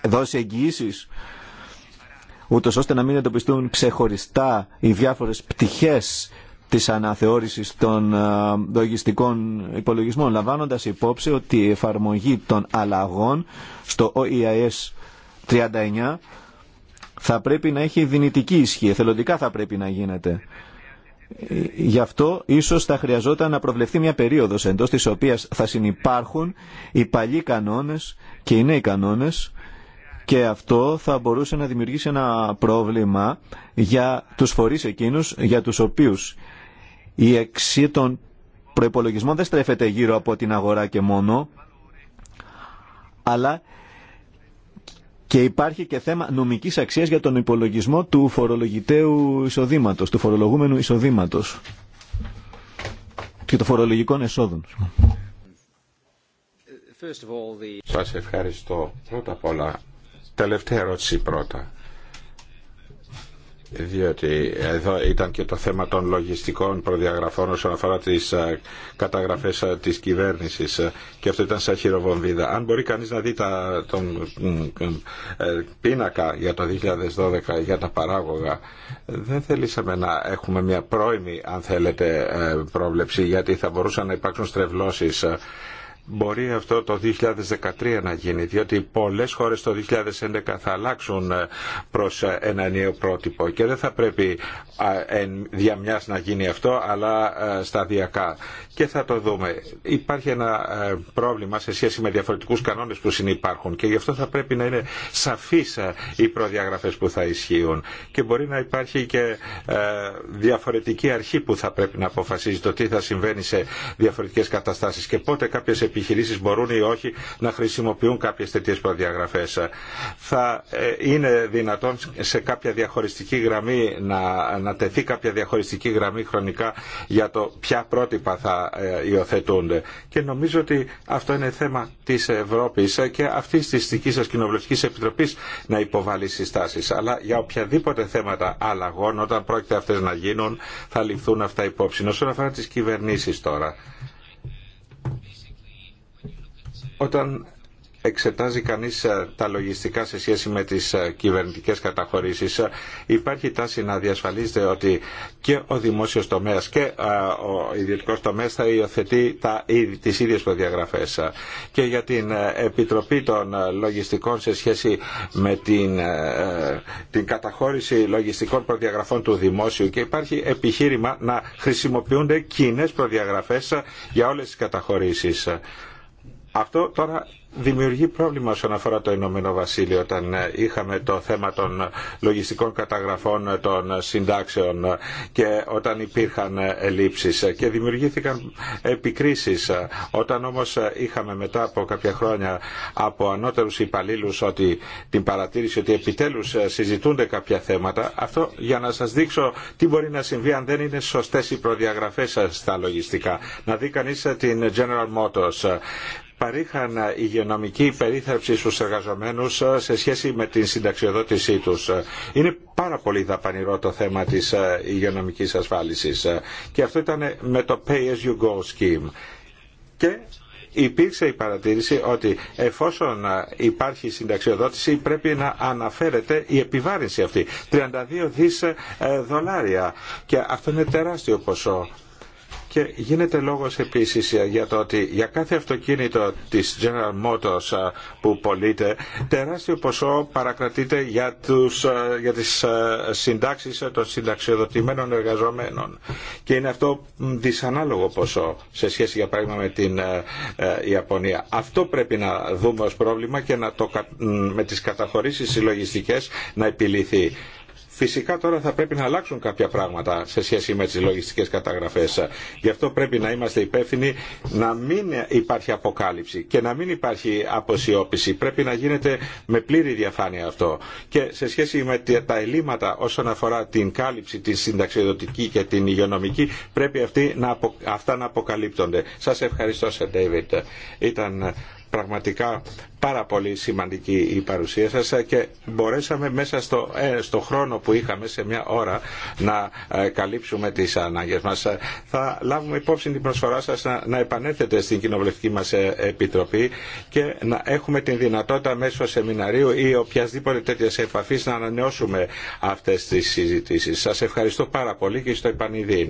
δώσει εγγυήσει ούτω ώστε να μην εντοπιστούν ξεχωριστά οι διάφορες πτυχές της αναθεώρησης των λογιστικών ε, υπολογισμών, λαμβάνοντας υπόψη ότι η εφαρμογή των αλλαγών στο OEIS 39 θα πρέπει να έχει δυνητική ισχύ, εθελοντικά θα πρέπει να γίνεται. Γι' αυτό ίσως θα χρειαζόταν να προβλεφθεί μια περίοδος εντός της οποίας θα συνεπάρχουν οι παλιοί κανόνες και οι νέοι κανόνες και αυτό θα μπορούσε να δημιουργήσει ένα πρόβλημα για τους φορείς εκείνους για τους οποίους η εξή των προϋπολογισμών δεν στρέφεται γύρω από την αγορά και μόνο, αλλά και υπάρχει και θέμα νομικής αξίας για τον υπολογισμό του φορολογητέου εισοδήματος, του φορολογούμενου εισοδήματος και των φορολογικών εσόδων. Σας ευχαριστώ. Πρώτα απ' όλα Τελευταία ερώτηση πρώτα διότι εδώ ήταν και το θέμα των λογιστικών προδιαγραφών όσον αφορά τις ε, καταγραφές ε, της κυβέρνησης ε, και αυτό ήταν σαν χειροβομβίδα. Αν μπορεί κανείς να δει τα, τον πίνακα για το 2012 για τα παράγωγα, δεν θέλησαμε να έχουμε μια πρώιμη, αν θέλετε, πρόβλεψη γιατί θα μπορούσαν να υπάρξουν στρεβλώσεις μπορεί αυτό το 2013 να γίνει, διότι πολλές χώρες το 2011 θα αλλάξουν ε, προς ε, ένα νέο πρότυπο και δεν θα πρέπει διαμιάς να γίνει αυτό, αλλά ε, σταδιακά. Και θα το δούμε. Υπάρχει ένα πρόβλημα σε σχέση με διαφορετικούς κανόνες που συνεπάρχουν και γι' αυτό θα πρέπει να είναι σαφείς οι προδιαγραφές που θα ισχύουν. Και μπορεί να υπάρχει και διαφορετική αρχή που θα πρέπει να αποφασίζει το τι θα συμβαίνει σε διαφορετικές καταστάσεις και πότε κάποιες επιχειρήσεις μπορούν ή όχι να χρησιμοποιούν κάποιες τέτοιες προδιαγραφές. Θα ε, είναι δυνατόν σε κάποια διαχωριστική γραμμή να, να τεθεί κάποια διαχωριστική γραμμή χρονικά για το ποια πρότυπα θα ε, υιοθετούνται. Και νομίζω ότι αυτό είναι θέμα της Ευρώπης και αυτή τη δική σα κοινοβουλευτικής επιτροπής να υποβάλει συστάσεις. Αλλά για οποιαδήποτε θέματα αλλαγών όταν πρόκειται αυτές να γίνουν θα ληφθούν αυτά υπόψη. Όσον αφορά τις κυβερνήσεις τώρα όταν εξετάζει κανείς ε, τα λογιστικά σε σχέση με τις ε, κυβερνητικές καταχωρήσεις ε, υπάρχει τάση να διασφαλίζεται ότι και ο δημόσιος τομέας και ο ιδιωτικός τομέας θα υιοθετεί τα, τις ίδιες προδιαγραφές και για την Επιτροπή των Λογιστικών σε σχέση με την, την καταχώρηση λογιστικών προδιαγραφών του δημόσιου και υπάρχει επιχείρημα να χρησιμοποιούνται κοινέ προδιαγραφές για όλες τις καταχωρήσεις. Αυτό τώρα δημιουργεί πρόβλημα όσον αφορά το Ηνωμένο Βασίλειο όταν ε, είχαμε το θέμα των λογιστικών καταγραφών ε, των συντάξεων ε, και όταν υπήρχαν ελλείψεις και δημιουργήθηκαν επικρίσεις όταν όμως είχαμε μετά από κάποια χρόνια από ανώτερους υπαλλήλους ότι την παρατήρηση ότι επιτέλους συζητούνται κάποια θέματα αυτό για να σας δείξω τι μπορεί να συμβεί αν δεν είναι σωστές οι προδιαγραφές σας στα λογιστικά να δει κανείς την General Motors παρήχαν υγειονομική περίθαλψη στους εργαζομένους ε, σε σχέση με την συνταξιοδότησή τους. Ε, είναι πάρα πολύ δαπανηρό το θέμα της ε, υγειονομικής ασφάλισης και αυτό ήταν με το Pay As You Go Scheme. Και υπήρξε η παρατήρηση ότι εφόσον υπάρχει συνταξιοδότηση πρέπει να αναφέρεται η επιβάρυνση αυτή. 32 δις δολάρια και αυτό είναι τεράστιο ποσό και γίνεται λόγος επίσης για το ότι για κάθε αυτοκίνητο της General Motors που πωλείται τεράστιο ποσό παρακρατείται για, τους, για τις συντάξεις των συνταξιοδοτημένων εργαζομένων. Και είναι αυτό δυσανάλογο ποσό σε σχέση για παράδειγμα με την Ιαπωνία. Αυτό πρέπει να δούμε ως πρόβλημα και να το, με τις καταχωρήσεις συλλογιστικές να επιλυθεί. Φυσικά τώρα θα πρέπει να αλλάξουν κάποια πράγματα σε σχέση με τις λογιστικές καταγραφές. Γι' αυτό πρέπει να είμαστε υπεύθυνοι να μην υπάρχει αποκάλυψη και να μην υπάρχει αποσιώπηση. Πρέπει να γίνεται με πλήρη διαφάνεια αυτό. Και σε σχέση με τα ελλείμματα όσον αφορά την κάλυψη, τη συνταξιδοτική και την υγειονομική, πρέπει να αυτά να αποκαλύπτονται. Σας ευχαριστώ, Σερ Ντέιβιτ. Πραγματικά πάρα πολύ σημαντική η παρουσία σας και μπορέσαμε μέσα στο, ε, χρόνο που είχαμε σε μια ώρα να ε, καλύψουμε τις ανάγκες μας. Θα λάβουμε υπόψη την προσφορά σας να, επανέλθετε στην Κοινοβουλευτική μας ε, Επιτροπή και να έχουμε την δυνατότητα μέσω σεμιναρίου ή οποιασδήποτε τέτοια επαφή να ανανεώσουμε αυτές τις συζητήσεις. Σας ευχαριστώ πάρα πολύ και στο επανειδή.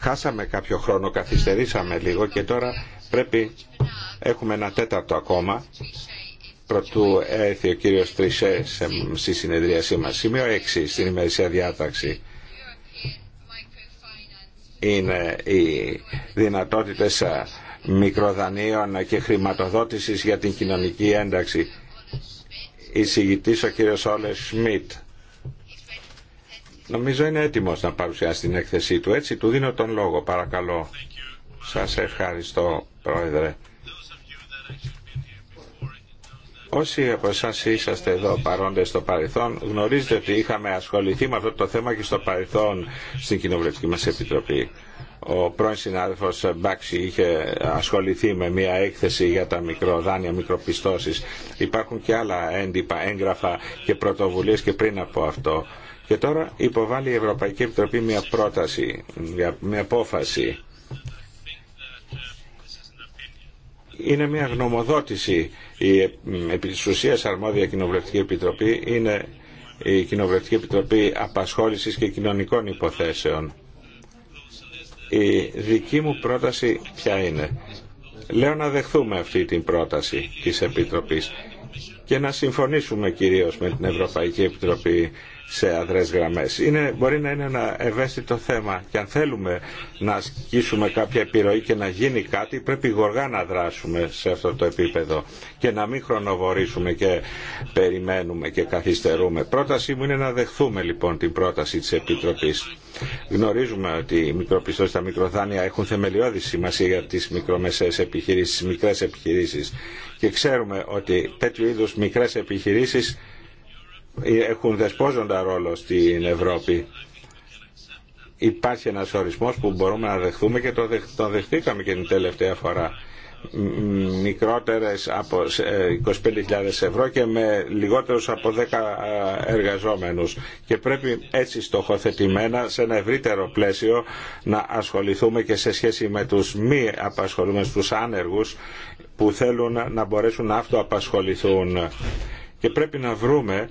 Χάσαμε κάποιο χρόνο, καθυστερήσαμε λίγο και τώρα πρέπει, έχουμε ένα τέταρτο ακόμα, προτού έρθει ο κύριος Τρισέ στη συνεδρίασή μας. Σημείο 6 στην ημερησία διάταξη είναι οι δυνατότητες μικροδανείων και χρηματοδότησης για την κοινωνική ένταξη. Εισηγητής ο κύριος Όλε Σμιτ Νομίζω είναι έτοιμος να παρουσιάσει την έκθεσή του. Έτσι του δίνω τον λόγο. Παρακαλώ. Σας ευχαριστώ Πρόεδρε. Όσοι από εσά είσαστε εδώ παρόντε στο παρελθόν, γνωρίζετε ότι είχαμε ασχοληθεί με αυτό το θέμα και στο παρελθόν στην Κοινοβουλευτική μα Επιτροπή. Ο πρώην συνάδελφο Μπάξη είχε ασχοληθεί με μια έκθεση για τα μικροδάνεια, μικροπιστώσει. Υπάρχουν και άλλα έντυπα, έγγραφα και πρωτοβουλίε και πριν από αυτό. Και τώρα υποβάλλει η Ευρωπαϊκή Επιτροπή μια πρόταση, μια απόφαση. Είναι μια γνωμοδότηση. Η ε, επί της ουσίας αρμόδια κοινοβουλευτική επιτροπή είναι η Κοινοβουλευτική Επιτροπή Απασχόλησης και Κοινωνικών Υποθέσεων. Η δική μου πρόταση ποια είναι. Λέω να δεχθούμε αυτή την πρόταση της Επιτροπής και να συμφωνήσουμε κυρίως με την Ευρωπαϊκή Επιτροπή σε αδρές γραμμές. Είναι, μπορεί να είναι ένα ευαίσθητο θέμα και αν θέλουμε να ασκήσουμε κάποια επιρροή και να γίνει κάτι πρέπει γοργά να δράσουμε σε αυτό το επίπεδο και να μην χρονοβορήσουμε και περιμένουμε και καθυστερούμε. Πρότασή μου είναι να δεχθούμε λοιπόν την πρόταση της Επιτροπής. Γνωρίζουμε ότι οι μικροπιστώσεις τα μικροδάνεια έχουν θεμελιώδη σημασία για τις μικρομεσαίες επιχειρήσεις, τις μικρές επιχειρήσεις και ξέρουμε ότι τέτοιου είδους μικρές επιχειρήσεις έχουν δεσπόζοντα ρόλο στην Ευρώπη. Υπάρχει ένας ορισμός που μπορούμε να δεχθούμε και τον δεχτήκαμε και την τελευταία φορά μικρότερες από 25.000 ε, ευρώ και με λιγότερους από 10 ε, εργαζόμενους και πρέπει έτσι στοχοθετημένα σε ένα ευρύτερο πλαίσιο να ασχοληθούμε και σε σχέση με τους μη απασχολούμενους, τους άνεργους που θέλουν να μπορέσουν να αυτοαπασχοληθούν και πρέπει να βρούμε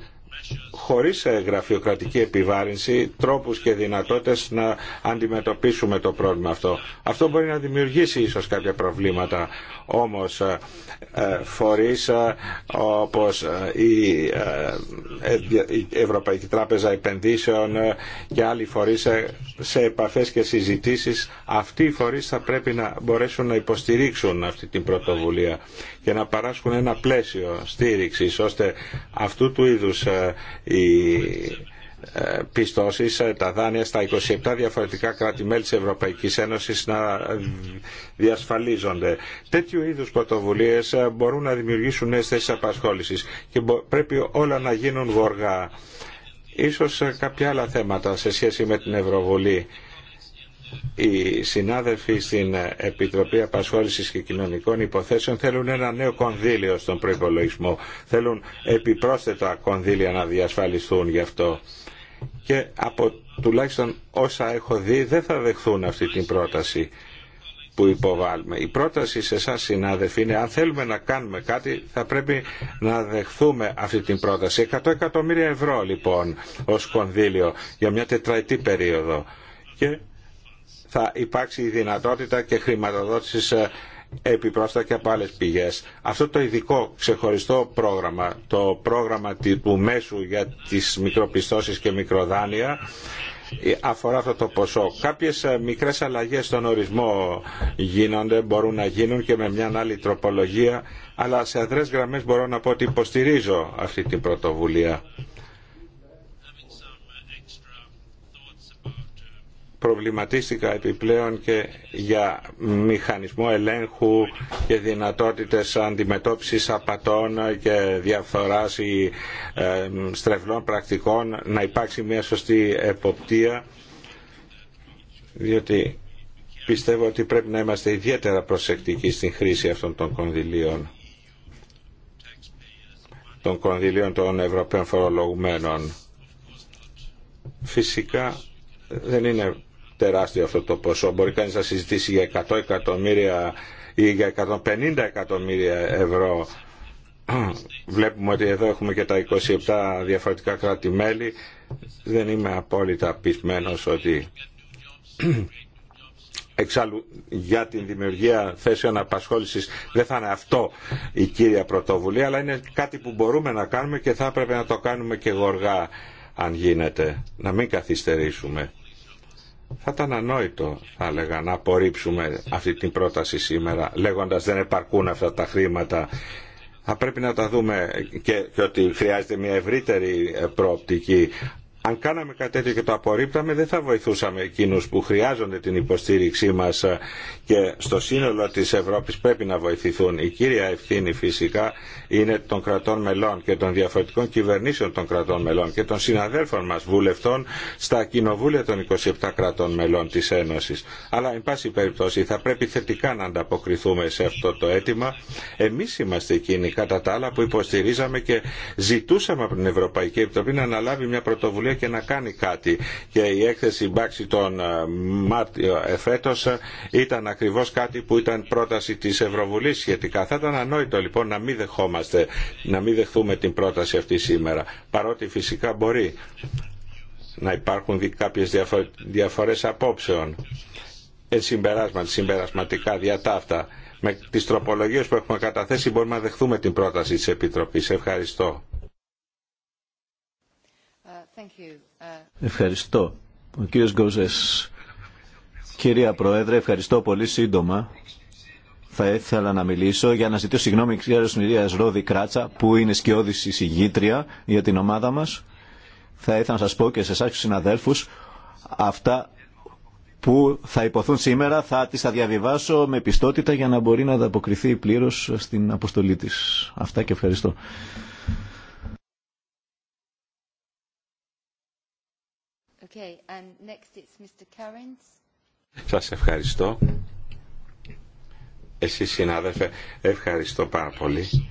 χωρίς ε, γραφειοκρατική επιβάρυνση τρόπους και δυνατότητες να αντιμετωπίσουμε το πρόβλημα αυτό. Αυτό μπορεί να δημιουργήσει ίσως κάποια προβλήματα, όμως ε, ε, φορείς όπως η Ευρωπαϊκή Τράπεζα Επενδύσεων και άλλοι φορείς σε επαφές και συζητήσεις, αυτοί οι φορείς θα πρέπει να μπορέσουν να υποστηρίξουν αυτή την πρωτοβουλία και να παράσχουν ένα πλαίσιο στήριξης ώστε αυτού του είδους οι ε, πιστώσεις, ε, τα δάνεια στα 27 διαφορετικά κράτη-μέλη της Ευρωπαϊκής Ένωσης να διασφαλίζονται. Τέτοιου είδους πρωτοβουλίες ε, μπορούν να δημιουργήσουν νέες θέσεις απασχόλησης και πρέπει όλα να γίνουν γοργά. Ίσως κάποια άλλα θέματα σε σχέση με την Ευρωβουλή οι συνάδελφοι στην Επιτροπή Απασχόλησης και Κοινωνικών Υποθέσεων θέλουν ένα νέο κονδύλιο στον προϋπολογισμό. Θέλουν επιπρόσθετα κονδύλια να διασφαλιστούν γι' αυτό. Και από τουλάχιστον όσα έχω δει δεν θα δεχθούν αυτή την πρόταση που υποβάλλουμε. Η πρόταση σε εσά συνάδελφοι είναι αν θέλουμε να κάνουμε κάτι θα πρέπει να δεχθούμε αυτή την πρόταση. 100 εκατομμύρια ευρώ λοιπόν ως κονδύλιο για μια τετραετή περίοδο. Και θα υπάρξει δυνατότητα και χρηματοδότηση ε, επιπρόσθετα και από άλλες πηγές. Αυτό το ειδικό ξεχωριστό πρόγραμμα, το πρόγραμμα του μέσου για τις μικροπιστώσεις και μικροδάνεια, ε, αφορά αυτό το ποσό. Κάποιες ε, μικρές αλλαγές στον ορισμό γίνονται, μπορούν να γίνουν και με μια άλλη τροπολογία, αλλά σε αδρές γραμμές μπορώ να πω ότι υποστηρίζω αυτή την πρωτοβουλία. προβληματίστηκα επιπλέον και για μηχανισμό ελέγχου και δυνατότητες αντιμετώπισης απατών και διαφθοράς ή ε, στρεβλών πρακτικών να υπάρξει μια σωστή εποπτεία διότι πιστεύω ότι πρέπει να είμαστε ιδιαίτερα προσεκτικοί στην χρήση αυτών των κονδυλίων των κονδυλίων των Ευρωπαίων φορολογουμένων. Φυσικά δεν είναι τεράστιο αυτό το ποσό. Μπορεί κανείς να συζητήσει για 100 εκατομμύρια ή για 150 εκατομμύρια ευρώ. Βλέπουμε ότι εδώ έχουμε και τα 27 διαφορετικά κράτη-μέλη. Δεν είμαι απόλυτα πεισμένος ότι εξάλλου για την δημιουργία θέσεων απασχόλησης δεν θα είναι αυτό η κύρια πρωτοβουλία αλλά είναι κάτι που μπορούμε να κάνουμε και θα έπρεπε να το κάνουμε και γοργά αν γίνεται να μην καθυστερήσουμε θα ήταν ανόητο, θα έλεγα, να απορρίψουμε αυτή την πρόταση σήμερα, λέγοντας δεν επαρκούν αυτά τα χρήματα. Θα πρέπει να τα δούμε και, ότι χρειάζεται μια ευρύτερη προοπτική αν κάναμε κάτι τέτοιο και το απορρίπταμε δεν θα βοηθούσαμε εκείνους που χρειάζονται την υποστήριξή μα, ε, και στο σύνολο τη Ευρώπη πρέπει να βοηθηθούν. Η κύρια ευθύνη φυσικά είναι των κρατών μελών και των διαφορετικών κυβερνήσεων των κρατών μελών και των συναδέλφων μα βουλευτών στα κοινοβούλια των 27 κρατών μελών τη Ένωση. Αλλά εν πάση περιπτώσει θα πρέπει θετικά να ανταποκριθούμε σε αυτό το αίτημα. Εμεί είμαστε εκείνοι κατά τα άλλα που υποστηρίζαμε και ζητούσαμε από την Ευρωπαϊκή Επιτροπή να αναλάβει μια πρωτοβουλία και να κάνει κάτι. Και η έκθεση μπάξη τον ε, Μάρτιο ε, εφέτος ε, ήταν ακριβώς κάτι που ήταν πρόταση της Ευρωβουλής σχετικά. Θα ήταν ανόητο λοιπόν να μην δεχόμαστε, να μην δεχθούμε την πρόταση αυτή σήμερα. Παρότι φυσικά μπορεί να υπάρχουν κάποιες διαφορές απόψεων. Εν συμπερασματικά διατάφτα. Με τις τροπολογίες που έχουμε καταθέσει μπορούμε να δεχθούμε την πρόταση της Επιτροπής. Ευχαριστώ. Uh, ευχαριστώ. Ο κύριος Γκοζές. Κυρία Πρόεδρε, ευχαριστώ πολύ σύντομα. Θα ήθελα να μιλήσω για να ζητήσω συγγνώμη κυρία Ρόδη Κράτσα που είναι σκιώδη συγγήτρια για την ομάδα μας. Θα ήθελα να σας πω και σε εσάς και συναδέλφους αυτά που θα υποθούν σήμερα θα τις θα διαβιβάσω με πιστότητα για να μπορεί να ανταποκριθεί πλήρως στην αποστολή της. Αυτά και ευχαριστώ. Σας ευχαριστώ. Εσείς συνάδελφε, ευχαριστώ πάρα πολύ.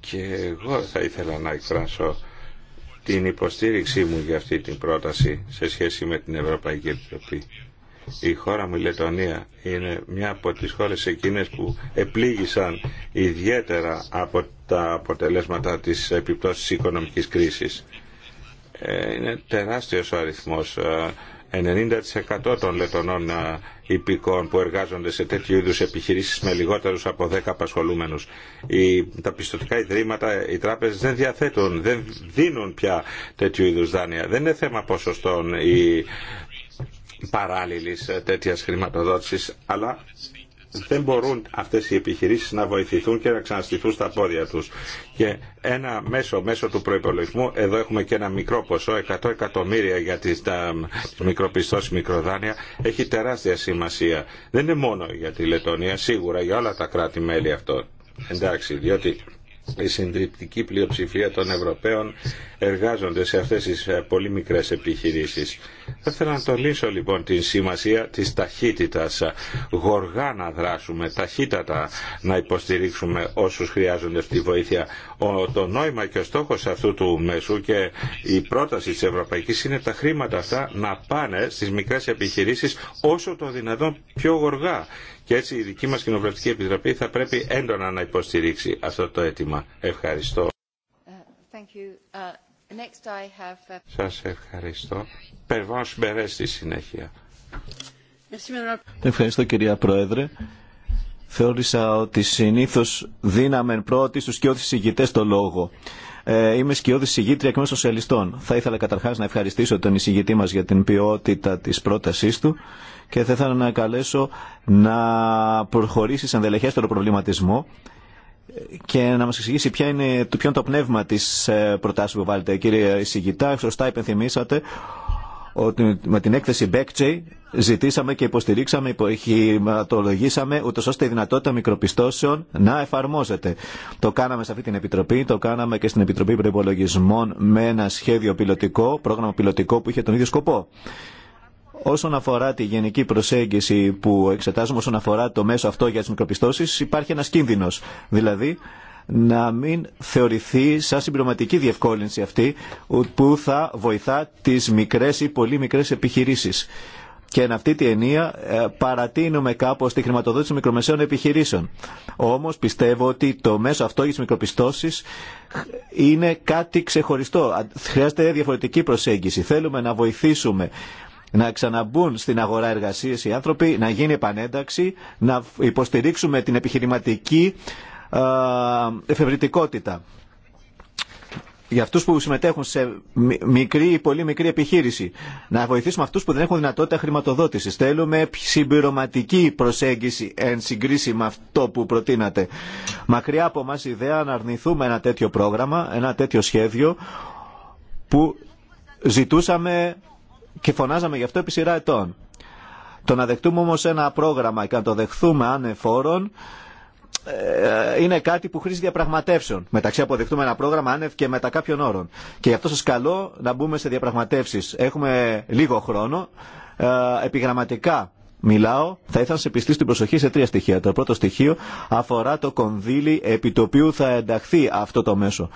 Και εγώ θα ήθελα να εκφράσω την υποστήριξή μου για αυτή την πρόταση σε σχέση με την Ευρωπαϊκή Επιτροπή. Η χώρα μου, η Λετωνία, είναι μια από τις χώρες εκείνες που επλήγησαν ιδιαίτερα από τα αποτελέσματα της επιπτώσης οικονομικής κρίσης. Ε, είναι τεράστιος ο αριθμός. 90% ε, των λετωνών ε, υπηκών που εργάζονται σε τέτοιου είδους επιχειρήσεις με λιγότερους από 10 απασχολούμενους. Οι, τα πιστοτικά ιδρύματα, οι τράπεζες δεν διαθέτουν, δεν δίνουν πια τέτοιου είδους δάνεια. Δεν είναι θέμα ποσοστών ή παράλληλης τέτοιας χρηματοδότησης, αλλά δεν μπορούν αυτές οι επιχειρήσεις να βοηθηθούν και να ξαναστηθούν στα πόδια τους. Και ένα μέσο, μέσο του προϋπολογισμού, εδώ έχουμε και ένα μικρό ποσό, 100 εκατομμύρια για τις, τα, τις μικροπιστώσεις, μικροδάνεια, έχει τεράστια σημασία. Δεν είναι μόνο για τη Λετωνία, σίγουρα για όλα τα κράτη-μέλη αυτό. Εντάξει, διότι η συντριπτική πλειοψηφία των Ευρωπαίων εργάζονται σε αυτές τις ε, πολύ μικρές επιχειρήσεις. Θα ήθελα να τολίσω λοιπόν την σημασία της ταχύτητας. Γοργά να δράσουμε, ταχύτατα να υποστηρίξουμε όσους χρειάζονται αυτή τη βοήθεια. το νόημα και ο στόχος αυτού του μέσου και η πρόταση της Ευρωπαϊκής είναι τα χρήματα αυτά να πάνε στις μικρές επιχειρήσεις όσο το δυνατόν πιο γοργά και έτσι η δική μας Κοινοβουλευτική Επιτροπή θα πρέπει έντονα να υποστηρίξει αυτό το αίτημα. Ευχαριστώ. Ε, ε, ε, Σας ευχαριστώ. Περβάνος Σμπερέ στη συνέχεια. Ευχαριστώ κυρία Πρόεδρε. Θεώρησα ότι συνήθως δίναμε πρώτοι στους κοιόδης ηγητές το λόγο. είμαι σκιώδη συγγήτρια εκ μέσω σοσιαλιστών. Θα ήθελα καταρχάς να ευχαριστήσω τον εισηγητή μας για την ποιότητα της πρότασής του και θα ήθελα να καλέσω να προχωρήσει σαν δελεχέστερο προβληματισμό και να μας εξηγήσει ποια είναι, ποιο είναι το πνεύμα της ε, προτάσεις που βάλετε. Κύριε Ισηγητά, σωστά υπενθυμίσατε ότι με την έκθεση Backjay ζητήσαμε και υποστηρίξαμε, υποχηματολογήσαμε, ούτως ώστε η δυνατότητα μικροπιστώσεων να εφαρμόζεται. Το κάναμε σε αυτή την Επιτροπή, το κάναμε και στην Επιτροπή Προπολογισμών με ένα σχέδιο πιλωτικό, πρόγραμμα πιλωτικό που είχε τον ίδιο σκοπό. Όσον αφορά τη γενική προσέγγιση που εξετάζουμε, όσον αφορά το μέσο αυτό για τις μικροπιστώσεις, υπάρχει ένας κίνδυνος. Δηλαδή, να μην θεωρηθεί σαν συμπληρωματική διευκόλυνση αυτή που θα βοηθά τις μικρές ή πολύ μικρές επιχειρήσεις. Και εν αυτή τη ενία ε, παρατείνουμε κάπως τη χρηματοδότηση μικρομεσαίων επιχειρήσεων. Όμως πιστεύω ότι το μέσο αυτό για τις μικροπιστώσεις ε, είναι κάτι ξεχωριστό. Χρειάζεται διαφορετική προσέγγιση. Θέλουμε να βοηθήσουμε να ξαναμπούν στην αγορά εργασία οι άνθρωποι, να γίνει επανένταξη, να υποστηρίξουμε την επιχειρηματική εφευρητικότητα. Για αυτούς που συμμετέχουν σε μικρή ή πολύ μικρή επιχείρηση. Να βοηθήσουμε αυτούς που δεν έχουν δυνατότητα χρηματοδότησης. Θέλουμε συμπληρωματική προσέγγιση εν συγκρίση με αυτό που προτείνατε. Μακριά από η ιδέα να αρνηθούμε ένα τέτοιο πρόγραμμα, ένα τέτοιο σχέδιο που ζητούσαμε και φωνάζαμε γι' αυτό επί σειρά ετών. Το να δεχτούμε όμω ένα πρόγραμμα και να το δεχθούμε ανεφόρων ε, είναι κάτι που χρήζει διαπραγματεύσεων. Μεταξύ αποδεχτούμε ένα πρόγραμμα άνευ και μετά κάποιων όρων. Και γι' αυτό σα καλώ να μπούμε σε διαπραγματεύσει. Έχουμε λίγο χρόνο. Ε, επιγραμματικά μιλάω, θα ήθελα να σε πιστεί την προσοχή σε τρία στοιχεία. Το πρώτο στοιχείο αφορά το κονδύλι επί το οποίο θα ενταχθεί αυτό το μέσο.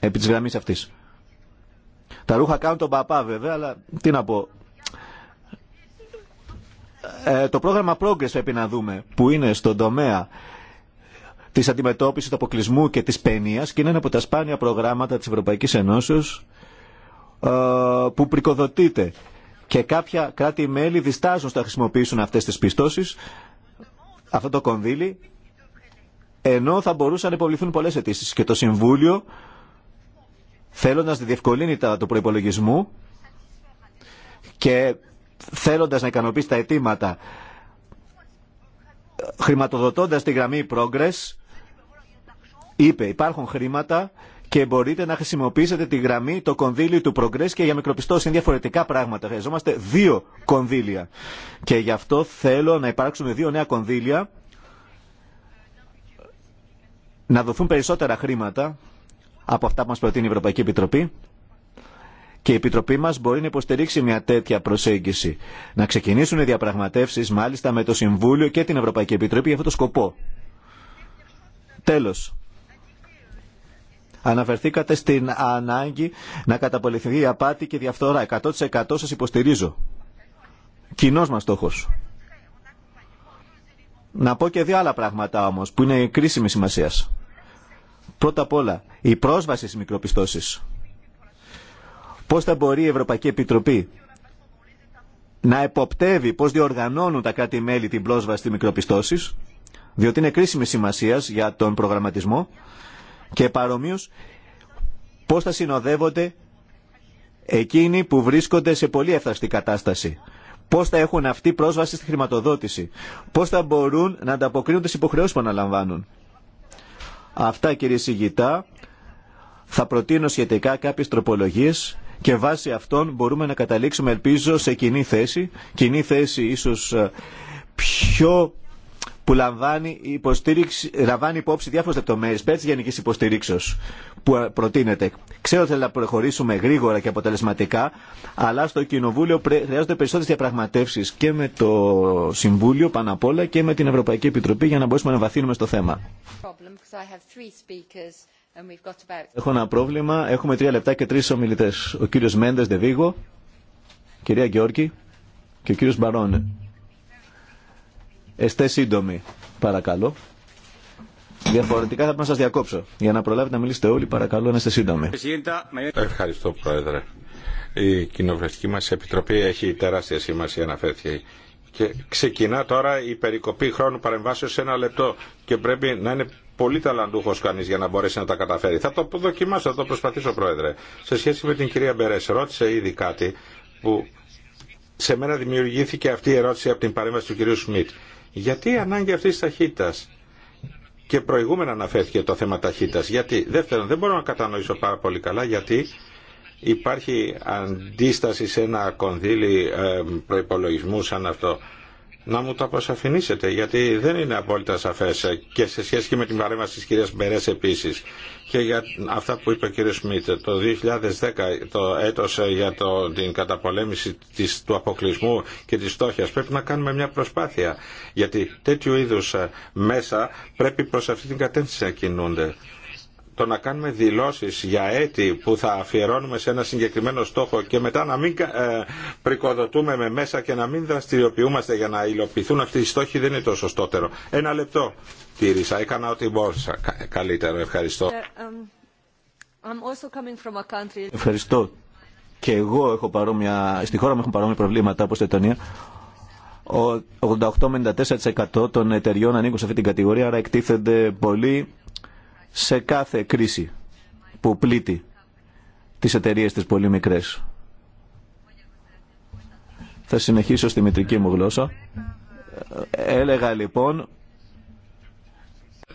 Επί τη γραμμή αυτή. Τα ρούχα κάνουν τον παπά βέβαια, αλλά τι να πω. Ε, το πρόγραμμα Progress πρέπει να δούμε, που είναι στον τομέα τη αντιμετώπιση του αποκλεισμού και τη παινία και είναι ένα από τα σπάνια προγράμματα τη Ευρωπαϊκή Ενώσεω ε, που πρικοδοτείται. Και κάποια κράτη-μέλη διστάζουν στο να χρησιμοποιήσουν αυτέ τι πιστώσει, αυτό το κονδύλι, ενώ θα μπορούσαν να υποβληθούν πολλέ αιτήσει. Και το Συμβούλιο θέλοντας να διευκολύνει το του και θέλοντας να ικανοποιήσει τα αιτήματα χρηματοδοτώντας τη γραμμή Progress είπε υπάρχουν χρήματα και μπορείτε να χρησιμοποιήσετε τη γραμμή, το κονδύλι του Progress και για μικροπιστώσεις. Είναι διαφορετικά πράγματα. Χρειαζόμαστε δύο κονδύλια. Και γι' αυτό θέλω να υπάρξουν δύο νέα κονδύλια, να δοθούν περισσότερα χρήματα από αυτά που μας προτείνει η Ευρωπαϊκή Επιτροπή και η Επιτροπή μας μπορεί να υποστηρίξει μια τέτοια προσέγγιση. Να ξεκινήσουν οι διαπραγματεύσεις μάλιστα με το Συμβούλιο και την Ευρωπαϊκή Επιτροπή για αυτόν τον σκοπό. Τέλος. Αναφερθήκατε στην ανάγκη να καταπολεμηθεί η απάτη και η διαφθορά. 100% σας υποστηρίζω. Κοινό μας στόχος. Να πω και δύο άλλα πράγματα όμως που είναι κρίσιμη σημασίας. Πρώτα απ' όλα, η πρόσβαση στις μικροπιστώσεις. Πώς θα μπορεί η Ευρωπαϊκή Επιτροπή να εποπτεύει πώς διοργανώνουν τα κράτη-μέλη την πρόσβαση στις μικροπιστώσεις, διότι είναι κρίσιμη σημασία για τον προγραμματισμό και παρομοίως πώς θα συνοδεύονται εκείνοι που βρίσκονται σε πολύ εύθραστη κατάσταση. Πώς θα έχουν αυτή πρόσβαση στη χρηματοδότηση. πώ θα μπορούν να ανταποκρίνουν τις υποχρεώσει που αναλαμβάνουν. Αυτά κύριε Σιγητά. Θα προτείνω σχετικά κάποιες τροπολογίες και βάσει αυτών μπορούμε να καταλήξουμε ελπίζω σε κοινή θέση. Κοινή θέση ίσως ε, πιο που λαμβάνει, υποστήριξη, λαμβάνει υπόψη διάφορε λεπτομέρειε πέρα τη γενική υποστηρίξεω που προτείνεται. Ξέρω ότι να προχωρήσουμε γρήγορα και αποτελεσματικά, αλλά στο Κοινοβούλιο χρειάζονται περισσότερε διαπραγματεύσει και με το Συμβούλιο πάνω απ' όλα και με την Ευρωπαϊκή Επιτροπή για να μπορέσουμε να βαθύνουμε στο θέμα. Έχω ένα πρόβλημα. Έχουμε τρία λεπτά και τρει ομιλητέ. Ο κύριο Μέντε Δεβίγο, κυρία Γεώργη και ο κύριο Μπαρόνε. Εστέ σύντομοι, παρακαλώ. Διαφορετικά θα πρέπει να σα διακόψω. Για να προλάβετε να μιλήσετε όλοι, παρακαλώ να είστε σύντομοι. Ευχαριστώ, Πρόεδρε. Η κοινοβουλευτική μα επιτροπή έχει τεράστια σημασία, αναφέρθηκε. Και ξεκινά τώρα η περικοπή χρόνου παρεμβάσεω σε ένα λεπτό και πρέπει να είναι πολύ ταλαντούχο κανεί για να μπορέσει να τα καταφέρει. Θα το δοκιμάσω, θα το προσπαθήσω, Πρόεδρε. Σε σχέση με την κυρία Μπερέ, ρώτησε ήδη κάτι που σε μένα δημιουργήθηκε αυτή η ερώτηση από την παρέμβαση του κυρίου Σμιτ. Γιατί η ανάγκη αυτής της ταχύτητα. και προηγούμενα αναφέρθηκε το θέμα ταχύτητα, Γιατί, δεύτερον, δεν μπορώ να κατανοήσω πάρα πολύ καλά γιατί υπάρχει αντίσταση σε ένα κονδύλι ε, προπολογισμού σαν αυτό να μου το αποσαφηνίσετε, γιατί δεν είναι απόλυτα σαφέ. και σε σχέση και με την παρέμβαση της κυρίας Μπερές επίσης. Και για αυτά που είπε ο κύριος Σμίτ, το 2010 το έτος για το, την καταπολέμηση της, του αποκλεισμού και τη στόχια, πρέπει να κάνουμε μια προσπάθεια, γιατί τέτοιου είδου ε, μέσα πρέπει προς αυτή την κατεύθυνση να κινούνται το να κάνουμε δηλώσεις για έτη που θα αφιερώνουμε σε ένα συγκεκριμένο στόχο και μετά να μην ε, πρικοδοτούμε με μέσα και να μην δραστηριοποιούμαστε για να υλοποιηθούν αυτοί οι στόχοι δεν είναι το σωστότερο. Ένα λεπτό τήρησα, έκανα ό,τι μπορούσα. Καλύτερο, ευχαριστώ. Ε, ευχαριστώ. Και εγώ έχω παρόμοια, στη χώρα μου έχουν παρόμοια προβλήματα όπως η Ετωνία. 88-94% των εταιριών ανήκουν σε αυτή την κατηγορία, άρα εκτίθενται πολύ σε κάθε κρίση που πλήττει τις εταιρείες τις πολύ μικρές. Θα συνεχίσω στη μητρική μου γλώσσα. Έλεγα λοιπόν...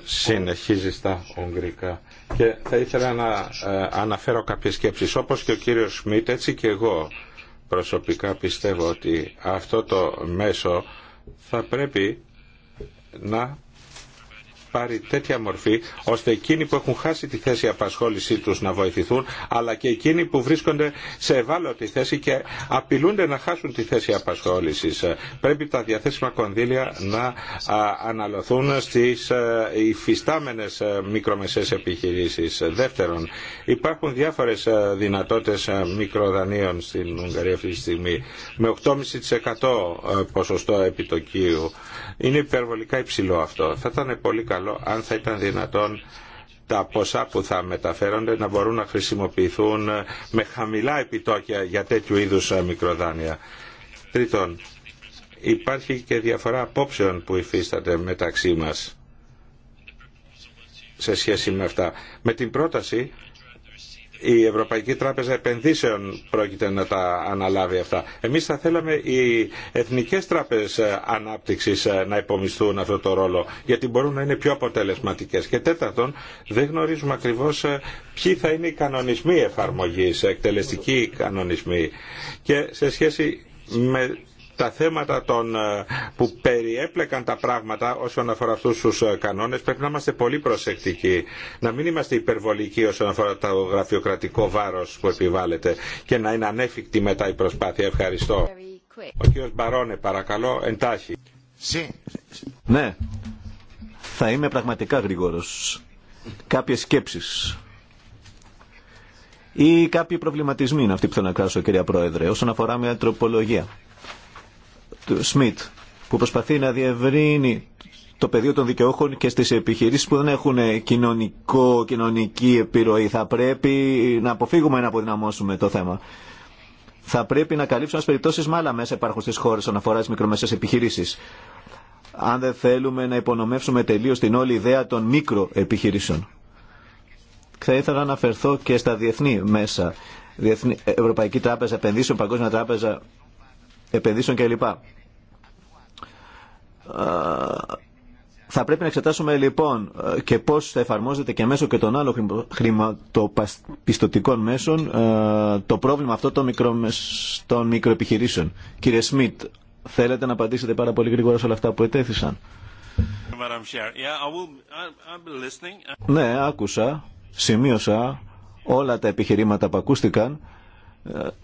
Συνεχίζει στα Ουγγρικά. Και θα ήθελα να ε, αναφέρω κάποιες σκέψεις. Όπως και ο κύριος Σμίτ, έτσι και εγώ προσωπικά πιστεύω ότι αυτό το μέσο θα πρέπει να πάρει τέτοια μορφή ώστε εκείνοι που έχουν χάσει τη θέση απασχόλησή τους να βοηθηθούν αλλά και εκείνοι που βρίσκονται σε ευάλωτη θέση και απειλούνται να χάσουν τη θέση απασχόλησης. Πρέπει τα διαθέσιμα κονδύλια να αναλωθούν στις ε, υφιστάμενες ε, μικρομεσαίες επιχειρήσεις. Δεύτερον, υπάρχουν διάφορες ε, δυνατότητες μικροδανείων στην Ουγγαρία αυτή τη στιγμή με 8,5% ποσοστό επιτοκίου. Είναι υπερβολικά υψηλό αυτό. Θα ήταν πολύ καλό αν θα ήταν δυνατόν τα ποσά που θα μεταφέρονται να μπορούν να χρησιμοποιηθούν με χαμηλά επιτόκια για τέτοιου είδους ε, μικροδάνεια. Τρίτον, υπάρχει και διαφορά απόψεων που υφίσταται μεταξύ μας σε σχέση με αυτά. Με την πρόταση η Ευρωπαϊκή Τράπεζα Επενδύσεων πρόκειται να τα αναλάβει αυτά. Εμείς θα θέλαμε οι εθνικές τράπεζες ανάπτυξης να υπομισθούν αυτό το ρόλο, γιατί μπορούν να είναι πιο αποτελεσματικές. Και τέταρτον, δεν γνωρίζουμε ακριβώς ε, ποιοι θα είναι οι κανονισμοί εφαρμογής, εκτελεστικοί κανονισμοί. Και σε σχέση με τα θέματα των, ε, που περιέπλεκαν τα πράγματα όσον αφορά αυτούς τους ε, κανόνες πρέπει να είμαστε πολύ προσεκτικοί να μην είμαστε υπερβολικοί όσον αφορά το γραφειοκρατικό βάρος που επιβάλλεται και να είναι ανέφικτη μετά η προσπάθεια. Ευχαριστώ. Ο κύριος Μπαρόνε παρακαλώ εντάχει. Ναι, θα είμαι πραγματικά γρήγορος. Κάποιες σκέψεις ή κάποιοι προβληματισμοί είναι αυτοί που θέλω να κράσω κυρία Πρόεδρε όσον αφορά μια τροπολογία Σμιτ που προσπαθεί να διευρύνει το πεδίο των δικαιώχων και στις επιχειρήσεις που δεν έχουν κοινωνικό, κοινωνική επιρροή. Θα πρέπει να αποφύγουμε να αποδυναμώσουμε το θέμα. Θα πρέπει να καλύψουμε τις περιπτώσεις με άλλα μέσα υπάρχουν στις χώρες όσον αφορά τις μικρομεσαίες επιχειρήσεις. Αν δεν θέλουμε να υπονομεύσουμε τελείως την όλη ιδέα των μικροεπιχειρήσεων. Θα ήθελα να αναφερθώ και στα διεθνή μέσα. Διεθνή, Ευρωπαϊκή Τράπεζα Επενδύσεων, Παγκόσμια Τράπεζα επενδύσεων κλπ. Θα πρέπει να εξετάσουμε λοιπόν και πώς θα εφαρμόζεται και μέσω και των άλλων χρηματοπιστωτικών μέσων ε, το πρόβλημα αυτό των, μικρο... των μικροεπιχειρήσεων. Κύριε Σμιτ, θέλετε να απαντήσετε πάρα πολύ γρήγορα σε όλα αυτά που ετέθησαν. Ναι, άκουσα, σημείωσα όλα τα επιχειρήματα που ακούστηκαν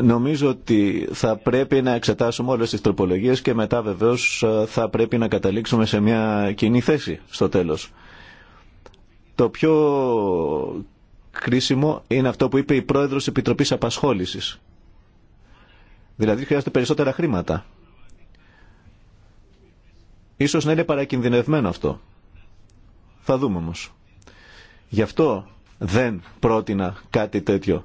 Νομίζω ότι θα πρέπει να εξετάσουμε όλες τις τροπολογίες και μετά βεβαίως ε, θα πρέπει να καταλήξουμε σε μια κοινή θέση στο τέλος. Το πιο κρίσιμο είναι αυτό που είπε η πρόεδρος Επιτροπής Απασχόλησης. Δηλαδή χρειάζεται περισσότερα χρήματα. Ίσως να είναι παρακινδυνευμένο αυτό. Θα δούμε όμως. Γι' αυτό δεν πρότεινα κάτι τέτοιο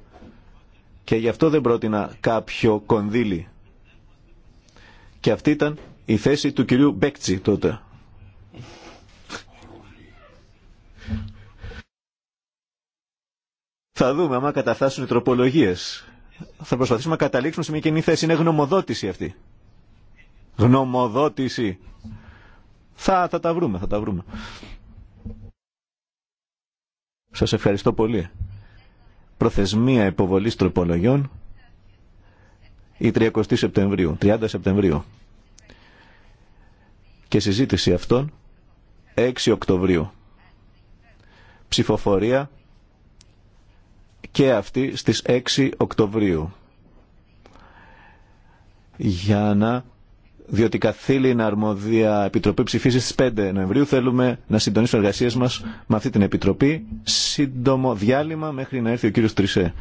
και γι' αυτό δεν πρότεινα κάποιο κονδύλι. Και αυτή ήταν η θέση του κυρίου Μπέκτσι τότε. Θα δούμε άμα καταφτάσουν οι τροπολογίες. Θα προσπαθήσουμε να καταλήξουμε σε μια κοινή θέση. Είναι γνωμοδότηση αυτή. Γνωμοδότηση. Θα, θα τα βρούμε, θα τα βρούμε. Σας ευχαριστώ πολύ. Προθεσμία υποβολής τροπολογιών η 30 Σεπτεμβρίου, 30 Σεπτεμβρίου. Και συζήτηση αυτών 6 Οκτωβρίου. Ψηφοφορία και αυτή στις 6 Οκτωβρίου. Για να διότι καθήλυνα αρμόδια επιτροπή ψηφίσει στις 5 Νοεμβρίου. Θέλουμε να συντονίσουμε εργασίες μας με αυτή την επιτροπή. Σύντομο διάλειμμα μέχρι να έρθει ο κύριος Τρισέ.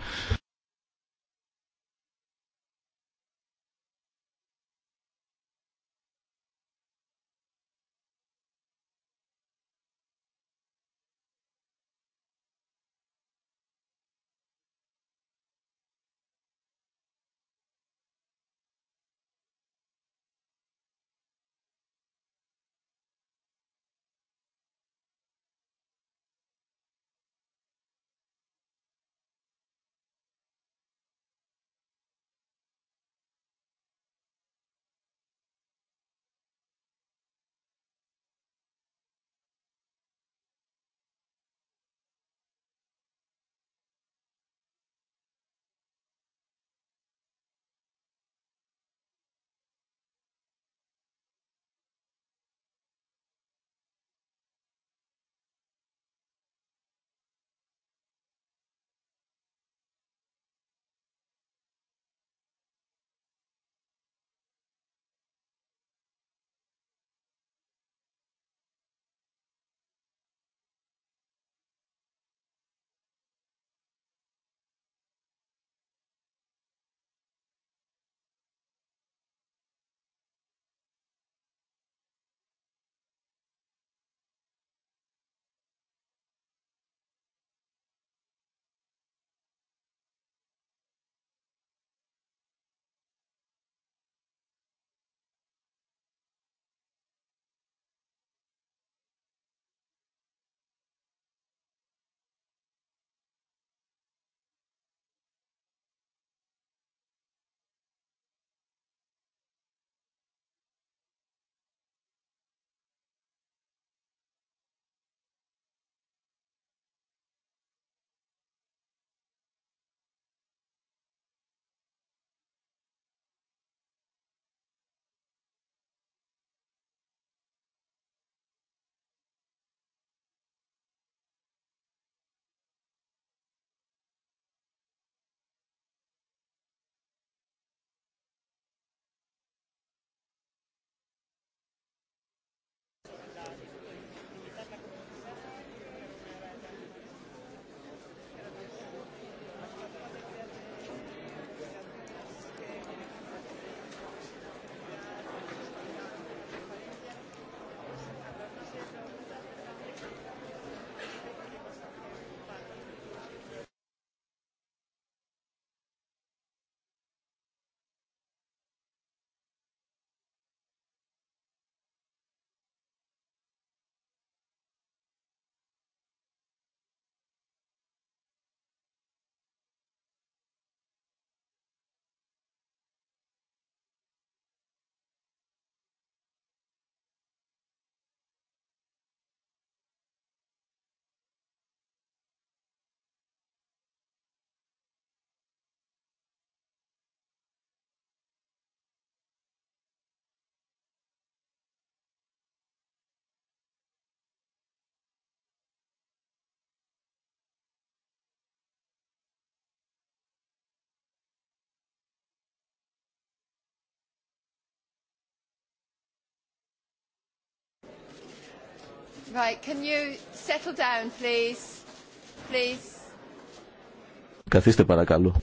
Καθίστε παρακαλώ.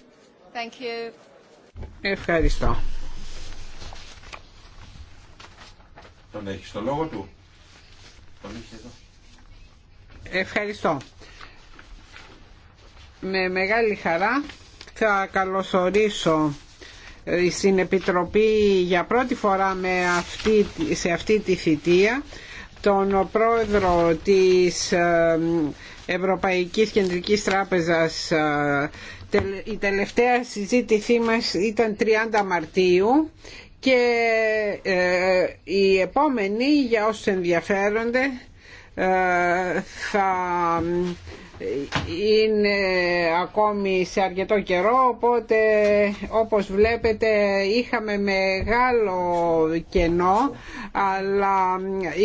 Ευχαριστώ. Τον έχει το λόγο του. Ευχαριστώ. Με μεγάλη χαρά θα καλωσορίσω ε, στην Επιτροπή για πρώτη φορά με αυτή, σε αυτή τη θητεία τον πρόεδρο της Ευρωπαϊκής Κεντρικής Τράπεζας ε, η τελευταία συζήτησή μας ήταν 30 Μαρτίου και ε, η επόμενη για όσους ενδιαφέρονται ε, θα είναι ακόμη σε αρκετό καιρό οπότε όπως βλέπετε είχαμε μεγάλο κενό αλλά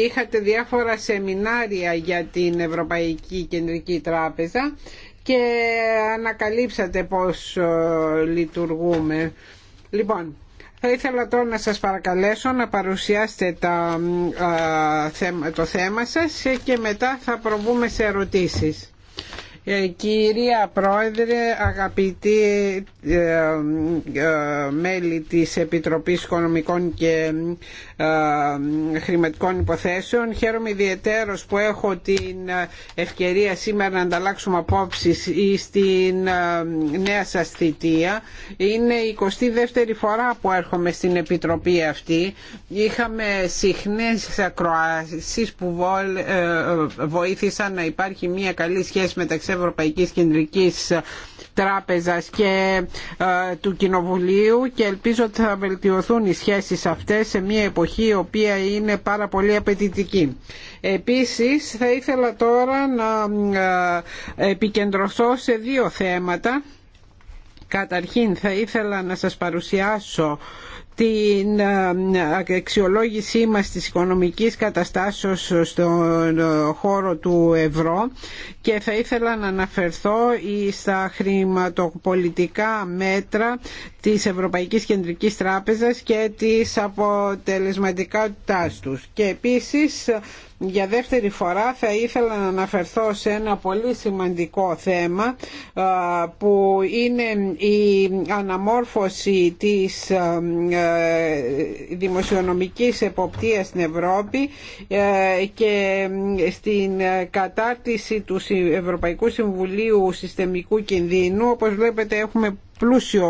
είχατε διάφορα σεμινάρια για την Ευρωπαϊκή Κεντρική Τράπεζα και ανακαλύψατε πώς ε, λειτουργούμε. Λοιπόν, θα ήθελα τώρα να σας παρακαλέσω να παρουσιάσετε τα, ε, το θέμα σας και μετά θα προβούμε σε ερωτήσεις. Ε, κυρία Πρόεδρε, αγαπητοί ε, ε, μέλη της Επιτροπής Οικονομικών και Χρηματικών Υποθέσεων, χαίρομαι ιδιαίτερος που έχω την ευκαιρία σήμερα να ανταλλάξουμε απόψεις στην νέα σας θητεία. Είναι η 22η φορά που έρχομαι στην Επιτροπή αυτή. Είχαμε συχνές ακροάσεις που βοήθησαν να υπάρχει μια καλή σχέση μεταξύ Ευρωπαϊκής Κεντρικής Τράπεζας και ε, του Κοινοβουλίου και ελπίζω ότι θα βελτιωθούν οι σχέσεις αυτές σε μια εποχή η οποία είναι πάρα πολύ απαιτητική. Επίσης θα ήθελα τώρα να ε, επικεντρωθώ σε δύο θέματα. Καταρχήν θα ήθελα να σας παρουσιάσω την ε, αξιολόγησή μας της οικονομικής καταστάσεως στον ε, χώρο του ευρώ και θα ήθελα να αναφερθώ στα χρηματοπολιτικά μέτρα της Ευρωπαϊκής Κεντρικής Τράπεζας και της αποτελεσματικότητάς τους. Και επίσης για δεύτερη φορά θα ήθελα να αναφερθώ σε ένα πολύ σημαντικό θέμα που είναι η αναμόρφωση της ε, δημοσιονομικής εποπτείας στην Ευρώπη ε, και στην κατάρτιση του Ευρωπαϊκού Συμβουλίου Συστημικού Κινδύνου. Όπως βλέπετε έχουμε πλούσιο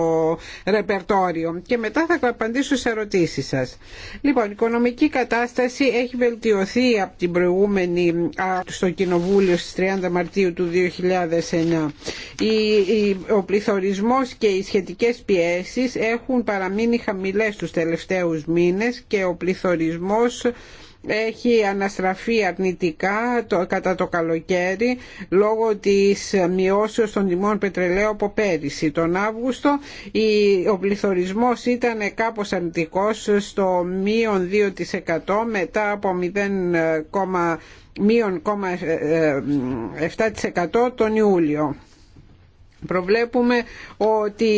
ρεπερτόριο και μετά θα απαντήσω σε ερωτήσεις σας. Λοιπόν, η οικονομική κατάσταση έχει βελτιωθεί από την προηγούμενη στο Κοινοβούλιο στις 30 Μαρτίου του 2009. Ο πληθωρισμός και οι σχετικές πιέσεις έχουν παραμείνει χαμηλές τους τελευταίους μήνες και ο πληθωρισμός έχει αναστραφεί αρνητικά το, κατά το καλοκαίρι λόγω της μειώσεως των τιμών πετρελαίου από πέρυσι. Τον Αύγουστο ο πληθωρισμός ήταν κάπως αρνητικός στο μείον 2% μετά από 0,7% ε, ε, τον Ιούλιο. Προβλέπουμε ότι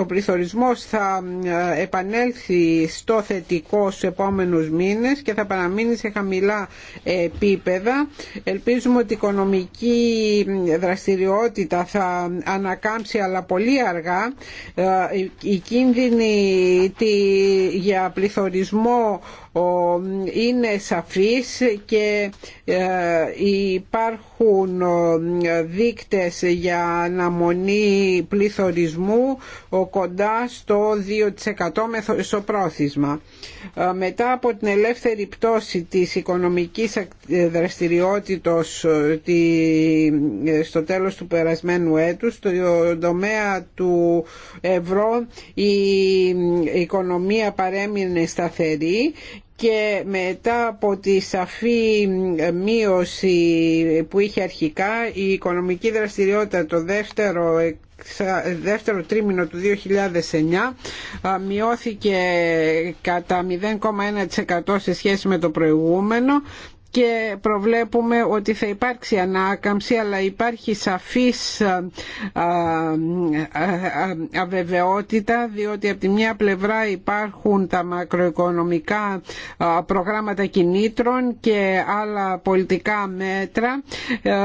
ο πληθωρισμός θα επανέλθει στο θετικό στους επόμενους μήνες και θα παραμείνει σε χαμηλά επίπεδα. Ελπίζουμε ότι η οικονομική δραστηριότητα θα ανακάμψει αλλά πολύ αργά. Ε, κίνδυνη κίνδυνη για πληθωρισμό είναι σαφής και ε, υπάρχουν δείκτες για αναμονή πληθωρισμού κοντά στο 2% μεσοπρόθεσμα. Ε, μετά από την ελεύθερη πτώση της οικονομικής δραστηριότητος ε, στο τέλος του περασμένου έτους, στο τομέα του ευρώ η οικονομία παρέμεινε σταθερή και μετά από τη σαφή μείωση που είχε αρχικά η οικονομική δραστηριότητα το δεύτερο δεύτερο τρίμηνο του 2009 μειώθηκε κατά 0,1% σε σχέση με το προηγούμενο και προβλέπουμε ότι θα υπάρξει ανάκαμψη αλλά υπάρχει σαφής ε, ε, ε, αβεβαιότητα διότι από τη μια πλευρά υπάρχουν τα μακροοικονομικά προγράμματα κινήτρων και άλλα πολιτικά μέτρα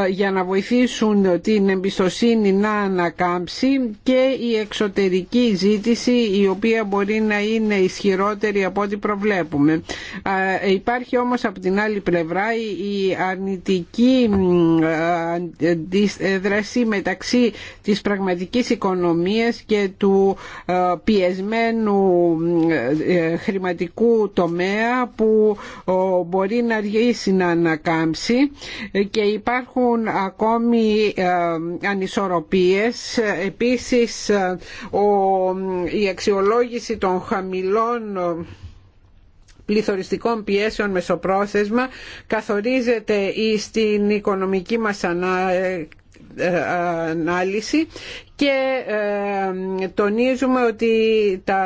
για να βοηθήσουν την εμπιστοσύνη να ανακάμψει και η εξωτερική ζήτηση η οποία μπορεί να είναι ισχυρότερη από ό,τι προβλέπουμε. Υπάρχει όμως από την άλλη πλευρά η αρνητική ε, δράση μεταξύ της πραγματικής οικονομίας και του ε, πιεσμένου ε, χρηματικού τομέα που μπορεί να αργήσει να ανακάμψει και υπάρχουν ακόμη ανισορροπίες. Επίσης η αξιολόγηση των χαμηλών πληθωριστικών πιέσεων μεσοπρόθεσμα καθορίζεται στην οικονομική μας ε, ανάλυση και ε, τονίζουμε ότι τα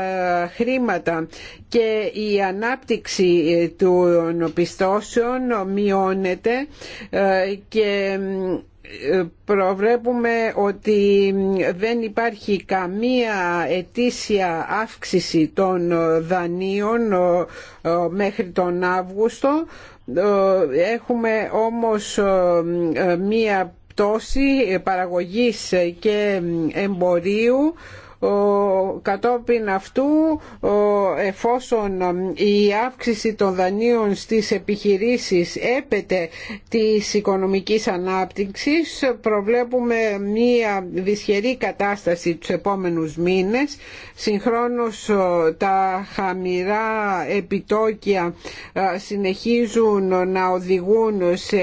χρήματα και η ανάπτυξη ε, των πιστώσεων μειώνεται και προβλέπουμε ότι δεν υπάρχει καμία ετήσια αύξηση των δανείων ε, μέχρι τον Αύγουστο. Ε, έχουμε όμως ε, μία πτώση παραγωγής και εμπορίου κατόπιν αυτού εφόσον η αύξηση των δανείων στις επιχειρήσεις έπεται της οικονομικής ανάπτυξης προβλέπουμε μία δυσχερή κατάσταση τους επόμενους μήνες συγχρόνως τα χαμηρά επιτόκια συνεχίζουν να οδηγούν σε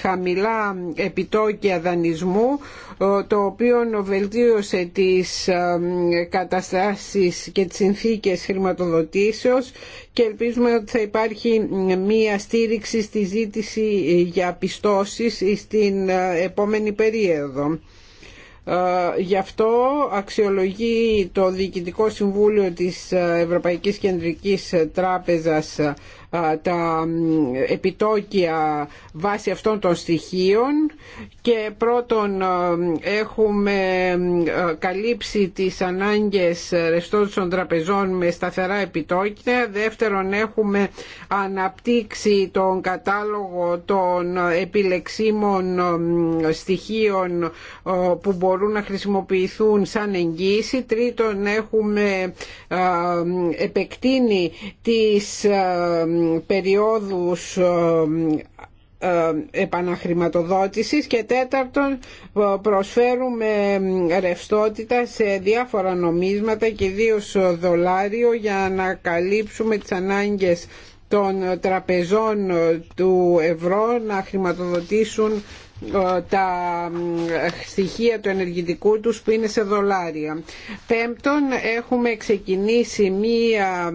χαμηλά επιτόκια δανεισμού το οποίο βελτίωσε τις καταστάσεις και τις συνθήκες χρηματοδοτήσεως και ελπίζουμε ότι θα υπάρχει μία στήριξη στη ζήτηση για πιστώσεις στην ε, επόμενη περίοδο. Ε, γι' αυτό αξιολογεί το Διοικητικό Συμβούλιο της ε, Ευρωπαϊκής Κεντρικής Τράπεζας τα επιτόκια βάσει αυτών των στοιχείων και πρώτον έχουμε καλύψει τις ανάγκες ρευστών των τραπεζών με σταθερά επιτόκια δεύτερον έχουμε αναπτύξει τον κατάλογο των επιλεξίμων στοιχείων που μπορούν να χρησιμοποιηθούν σαν εγγύηση τρίτον έχουμε επεκτείνει τις περιόδους ε, ε, επαναχρηματοδότησης και τέταρτον ε, προσφέρουμε ρευστότητα σε διάφορα νομίσματα και ιδίως δολάριο για να καλύψουμε τις ανάγκες των τραπεζών του ευρώ να χρηματοδοτήσουν τα στοιχεία του ενεργητικού τους που είναι σε δολάρια. Πέμπτον, έχουμε ξεκινήσει μία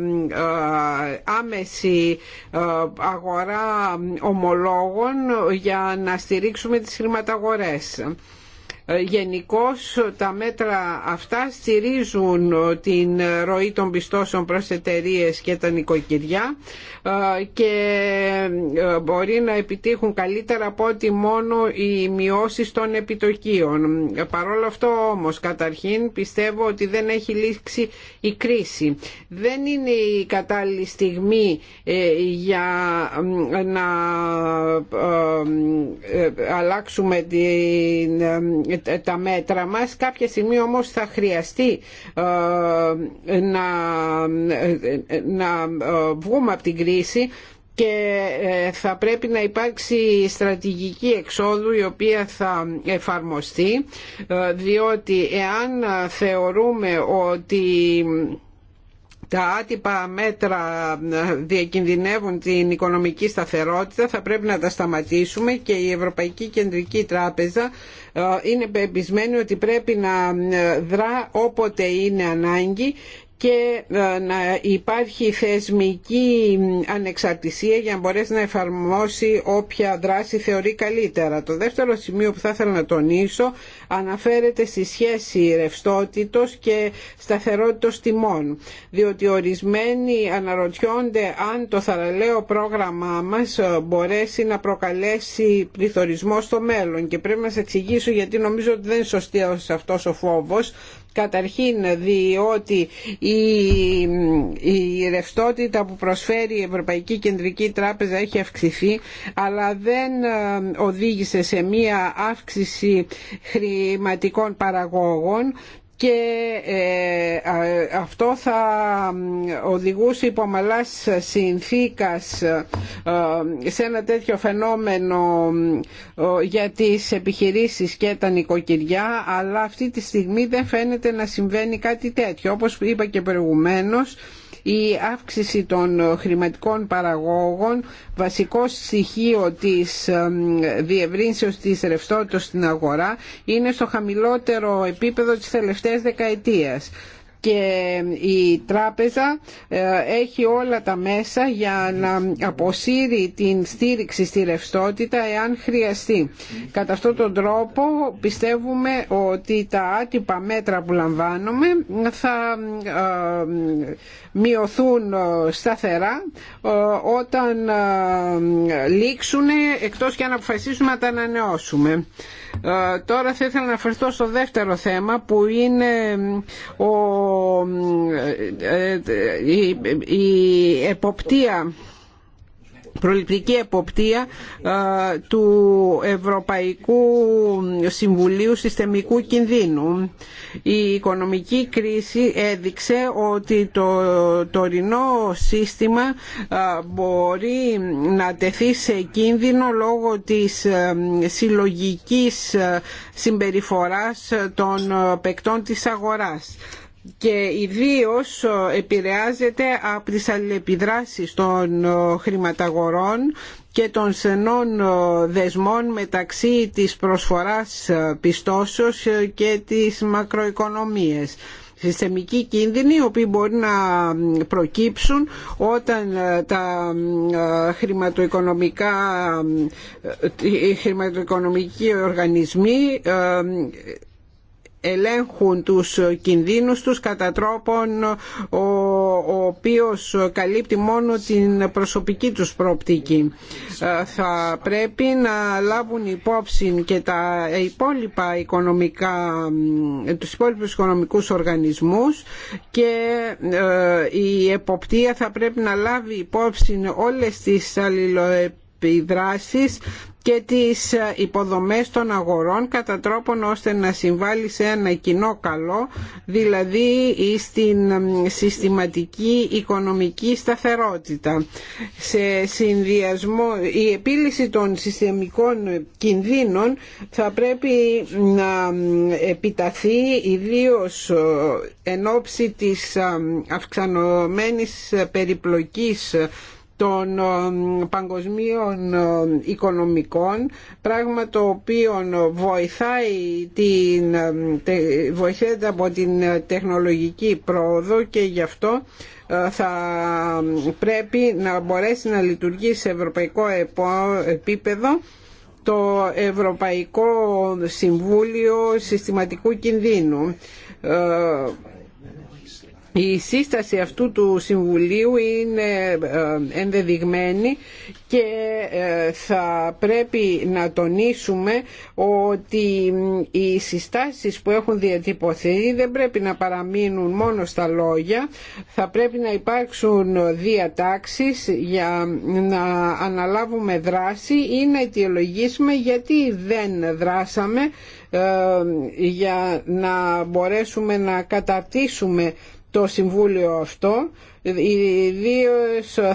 άμεση αγορά ομολόγων για να στηρίξουμε τις χρηματαγορές. Ε, Γενικώ τα μέτρα αυτά στηρίζουν ε, την ροή των πιστώσεων προς εταιρείε και τα νοικοκυριά ε, και μπορεί να επιτύχουν καλύτερα από ότι μόνο οι μειώσεις των επιτοκίων. Παρόλο αυτό όμως καταρχήν πιστεύω ότι δεν έχει λήξει η κρίση. Δεν είναι η κατάλληλη στιγμή για να αλλάξουμε την ε, τα μέτρα μας. Κάποια στιγμή όμως θα χρειαστεί ε, να, ε, να βγούμε από την κρίση και θα πρέπει να υπάρξει στρατηγική εξόδου η οποία θα εφαρμοστεί διότι εάν θεωρούμε ότι τα άτυπα μέτρα ε, διακινδυνεύουν την οικονομική σταθερότητα, θα πρέπει να τα σταματήσουμε και η Ευρωπαϊκή Κεντρική Τράπεζα ε, είναι πεπισμένη ότι πρέπει να ε, δρά όποτε είναι ανάγκη και ε, να υπάρχει θεσμική ανεξαρτησία για να μπορέσει να εφαρμόσει όποια δράση θεωρεί καλύτερα. Το δεύτερο σημείο που θα ήθελα να τονίσω αναφέρεται στη σχέση ρευστότητος και σταθερότητος τιμών, διότι ορισμένοι αναρωτιόνται αν το θαραλέο πρόγραμμά μας ε, μπορέσει να προκαλέσει πληθωρισμό στο μέλλον και πρέπει να σας εξηγήσω γιατί νομίζω ότι δεν είναι αυτός ο φόβος Καταρχήν διότι η, η ρευστότητα που προσφέρει η Ευρωπαϊκή Κεντρική Τράπεζα έχει αυξηθεί αλλά δεν ε, οδήγησε σε μία αύξηση χρηματικών παραγόγων και ε, αυτό θα οδηγούσε υπομαλάς συνθήκας ε, σε ένα τέτοιο φαινόμενο για τις επιχειρήσεις και τα νοικοκυριά αλλά αυτή τη στιγμή δεν φαίνεται να συμβαίνει κάτι τέτοιο όπως είπα και προηγουμένως η αύξηση των χρηματικών παραγόγων βασικό στοιχείο της διευρύνσεως της ρευστότητας στην αγορά είναι στο χαμηλότερο επίπεδο της τελευταίας δεκαετίας και η τράπεζα ε, έχει όλα τα μέσα για να αποσύρει την στήριξη στη ρευστότητα εάν χρειαστεί. Κατά αυτόν τον τρόπο πιστεύουμε ότι τα άτυπα μέτρα που λαμβάνουμε θα μειωθούν ε, σταθερά ε, όταν λήξουν εκτός και αν αποφασίσουμε να τα ανανεώσουμε. Ε, τώρα θα ήθελα να αφαιρθώ στο δεύτερο θέμα που είναι ο, ε, ε, η, η εποπτεία προληπτική εποπτεία του Ευρωπαϊκού Συμβουλίου Συστημικού Κινδύνου. Η οικονομική κρίση έδειξε ότι το τωρινό σύστημα μπορεί να τεθεί σε κίνδυνο λόγω της συλλογικής συμπεριφοράς των παικτών της αγοράς και ιδίως ε, επηρεάζεται από τις αλληλεπιδράσεις των ε, χρηματαγορών και των στενών ε, δεσμών μεταξύ της προσφοράς πιστώσεως και της μακροοικονομίας συστημικοί κίνδυνοι οι οποίοι μπορεί να προκύψουν όταν τα χρηματοοικονομικά οι χρηματοοικονομικοί οργανισμοί ελέγχουν τους κινδύνους τους κατά τρόπον ο, ο οποίος καλύπτει μόνο την προσωπική τους πρόπτικη. Ε, θα πρέπει να λάβουν υπόψη και τα υπόλοιπα οικονομικά, τους υπόλοιπους οικονομικούς οργανισμούς και ε, η εποπτεία θα πρέπει να λάβει υπόψη όλες τις αλληλοεπιδράσεις και τις ε, υποδομές των αγορών κατά τρόπον ώστε να συμβάλλει σε ένα κοινό καλό, δηλαδή στην ε, συστηματική οικονομική σταθερότητα. Σε συνδυασμό, η επίλυση των συστημικών κινδύνων θα πρέπει να ε, επιταθεί ιδίως εν ώψη της αυξανωμένης περιπλοκής των ε, παγκοσμίων ε, οικονομικών πράγμα το οποίο βοηθάει την, ε, από την τεχνολογική πρόοδο και γι' αυτό θα πρέπει να μπορέσει να λειτουργεί σε ευρωπαϊκό επίπεδο το Ευρωπαϊκό Συμβούλιο Συστηματικού Κινδύνου η σύσταση αυτού του Συμβουλίου είναι ε, ενδεδειγμένη και ε, θα πρέπει να τονίσουμε ότι οι συστάσεις που έχουν διατυπωθεί δεν πρέπει να παραμείνουν μόνο στα λόγια, θα πρέπει να υπάρξουν διατάξεις για να αναλάβουμε δράση ή να αιτιολογήσουμε γιατί δεν δράσαμε ε, για να μπορέσουμε να καταρτήσουμε το Συμβούλιο αυτό, ιδίω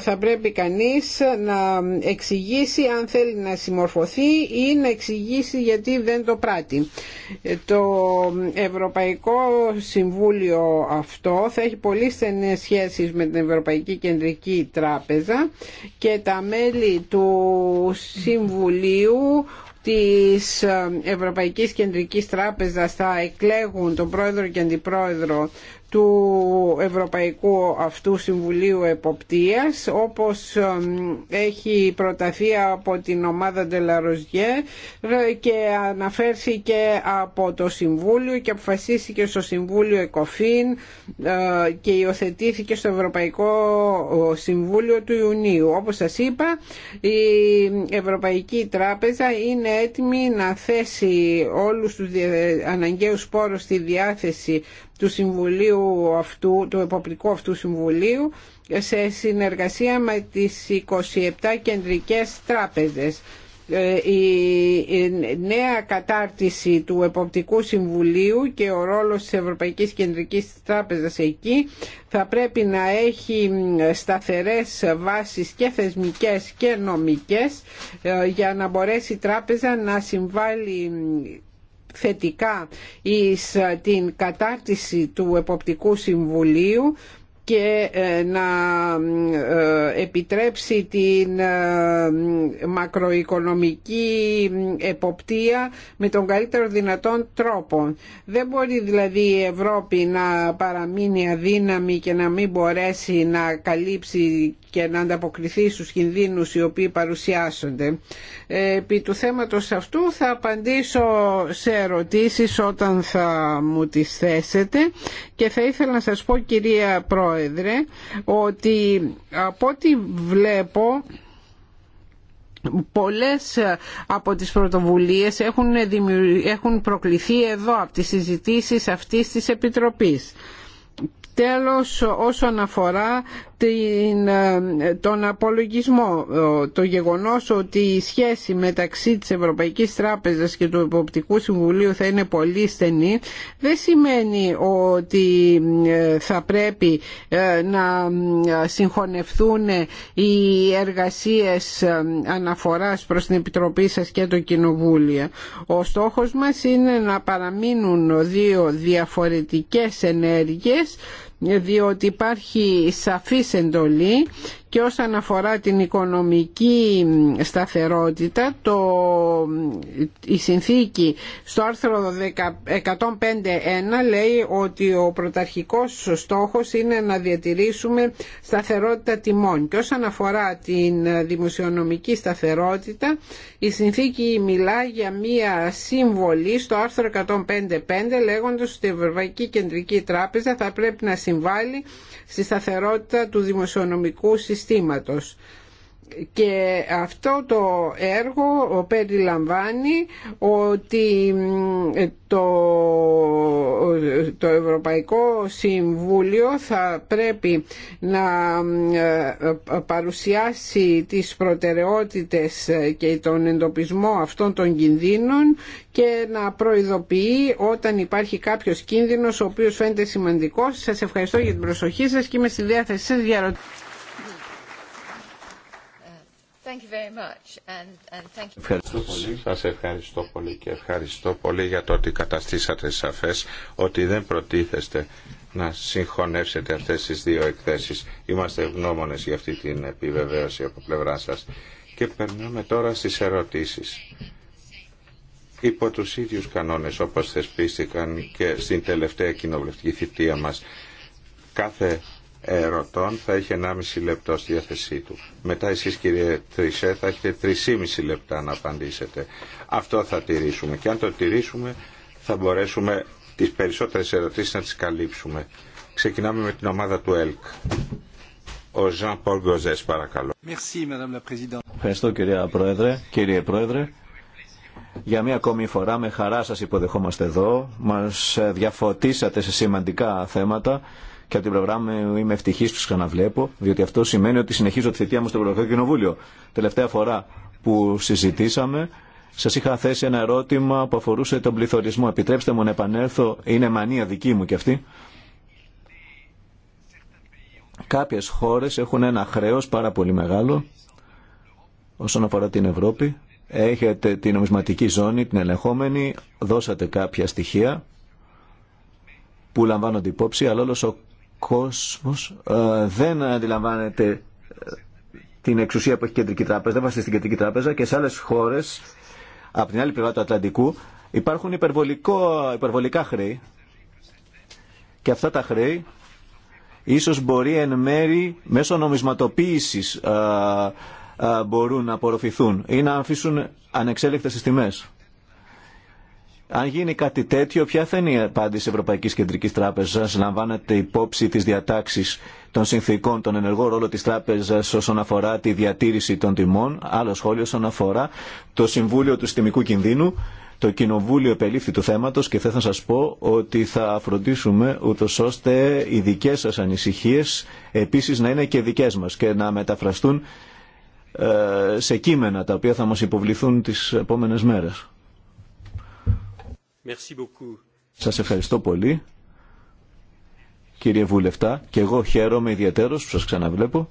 θα πρέπει κανείς να εξηγήσει αν θέλει να συμμορφωθεί ή να εξηγήσει γιατί δεν το πράττει. Το Ευρωπαϊκό Συμβούλιο αυτό θα έχει πολύ στενέ σχέσεις με την Ευρωπαϊκή Κεντρική Τράπεζα και τα μέλη του Συμβουλίου της Ευρωπαϊκής Κεντρικής Τράπεζας θα εκλέγουν τον πρόεδρο και αντιπρόεδρο του Ευρωπαϊκού Αυτού Συμβουλίου Εποπτείας όπως έχει προταθεί από την ομάδα Ντελαροζιέ και αναφέρθηκε από το Συμβούλιο και αποφασίστηκε στο Συμβούλιο ΕΚΟΦΗΝ ε, και υιοθετήθηκε στο Ευρωπαϊκό Συμβούλιο του Ιουνίου. Όπως σας είπα η Ευρωπαϊκή Τράπεζα είναι έτοιμη να θέσει όλους τους ε, αναγκαίους πόρους στη διάθεση του Συμβουλίου αυτού, του Εποπτικού αυτού Συμβουλίου σε συνεργασία με τις 27 κεντρικές τράπεζες. Ε, η νέα κατάρτιση του Εποπτικού Συμβουλίου και ο ρόλος της Ευρωπαϊκής Κεντρικής Τράπεζας εκεί θα πρέπει να έχει σταθερές βάσεις και θεσμικές και νομικές ε, για να μπορέσει η τράπεζα να συμβάλλει θετικά εις ε, την κατάρτιση του Εποπτικού Συμβουλίου και ε, να ε, επιτρέψει την μακροοικονομική εποπτεία με τον καλύτερο δυνατόν τρόπο. Δεν μπορεί δηλαδή η Ευρώπη να παραμείνει αδύναμη και να μην μπορέσει να καλύψει και να ανταποκριθεί στους κινδύνους οι οποίοι παρουσιάσονται. Επί του θέματος αυτού θα απαντήσω σε ερωτήσεις όταν θα μου τις θέσετε και θα ήθελα να σας πω κυρία Πρόεδρε ότι από ό,τι βλέπω πολλές από τις πρωτοβουλίες έχουν, έχουν προκληθεί εδώ από τις συζητήσεις αυτής της Επιτροπής. Τέλος όσον αφορά την, ε, τον απολογισμό. Ε, το γεγονός ότι η σχέση μεταξύ της Ευρωπαϊκής Τράπεζας και του Εποπτικού Συμβουλίου θα είναι πολύ στενή δεν σημαίνει ότι ε, θα πρέπει να συγχωνευτούν οι εργασίες αναφοράς προς την Επιτροπή σας και το Κοινοβούλιο. Ο στόχος μας είναι να παραμείνουν δύο διαφορετικές ενέργειες ε, διότι υπάρχει σαφής εντολή και όσον αφορά την οικονομική σταθερότητα το, η συνθήκη στο άρθρο 105.1 λέει ότι ο πρωταρχικός στόχος είναι να διατηρήσουμε σταθερότητα τιμών και όσον αφορά την δημοσιονομική σταθερότητα η συνθήκη μιλά για μία σύμβολη στο άρθρο 105.5 λέγοντας ότι η Ευρωπαϊκή Κεντρική Τράπεζα θα πρέπει να συμβάλλει στη σταθερότητα του δημοσιονομικού συστήματος και αυτό το έργο περιλαμβάνει ότι ε, το, το Ευρωπαϊκό Συμβούλιο θα πρέπει να ε, παρουσιάσει τις προτεραιότητες ε, και τον εντοπισμό αυτών των κινδύνων και να προειδοποιεί όταν υπάρχει κάποιος κίνδυνος ο οποίος φαίνεται σημαντικός. Σας ευχαριστώ για την προσοχή σας και είμαι στη διάθεσή σας για ερωτήσεις. Ευχαριστώ πολύ. Σας ευχαριστώ πολύ και ευχαριστώ πολύ για το ότι καταστήσατε σαφές ότι δεν προτίθεστε να συγχωνεύσετε αυτές τις δύο εκθέσεις. Είμαστε ευγνώμονες για αυτή την επιβεβαίωση από πλευρά σας. Και περνάμε τώρα στις ερωτήσεις. Υπό τους ίδιους κανόνες όπως θεσπίστηκαν και στην τελευταία κοινοβουλευτική θητεία μας, κάθε ερωτών θα έχει 1,5 λεπτό στη διάθεσή του. Μετά εσείς κύριε Τρισέ θα έχετε 3,5 λεπτά να απαντήσετε. Αυτό θα τηρήσουμε και αν το τηρήσουμε θα μπορέσουμε τις περισσότερες ερωτήσεις να τις καλύψουμε. Ξεκινάμε με την ομάδα του ΕΛΚ. Ο Ζαν Πολ Γκοζές παρακαλώ. Ευχαριστώ κυρία Πρόεδρε. Κύριε Πρόεδρε. Για μία ακόμη φορά με χαρά σας υποδεχόμαστε εδώ. Μας διαφωτίσατε σε σημαντικά θέματα και από την πλευρά μου είμαι ευτυχή που ξαναβλέπω, διότι αυτό σημαίνει ότι συνεχίζω τη θητεία μου στο Ευρωπαϊκό Κοινοβούλιο. Τελευταία φορά που συζητήσαμε, σα είχα θέσει ένα ερώτημα που αφορούσε τον πληθωρισμό. Επιτρέψτε μου να επανέλθω, είναι μανία δική μου κι αυτή. Κάποιες χώρες έχουν ένα χρέος πάρα πολύ μεγάλο όσον αφορά την Ευρώπη. Έχετε την νομισματική ζώνη, την ελεγχόμενη, δώσατε κάποια στοιχεία που λαμβάνονται υπόψη, αλλά όλος ο κόσμος ε, δεν αντιλαμβάνεται ε, την εξουσία που έχει η Κεντρική Τράπεζα, δεν βασίζεται στην Κεντρική Τράπεζα και σε άλλες χώρες από την άλλη πλευρά του Ατλαντικού υπάρχουν υπερβολικά χρέη και αυτά τα χρέη ίσως μπορεί εν μέρη μέσω νομισματοποίησης ε, μπορούν να απορροφηθούν ή να αφήσουν ανεξέλεκτες συστημές. Αν γίνει κάτι τέτοιο, ποια θα είναι η απάντηση Ευρωπαϊκής Κεντρικής Τράπεζας, λαμβάνεται υπόψη της διατάξης των συνθήκων, τον ενεργό ρόλο της τράπεζας όσον αφορά τη διατήρηση των τιμών, άλλο σχόλιο όσον αφορά το Συμβούλιο του Συστημικού Κινδύνου, το Κοινοβούλιο επελήφθη του θέματος και θα σας πω ότι θα φροντίσουμε ούτω ώστε οι δικές σας ανησυχίες επίσης να είναι και δικές μας και να μεταφραστούν ε, σε κείμενα τα οποία θα μας υποβληθούν τις επόμενες μέρες. Σας ευχαριστώ πολύ, κύριε Βουλευτά, και εγώ χαίρομαι ιδιαίτερος που σας ξαναβλέπω,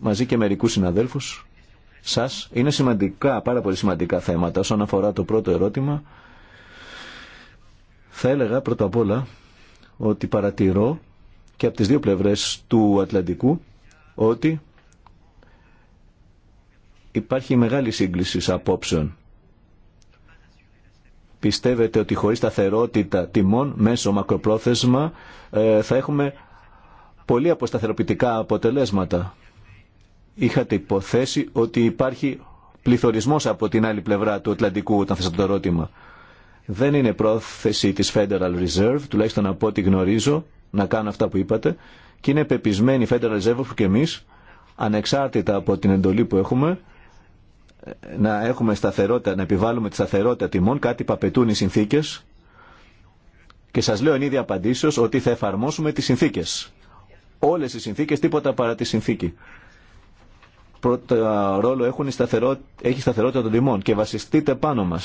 μαζί και μερικούς συναδέλφους σας. Είναι σημαντικά, πάρα πολύ σημαντικά θέματα. Όσον αφορά το πρώτο ερώτημα, θα έλεγα πρώτα απ' όλα ότι παρατηρώ και από τις δύο πλευρές του Ατλαντικού ότι υπάρχει μεγάλη σύγκληση απόψεων Πιστεύετε ότι χωρίς σταθερότητα τιμών μέσω μακροπρόθεσμα ε, θα έχουμε πολύ αποσταθεροποιητικά αποτελέσματα. Είχατε υποθέσει ότι υπάρχει πληθωρισμός από την άλλη πλευρά του Ατλαντικού όταν θέσατε το ερώτημα. Δεν είναι πρόθεση της Federal Reserve, τουλάχιστον από ό,τι γνωρίζω, να κάνω αυτά που είπατε και είναι πεπισμένη η Federal Reserve που και εμείς, ανεξάρτητα από την εντολή που έχουμε, να έχουμε σταθερότητα, να επιβάλλουμε τη σταθερότητα τιμών, κάτι που απαιτούν οι συνθήκες και σας λέω εν είδη απαντήσεως ότι θα εφαρμόσουμε τις συνθήκες. Όλες οι συνθήκες, τίποτα παρά τη συνθήκη. πρώτο ρόλο έχουν η έχει η σταθερότητα των τιμών και βασιστείτε πάνω μα.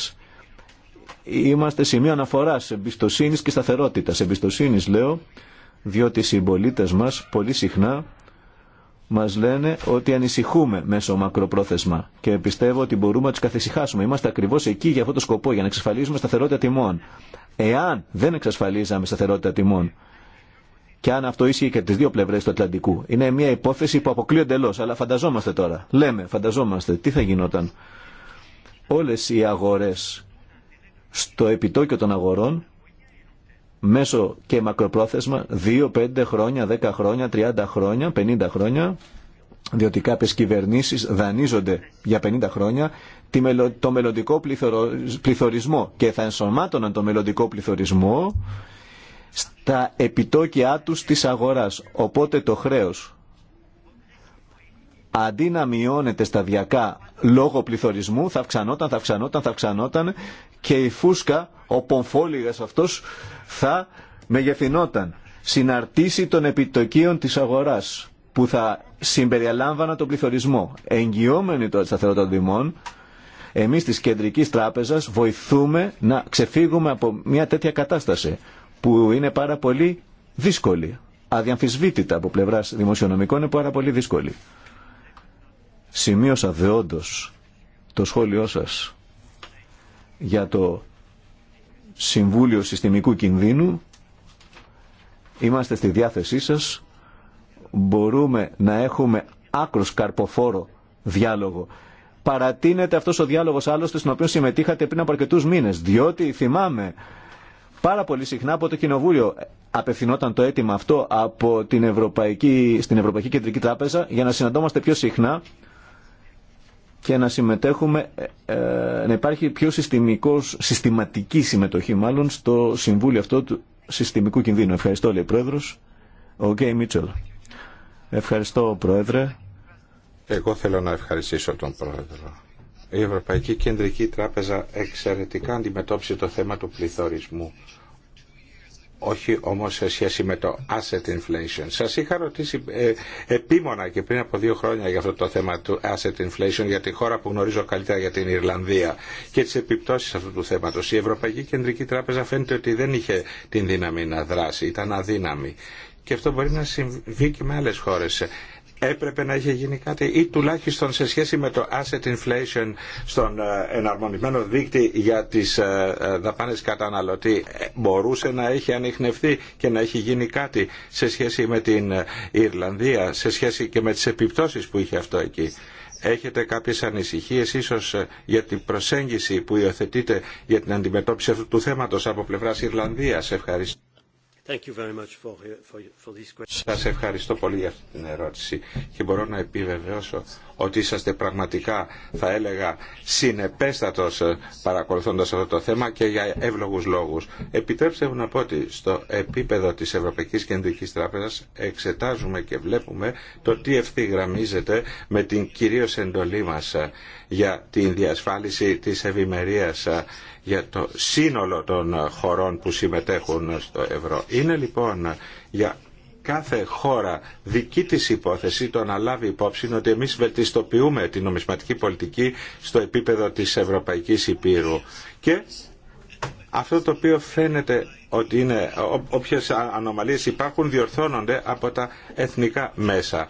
Είμαστε σημείο αναφοράς εμπιστοσύνη και σταθερότητα. εμπιστοσύνη λέω, διότι οι συμπολίτε μας πολύ συχνά μας λένε ότι ανησυχούμε μέσω μακροπρόθεσμα και πιστεύω ότι μπορούμε να τους καθησυχάσουμε. Είμαστε ακριβώς εκεί για αυτό το σκοπό, για να εξασφαλίζουμε σταθερότητα τιμών. Εάν δεν εξασφαλίζαμε σταθερότητα τιμών και αν αυτό ίσχυε και τι δύο πλευρές του Ατλαντικού, είναι μια υπόθεση που αποκλείω εντελώ, αλλά φανταζόμαστε τώρα. Λέμε, φανταζόμαστε, τι θα γινόταν. όλε οι αγορέ στο επιτόκιο των αγορών μέσο και μακροπρόθεσμα 2, 5 χρόνια, 10 χρόνια, 30 χρόνια, 50 χρόνια διότι κάποιες κυβερνήσεις δανείζονται για 50 χρόνια το μελλοντικό πληθωρισμό και θα ενσωμάτωναν το μελλοντικό πληθωρισμό στα επιτόκια τους της αγοράς. Οπότε το χρέος αντί να μειώνεται σταδιακά λόγω πληθωρισμού θα αυξανόταν, θα αυξανόταν, θα αυξανόταν και η φούσκα, ο πομφόλιγας αυτός θα μεγεθυνόταν συναρτήσει των επιτοκίων της αγοράς που θα συμπεριελάμβανα τον πληθωρισμό. Εγγυόμενοι τώρα τη σταθερότητα των δημών, εμείς της Κεντρικής Τράπεζας βοηθούμε να ξεφύγουμε από μια τέτοια κατάσταση που είναι πάρα πολύ δύσκολη. Αδιαμφισβήτητα από πλευράς δημοσιονομικών είναι πάρα πολύ δύσκολη. Σημείωσα δεόντως το σχόλιο σας για το Συμβούλιο Συστημικού Κινδύνου. Είμαστε στη διάθεσή σας. Μπορούμε να έχουμε άκρος καρποφόρο διάλογο. Παρατείνεται αυτός ο διάλογος άλλωστε στον οποίο συμμετείχατε πριν από αρκετούς μήνες, διότι θυμάμαι πάρα πολύ συχνά από το Κοινοβούλιο απευθυνόταν το αίτημα αυτό από την Ευρωπαϊκή, στην Ευρωπαϊκή Κεντρική Τράπεζα για να συναντώμαστε πιο συχνά και να συμμετέχουμε, ε, ε, να υπάρχει πιο συστημικός, συστηματική συμμετοχή μάλλον στο Συμβούλιο αυτό του συστημικού κινδύνου. Ευχαριστώ, λέει Πρόεδρος. Ο Γκέι Μίτσελ. Ευχαριστώ, Πρόεδρε. Εγώ θέλω να ευχαριστήσω τον Πρόεδρο. Η Ευρωπαϊκή Κεντρική Τράπεζα εξαιρετικά αντιμετώπισε το θέμα του πληθωρισμού όχι όμως σε σχέση με το asset inflation. Σας είχα ρωτήσει ε, επίμονα και πριν από δύο χρόνια για αυτό το θέμα του asset inflation για τη χώρα που γνωρίζω καλύτερα για την Ιρλανδία και τις επιπτώσεις αυτού του θέματος. Η Ευρωπαϊκή Κεντρική Τράπεζα φαίνεται ότι δεν είχε την δύναμη να δράσει, ήταν αδύναμη. Και αυτό μπορεί να συμβεί και με άλλες χώρες έπρεπε να είχε γίνει κάτι ή τουλάχιστον σε σχέση με το asset inflation στον ε, εναρμονισμένο δείκτη για τις ε, ε, δαπάνες καταναλωτή μπορούσε να έχει ανιχνευθεί και να έχει γίνει κάτι σε σχέση με την Ιρλανδία, σε σχέση και με τις επιπτώσεις που είχε αυτό εκεί. Έχετε κάποιες ανησυχίες ίσως για την προσέγγιση που υιοθετείτε για την αντιμετώπιση αυτού του θέματος από πλευράς Ιρλανδίας. Ευχαριστώ. Σας ευχαριστώ πολύ για αυτή την ερώτηση και μπορώ να επιβεβαιώσω ότι είσαστε πραγματικά θα έλεγα συνεπέστατος ε, παρακολουθώντας αυτό το θέμα και για εύλογους λόγους. Επιτρέψτε μου να πω ότι στο επίπεδο της Ευρωπαϊκής Κεντρικής Τράπεζας εξετάζουμε και βλέπουμε το τι ευθυγραμμίζεται με την κυρίως εντολή μας ε, για την διασφάλιση της ευημερίας ε, για το σύνολο των χωρών που συμμετέχουν στο ευρώ. Είναι λοιπόν για κάθε χώρα δική της υπόθεση το να λάβει υπόψη ότι εμείς βελτιστοποιούμε την νομισματική πολιτική στο επίπεδο της Ευρωπαϊκής Υπήρου. Και αυτό το οποίο φαίνεται ότι είναι όποιες ανομαλίες υπάρχουν διορθώνονται από τα εθνικά μέσα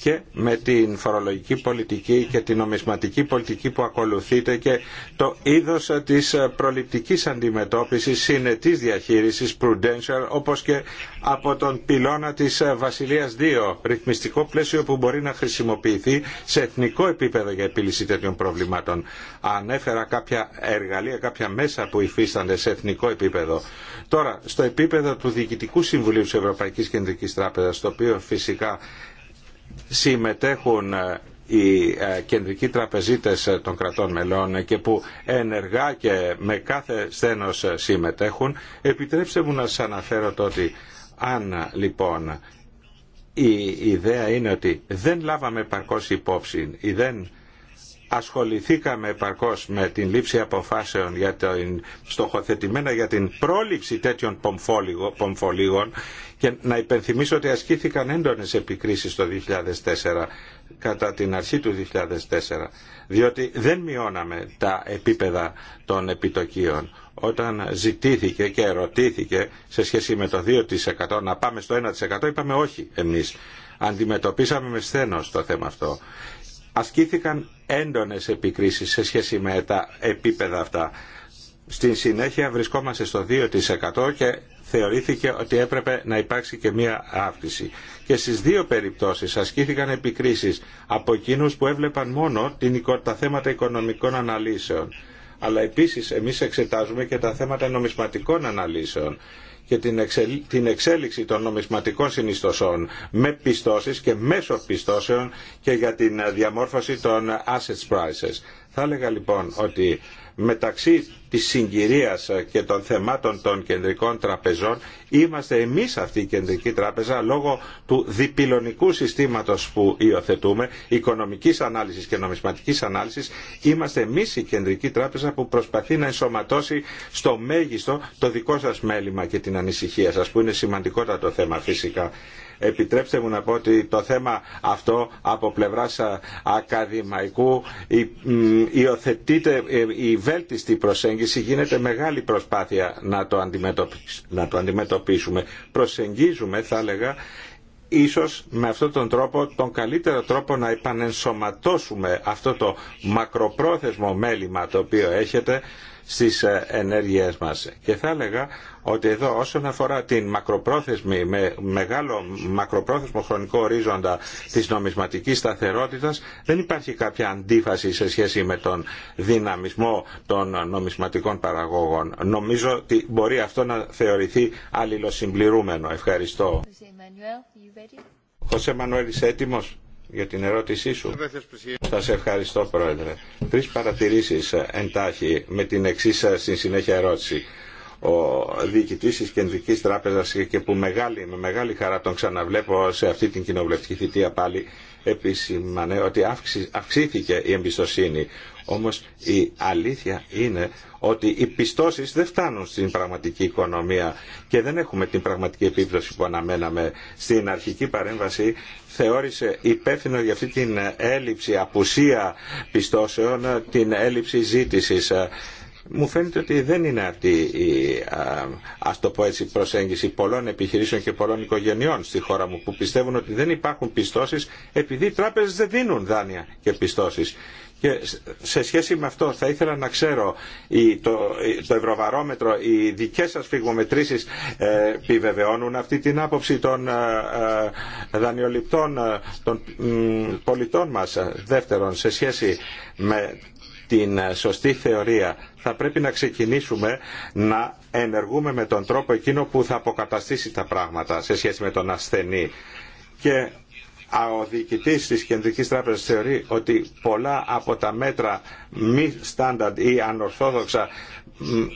και με την φορολογική πολιτική και την νομισματική πολιτική που ακολουθείται και το είδος της προληπτικής αντιμετώπισης συνετής διαχείρισης prudential όπως και από τον πυλώνα της Βασιλείας 2 ρυθμιστικό πλαίσιο που μπορεί να χρησιμοποιηθεί σε εθνικό επίπεδο για επίλυση τέτοιων προβλημάτων. Ανέφερα κάποια εργαλεία, κάποια μέσα που υφίστανται σε εθνικό επίπεδο. Τώρα, στο επίπεδο του Διοικητικού Συμβουλίου της Ευρωπαϊκής Κεντρικής Τράπεζας, το οποίο φυσικά συμμετέχουν ε, οι ε, κεντρικοί τραπεζίτες ε, των κρατών μελών και που ενεργά και με κάθε στένος συμμετέχουν, επιτρέψτε μου να σας αναφέρω το ότι αν λοιπόν η ιδέα είναι ότι δεν λάβαμε παρκώς υπόψη ή δεν ασχοληθήκαμε επαρκώς με την λήψη αποφάσεων για την, στοχοθετημένα για την πρόληψη τέτοιων πομφολίγων και να υπενθυμίσω ότι ασκήθηκαν έντονες επικρίσεις το 2004 κατά την αρχή του 2004 διότι δεν μειώναμε τα επίπεδα των επιτοκίων όταν ζητήθηκε και ερωτήθηκε σε σχέση με το 2% να πάμε στο 1% είπαμε όχι εμείς αντιμετωπίσαμε με σθένος το θέμα αυτό ασκήθηκαν έντονες επικρίσεις σε σχέση με τα επίπεδα αυτά. Στην συνέχεια βρισκόμαστε στο 2% και θεωρήθηκε ότι έπρεπε να υπάρξει και μία αύξηση. Και στις δύο περιπτώσεις ασκήθηκαν επικρίσεις από εκείνους που έβλεπαν μόνο τα θέματα οικονομικών αναλύσεων. Αλλά επίσης εμείς εξετάζουμε και τα θέματα νομισματικών αναλύσεων και την εξέλιξη των νομισματικών συνιστοσών με πιστώσεις και μέσω πιστώσεων και για την ε, διαμόρφωση των assets prices. Θα έλεγα λοιπόν ότι μεταξύ της συγκυρίας και των θεμάτων των κεντρικών τραπεζών είμαστε εμείς αυτή η κεντρική τράπεζα λόγω του διπυλωνικού συστήματος που υιοθετούμε οικονομικής ανάλυσης και νομισματικής ανάλυσης είμαστε εμείς η κεντρική τράπεζα που προσπαθεί να ενσωματώσει στο μέγιστο το δικό σας μέλημα και την ανησυχία σας που είναι σημαντικότατο θέμα φυσικά επιτρέψτε μου να πω ότι το θέμα αυτό από πλευράς ακαδημαϊκού υιοθετείται ε, η βέλτιστη προσέγγιση γίνεται μεγάλη προσπάθεια να το, να το αντιμετωπίσουμε. Προσεγγίζουμε θα έλεγα ίσως με αυτόν τον τρόπο, τον καλύτερο τρόπο να επανενσωματώσουμε αυτό το μακροπρόθεσμο μέλημα το οποίο έχετε στις ε, ενέργειές μας. Και θα έλεγα ότι εδώ όσον αφορά την μακροπρόθεσμη, με μεγάλο μακροπρόθεσμο χρονικό ορίζοντα της νομισματικής σταθερότητας, δεν υπάρχει κάποια αντίφαση σε σχέση με τον δυναμισμό των νομισματικών παραγόγων. Νομίζω ότι μπορεί αυτό να θεωρηθεί αλληλοσυμπληρούμενο. Ευχαριστώ. Χωσέ Μανουέλ, είσαι έτοιμος? για την ερώτησή σου. Σας ευχαριστώ Πρόεδρε. Τρεις παρατηρήσεις ε, εντάχει με την εξή ε, στην συνέχεια ερώτηση. Ο διοικητής της Κεντρικής Τράπεζας και που μεγάλη, με μεγάλη χαρά τον ξαναβλέπω σε αυτή την κοινοβουλευτική θητεία πάλι επισήμανε ότι αυξήθηκε η εμπιστοσύνη όμως η αλήθεια είναι ότι οι πιστώσεις δεν φτάνουν στην πραγματική οικονομία και δεν έχουμε την πραγματική επίπτωση που αναμέναμε. Στην αρχική παρέμβαση θεώρησε υπεύθυνο για αυτή την έλλειψη, απουσία πιστώσεων, την έλλειψη ζήτησης μου φαίνεται ότι δεν είναι αυτή η ας το προσέγγιση πολλών επιχειρήσεων και πολλών οικογενειών στη χώρα μου που πιστεύουν ότι δεν υπάρχουν πιστώσεις επειδή οι τράπεζες δεν δίνουν δάνεια και πιστώσεις. Και σε σχέση με αυτό θα ήθελα να ξέρω το, το Ευρωβαρόμετρο, οι δικές σας φυγμομετρήσεις ε, επιβεβαιώνουν αυτή την άποψη των ε, ε δανειοληπτών ε, των πολιτών μας. Δεύτερον, σε σχέση με την σωστή θεωρία θα πρέπει να ξεκινήσουμε να ενεργούμε με τον τρόπο εκείνο που θα αποκαταστήσει τα πράγματα σε σχέση με τον ασθενή. Και ο διοικητή τη Κεντρικής Τράπεζα θεωρεί ότι πολλά από τα μέτρα μη στάνταρτ ή ανορθόδοξα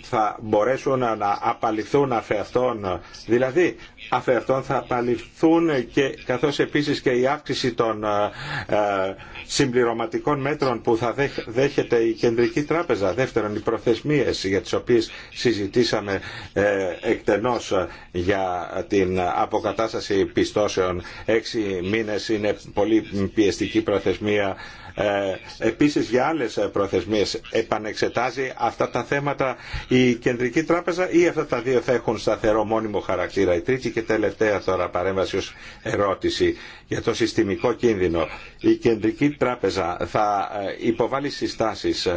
θα μπορέσουν να απαλληθούν αφεαυτών, δηλαδή αφεαυτών θα απαλληφθούν και καθώς επίσης και η αύξηση των ε, ε, συμπληρωματικών μέτρων που θα δέχεται η Κεντρική Τράπεζα. Δεύτερον, οι προθεσμίες για τις οποίες συζητήσαμε ε, εκτενώς για την αποκατάσταση πιστώσεων. Έξι μήνες είναι πολύ πιεστική προθεσμία ε, επίσης για άλλες ε, προθεσμίες επανεξετάζει αυτά τα θέματα η Κεντρική Τράπεζα ή αυτά τα δύο θα έχουν σταθερό μόνιμο χαρακτήρα. Η τρίτη και τελευταία τώρα παρέμβαση ως ερώτηση για το συστημικό κίνδυνο. Η Κεντρική Τράπεζα θα ε, υποβάλει συστάσεις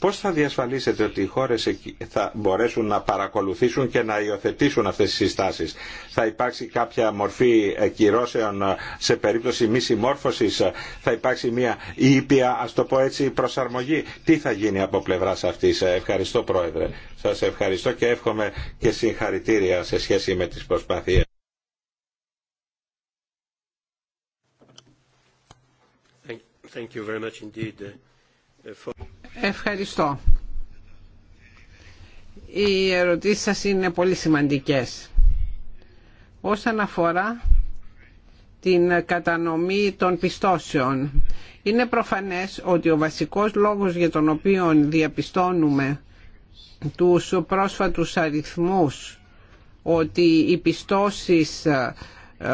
Πώς θα διασφαλίσετε ότι οι χώρες θα μπορέσουν να παρακολουθήσουν και να υιοθετήσουν αυτές τις συστάσεις. Θα υπάρξει κάποια μορφή ε, κυρώσεων ε, σε περίπτωση μη συμμόρφωσης. Ε, θα υπάρξει μια ήπια, ας το πω έτσι, προσαρμογή. Τι θα γίνει από πλευράς αυτής. Ευχαριστώ Πρόεδρε. Σας ευχαριστώ και εύχομαι και συγχαρητήρια σε σχέση με τις προσπάθειες. Thank you Ευχαριστώ. Οι ερωτήσεις σας είναι πολύ σημαντικές. Όσον αφορά την κατανομή των πιστώσεων, είναι προφανές ότι ο βασικός λόγος για τον οποίο διαπιστώνουμε τους πρόσφατους αριθμούς ότι οι πιστώσεις ε, ε,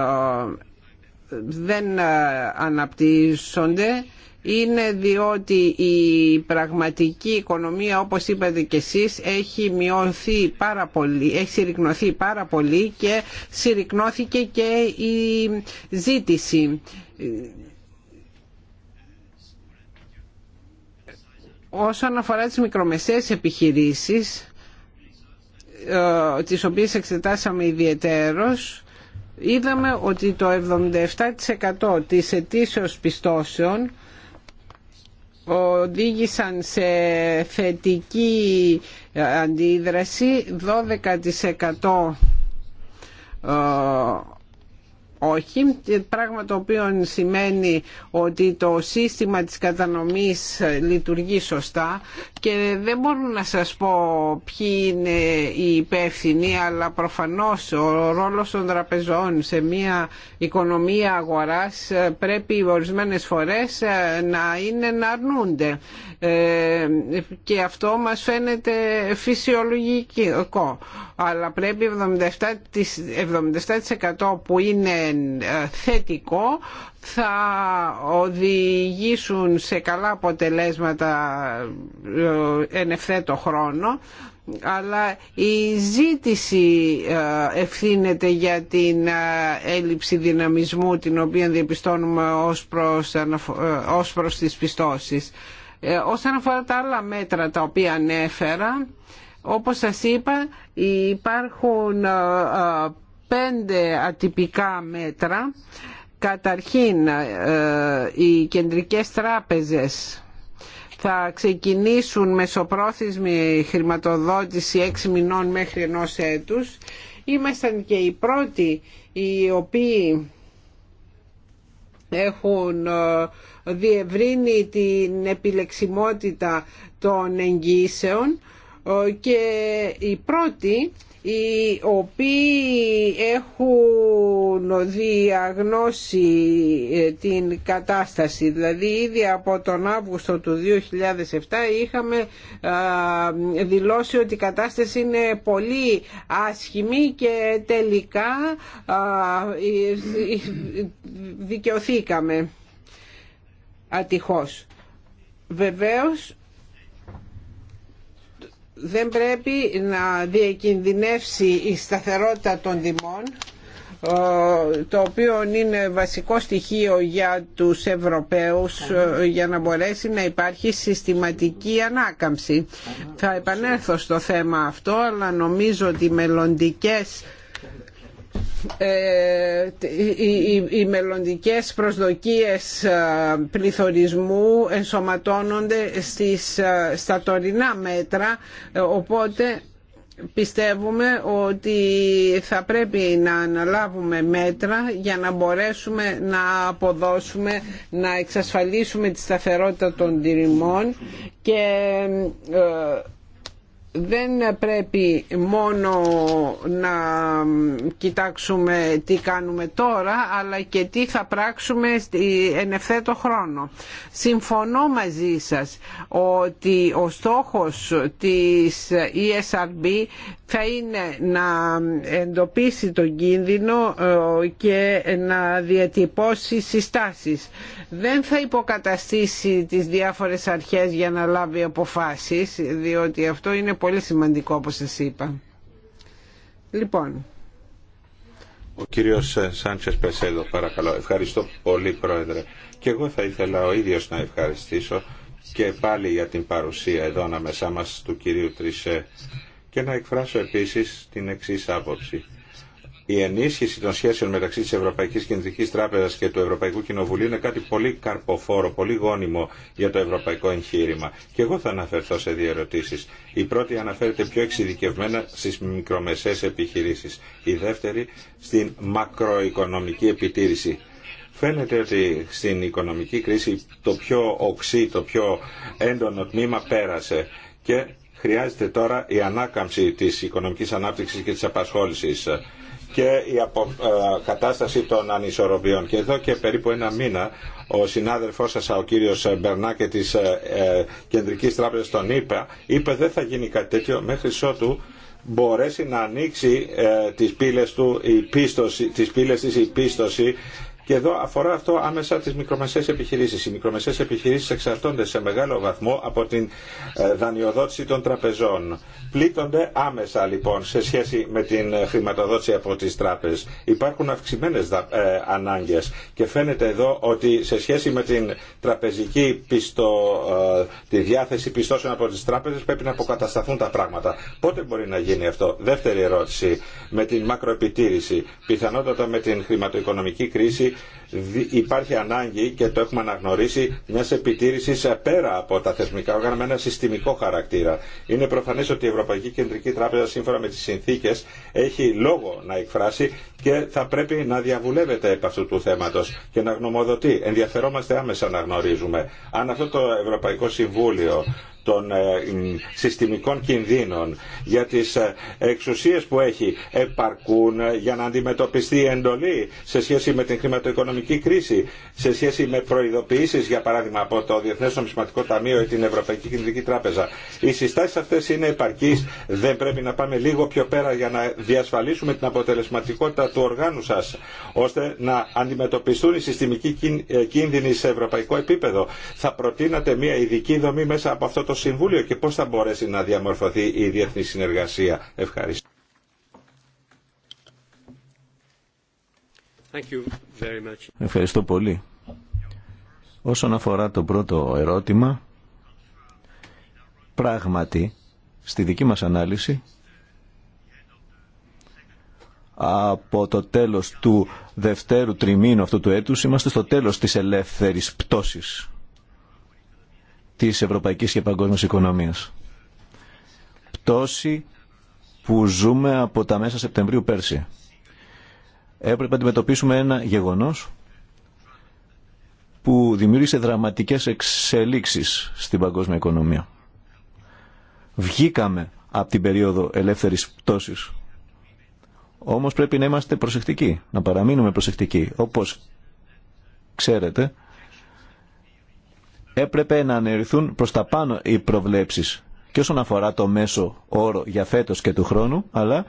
δεν ε, αναπτύσσονται είναι διότι η πραγματική οικονομία όπως είπατε και εσείς έχει μειωθεί πάρα πολύ, έχει συρρυκνωθεί πάρα πολύ και συρρυκνώθηκε και η ζήτηση. Όσον αφορά τις μικρομεσαίες επιχειρήσεις, ε, τις οποίες εξετάσαμε ιδιαιτέρως, είδαμε ότι το 77% της αιτήσεως πιστώσεων οδήγησαν σε θετική αντίδραση 12% όχι, πράγμα το οποίο σημαίνει ότι το σύστημα της κατανομής λειτουργεί σωστά και δεν μπορώ να σας πω ποιοι είναι οι υπεύθυνοι, αλλά προφανώς ο ρόλος των τραπεζών σε μια οικονομία αγοράς πρέπει ορισμένες φορές να είναι να αρνούνται ε, και αυτό μας φαίνεται φυσιολογικό αλλά πρέπει 77% που είναι ε, θετικό θα οδηγήσουν σε καλά αποτελέσματα ε, εν ευθέτω χρόνο αλλά η ζήτηση ε, ευθύνεται για την έλλειψη δυναμισμού την οποία διαπιστώνουμε ως προς, ως προς τις πιστώσεις. Όσον αφορά τα άλλα μέτρα τα οποία ανέφερα, όπως σας είπα υπάρχουν πέντε ατυπικά μέτρα. Καταρχήν, ε, οι κεντρικές τράπεζες θα ξεκινήσουν μεσοπρόθεσμη χρηματοδότηση έξι μηνών μέχρι ενός έτους. Ήμασταν και οι πρώτοι οι οποίοι έχουν ε, διευρύνει την επιλεξιμότητα των εγγύσεων και οι πρώτοι οι οποίοι έχουν διαγνώσει ε, την κατάσταση δηλαδή ήδη από τον Αύγουστο του 2007 είχαμε δηλώσει ότι η κατάσταση είναι πολύ άσχημη και τελικά δικαιωθήκαμε ατυχώς. Βεβαίως δεν πρέπει να διακινδυνεύσει η σταθερότητα των τιμών ε, το οποίο είναι βασικό στοιχείο για τους Ευρωπαίους ε, για να μπορέσει να υπάρχει συστηματική ανάκαμψη. Θα επανέλθω στο θέμα αυτό, αλλά νομίζω ότι μελλοντικές ε, οι μελλοντικές προσδοκίες ε, πληθωρισμού ενσωματώνονται στις, ε, στα τωρινά μέτρα οπότε πιστεύουμε ότι θα πρέπει να αναλάβουμε μέτρα για να μπορέσουμε να αποδώσουμε, να εξασφαλίσουμε τη σταθερότητα των τηρημών και δεν πρέπει μόνο να κοιτάξουμε τι κάνουμε τώρα αλλά και τι θα πράξουμε εν ευθέτω χρόνο. Συμφωνώ μαζί σας ότι ο στόχος της ESRB θα είναι να εντοπίσει τον κίνδυνο ε, και να διατυπώσει συστάσεις δεν θα υποκαταστήσει τις διάφορες αρχές για να λάβει αποφάσεις διότι αυτό είναι πολύ σημαντικό όπως σας είπα. Λοιπόν. Ο κύριος ε, Σάντσες Πεσέδο παρακαλώ. Ευχαριστώ πολύ πρόεδρε. Και εγώ θα ήθελα ο ίδιος να ευχαριστήσω και πάλι για την παρουσία εδώ ανάμεσά μας του κυρίου Τρισέ και να εκφράσω επίσης την εξής άποψη η ενίσχυση των σχέσεων μεταξύ της Ευρωπαϊκής Κεντρικής Τράπεζας και του Ευρωπαϊκού Κοινοβουλίου είναι κάτι πολύ καρποφόρο, πολύ γόνιμο για το ευρωπαϊκό εγχείρημα. Και εγώ θα αναφερθώ σε δύο ερωτήσει. Η πρώτη αναφέρεται πιο εξειδικευμένα στις μικρομεσαίες επιχειρήσεις. Η δεύτερη στην μακροοικονομική επιτήρηση. Φαίνεται ότι στην οικονομική κρίση το πιο οξύ, το πιο έντονο τμήμα πέρασε και χρειάζεται τώρα η ανάκαμψη της οικονομικής ανάπτυξης και της απασχόλησης και η ε, κατάσταση των ανισορροπιών. Και εδώ και περίπου ένα μήνα ο συνάδελφός σας, ο κύριος Μπερνάκε της ε, ε, Κεντρικής Τράπεζας τον είπε, είπε δεν θα γίνει κάτι τέτοιο μέχρι ότου μπορέσει να ανοίξει ε, τις πύλες του η πίστοση, τις πύλες της η και εδώ αφορά αυτό άμεσα τις μικρομεσαίες επιχειρήσεις. Οι μικρομεσαίες επιχειρήσεις εξαρτώνται σε μεγάλο βαθμό από την ε, δανειοδότηση των τραπεζών. Πλήττονται άμεσα λοιπόν σε σχέση με την ε, χρηματοδότηση από τις τράπεζες. Υπάρχουν αυξημένες ε, ανάγκες και φαίνεται εδώ ότι σε σχέση με την τραπεζική πιστο, τη διάθεση πιστώσεων από τις τράπεζες πρέπει να αποκατασταθούν τα πράγματα. Πότε μπορεί να γίνει αυτό. Δεύτερη ερώτηση με την μακροεπιτήρηση. Πιθανότατα με την χρηματοοικονομική κρίση υπάρχει ανάγκη και το έχουμε αναγνωρίσει μια επιτήρηση ε, πέρα από τα θεσμικά όργανα με ένα συστημικό χαρακτήρα. Είναι προφανέ ότι η Ευρωπαϊκή Κεντρική Τράπεζα σύμφωνα με τι συνθήκε έχει λόγο να εκφράσει και θα πρέπει να διαβουλεύεται επ' αυτού του θέματο και να γνωμοδοτεί. Ενδιαφερόμαστε άμεσα να γνωρίζουμε αν αυτό το Ευρωπαϊκό Συμβούλιο των ε, συστημικών κινδύνων, για τις ε, εξουσίες που έχει επαρκούν ε, για να αντιμετωπιστεί η εντολή σε σχέση με την χρηματοοικονομική κρίση, σε σχέση με προειδοποιήσεις για παράδειγμα από το Διεθνές Νομισματικό Ταμείο ή την Ευρωπαϊκή Κεντρική Τράπεζα. Οι συστάσεις αυτές είναι επαρκείς, δεν πρέπει να πάμε λίγο πιο πέρα για να διασφαλίσουμε την αποτελεσματικότητα του οργάνου σας, ώστε να αντιμετωπιστούν οι συστημικοί κίνδυνοι σε ευρωπαϊκό επίπεδο. Θα προτείνατε μια ειδική δομή μέσα από αυτό το Συμβούλιο και πώς θα μπορέσει να διαμορφωθεί η διεθνή συνεργασία. Ευχαριστώ. Ευχαριστώ πολύ. Όσον αφορά το πρώτο ερώτημα, πράγματι, στη δική μας ανάλυση, από το τέλος του δευτέρου τριμήνου αυτού του έτους, είμαστε στο τέλος της ελεύθερης πτώσης της ευρωπαϊκής και παγκόσμιας οικονομίας. Πτώση που ζούμε από τα μέσα Σεπτεμβρίου πέρσι. Έπρεπε να αντιμετωπίσουμε ένα γεγονός που δημιούργησε δραματικές εξελίξεις στην παγκόσμια οικονομία. Βγήκαμε από την περίοδο ελεύθερης πτώσης. Όμως πρέπει να είμαστε προσεκτικοί, να παραμείνουμε προσεκτικοί. Όπως ξέρετε, έπρεπε να ανεριθούν προς τα πάνω οι προβλέψεις και όσον αφορά το μέσο όρο για φέτος και του χρόνου, αλλά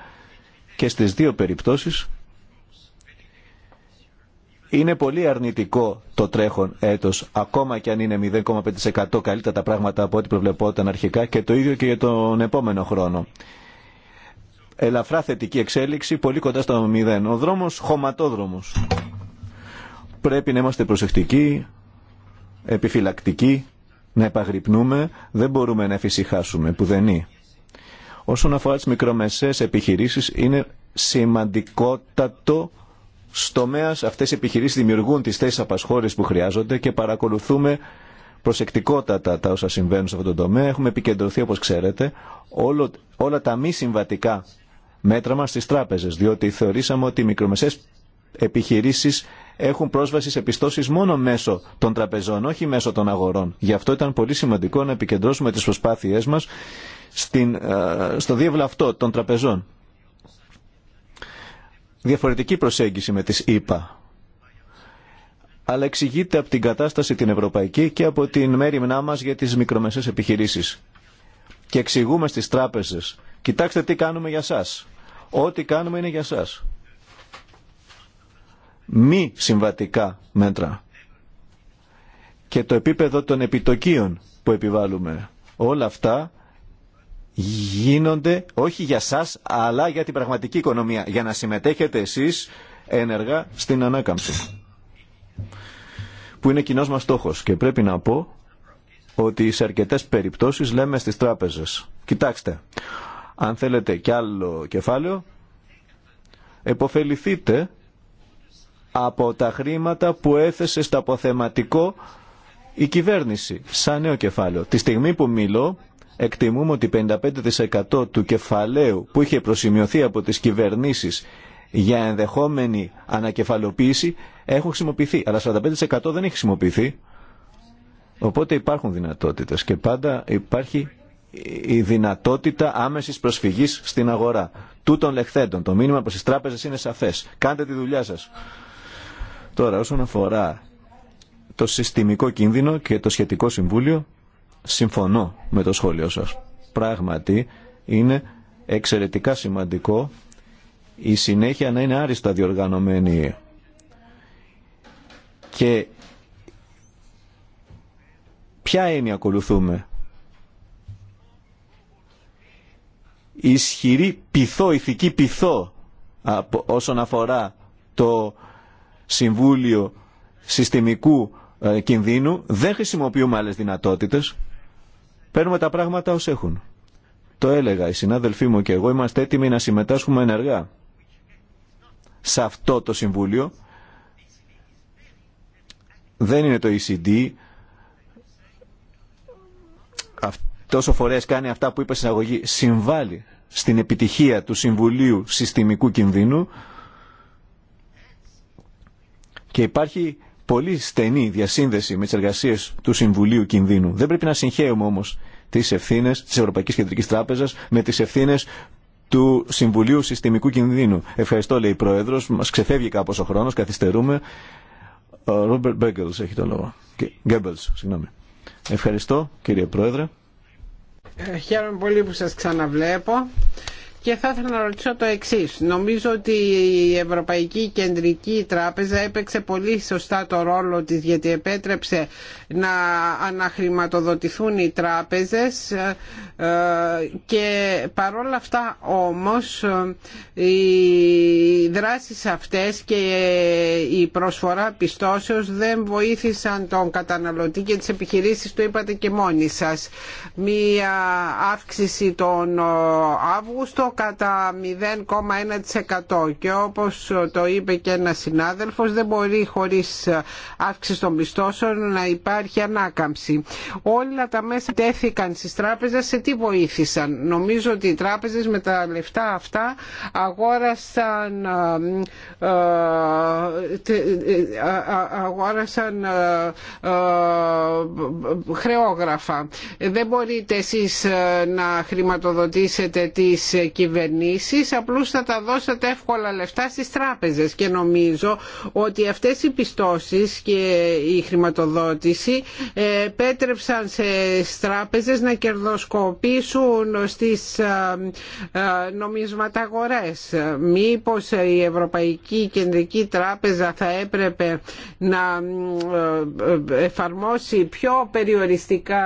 και στις δύο περιπτώσεις είναι πολύ αρνητικό το τρέχον έτος, ακόμα και αν είναι 0,5% καλύτερα τα πράγματα από ό,τι προβλεπόταν αρχικά και το ίδιο και για τον επόμενο χρόνο. Ελαφρά θετική εξέλιξη, πολύ κοντά στο 0. Ο δρόμος χωματόδρομος. Πρέπει να είμαστε προσεκτικοί, επιφυλακτική, να επαγρυπνούμε, δεν μπορούμε να εφησυχάσουμε είναι. Όσον αφορά τις μικρομεσαίες επιχειρήσεις, είναι σημαντικότατο στομέα αυτές οι επιχειρήσεις δημιουργούν τις θέσεις απασχόρες που χρειάζονται και παρακολουθούμε προσεκτικότατα τα όσα συμβαίνουν σε αυτό το τομέα. Έχουμε επικεντρωθεί, όπως ξέρετε, όλο, όλα τα μη συμβατικά μέτρα μας στις τράπεζες, διότι θεωρήσαμε ότι οι μικρομεσαίες επιχειρήσεις έχουν πρόσβαση σε πιστώσει μόνο μέσω των τραπεζών, όχι μέσω των αγορών. Γι' αυτό ήταν πολύ σημαντικό να επικεντρώσουμε τι προσπάθειέ μα ε, στο δίευλο αυτό των τραπεζών. Διαφορετική προσέγγιση με τις ΗΠΑ αλλά εξηγείται από την κατάσταση την ευρωπαϊκή και από την μέρημνά μας για τις μικρομεσαίες επιχειρήσεις. Και εξηγούμε στις τράπεζες, κοιτάξτε τι κάνουμε για σας. Ό,τι κάνουμε είναι για σας μη συμβατικά μέτρα και το επίπεδο των επιτοκίων που επιβάλλουμε. Όλα αυτά γίνονται όχι για σας αλλά για την πραγματική οικονομία, για να συμμετέχετε εσείς ένεργα στην ανάκαμψη. Που είναι κοινός μας στόχος και πρέπει να πω ότι σε αρκετές περιπτώσεις λέμε στις τράπεζες. Κοιτάξτε, αν θέλετε κι άλλο κεφάλαιο, εποφεληθείτε από τα χρήματα που έθεσε στο αποθεματικό η κυβέρνηση σαν νέο κεφάλαιο. Τη στιγμή που μιλώ εκτιμούμε ότι 55% του κεφαλαίου που είχε προσημειωθεί από τις κυβερνήσεις για ενδεχόμενη ανακεφαλοποίηση έχουν χρησιμοποιηθεί, αλλά 45% δεν έχει χρησιμοποιηθεί. Οπότε υπάρχουν δυνατότητες και πάντα υπάρχει η δυνατότητα άμεσης προσφυγής στην αγορά. Τούτων λεχθέντων. Το μήνυμα προς τις τράπεζες είναι σαφές. Κάντε τη δουλειά σας. Τώρα, όσον αφορά το συστημικό κίνδυνο και το σχετικό συμβούλιο, συμφωνώ με το σχόλιο σας. Πράγματι, είναι εξαιρετικά σημαντικό η συνέχεια να είναι άριστα διοργανωμένη και ποια έννοια ακολουθούμε. Ισχυρή πυθό, ηθική πυθό όσον αφορά το Συμβούλιο Συστημικού ε, Κινδύνου, δεν χρησιμοποιούμε άλλες δυνατότητες. Παίρνουμε τα πράγματα ως έχουν. Το έλεγα, οι συνάδελφοί μου και εγώ είμαστε έτοιμοι να συμμετάσχουμε ενεργά σε αυτό το Συμβούλιο. Δεν είναι το ECD. Τόσο φορές κάνει αυτά που είπε στην αγωγή. Συμβάλλει στην επιτυχία του Συμβουλίου Συστημικού Κινδύνου και υπάρχει πολύ στενή διασύνδεση με τι εργασίε του Συμβουλίου Κινδύνου. Δεν πρέπει να συγχαίουμε όμω τι ευθύνε τη Ευρωπαϊκή Κεντρική Τράπεζα με τι ευθύνε του Συμβουλίου Συστημικού Κινδύνου. Ευχαριστώ, λέει η Πρόεδρο. Μα ξεφεύγει κάπω ο χρόνο, καθυστερούμε. Ο Ρόμπερτ Μπέγκελ έχει το λόγο. Γκέμπελ, συγγνώμη. Ευχαριστώ, κύριε Πρόεδρε. Ε, χαίρομαι πολύ που σα ξαναβλέπω και θα ήθελα να ρωτήσω το εξή. Νομίζω ότι η Ευρωπαϊκή Κεντρική Τράπεζα έπαιξε πολύ σωστά το ρόλο της γιατί επέτρεψε να αναχρηματοδοτηθούν οι τράπεζες ε, και παρόλα αυτά όμως ε, οι δράσεις αυτές και η προσφορά πιστώσεως δεν βοήθησαν τον καταναλωτή και τις επιχειρήσεις το είπατε και μόνοι σας. Μία αύξηση τον ε, Αύγουστο κατά 0,1% και όπως το είπε και ένα συνάδελφος δεν μπορεί χωρίς αύξηση των πιστώσεων να υπάρχει ανάκαμψη. Όλα τα μέσα τέθηκαν στις τράπεζες σε τι βοήθησαν. Νομίζω ότι οι τράπεζες με τα λεφτά αυτά αγόρασαν, ε, ε, ε, αγόρασαν χρεόγραφα. Δεν μπορείτε εσείς να χρηματοδοτήσετε τις κυβερνήσεις τα δώσατε εύκολα λεφτά στις τράπεζες και νομίζω ότι αυτές οι πιστώσεις και η χρηματοδότηση ε, πέτρεψαν σε τράπεζες να κερδοσκοπήσουν στις ε, ε, νομισματαγορές. Μήπως η Ευρωπαϊκή Κεντρική Τράπεζα θα έπρεπε να εφαρμόσει πιο περιοριστικά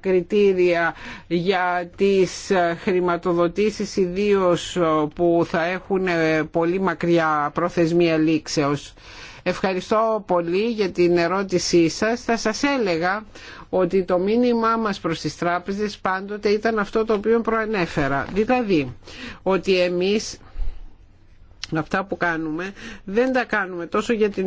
κριτήρια για τις χρηματοδοτήσεις ιδίως ε, που θα έχουν ε, πολύ μακριά προθεσμία λήξεως. Ευχαριστώ πολύ για την ερώτησή σας. Θα σας έλεγα ότι το μήνυμά μας προς τις τράπεζες πάντοτε ήταν αυτό το οποίο προανέφερα. Δηλαδή ότι εμείς αυτά που κάνουμε δεν τα κάνουμε τόσο για την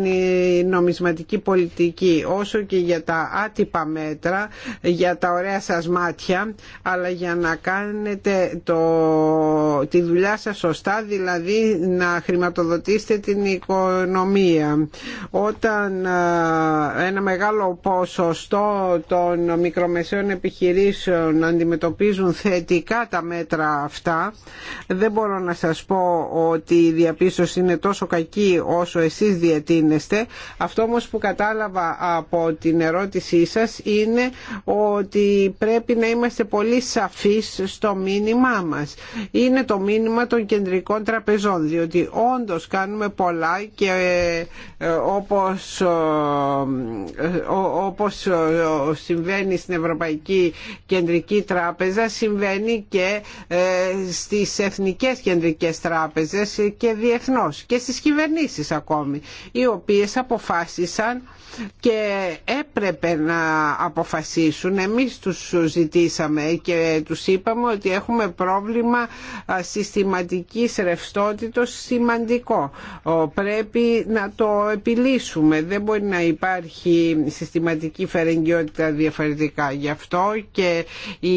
νομισματική πολιτική όσο και για τα άτυπα μέτρα για τα ωραία σας μάτια αλλά για να κάνετε το, τη δουλειά σας σωστά δηλαδή να χρηματοδοτήσετε την οικονομία όταν ένα μεγάλο ποσοστό των μικρομεσαίων επιχειρήσεων αντιμετωπίζουν θετικά τα μέτρα αυτά δεν μπορώ να σας πω ότι η διαπίστωση είναι τόσο κακή όσο εσείς διατείνεστε. Αυτό όμως που κατάλαβα από την ερώτησή σας είναι ότι πρέπει να είμαστε πολύ σαφείς στο μήνυμά μας. Είναι το μήνυμα των κεντρικών τραπεζών, διότι όντως κάνουμε πολλά και ε, ε, όπως, ε, όπως συμβαίνει στην Ευρωπαϊκή Κεντρική Τράπεζα, συμβαίνει και στις Εθνικές Κεντρικές Τράπεζες και διεθνώς και στις κυβερνήσεις ακόμη οι οποίες αποφάσισαν και έπρεπε να αποφασίσουν εμείς τους ζητήσαμε και τους είπαμε ότι έχουμε πρόβλημα συστηματικής ρευστότητα σημαντικό πρέπει να το επιλύσουμε δεν μπορεί να υπάρχει συστηματική φερεγγιότητα διαφορετικά γι' αυτό και η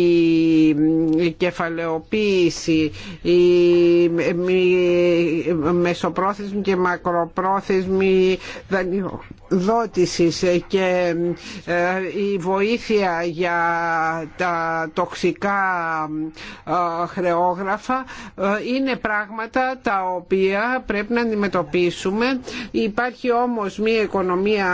κεφαλαιοποίηση η μεσοπρόθεσμη και μακροπρόθεσμη δανειό δότησης και ε, η βοήθεια για τα τοξικά ε, χρεόγραφα ε, είναι πράγματα τα οποία πρέπει να αντιμετωπίσουμε. Υπάρχει όμως μια οικονομία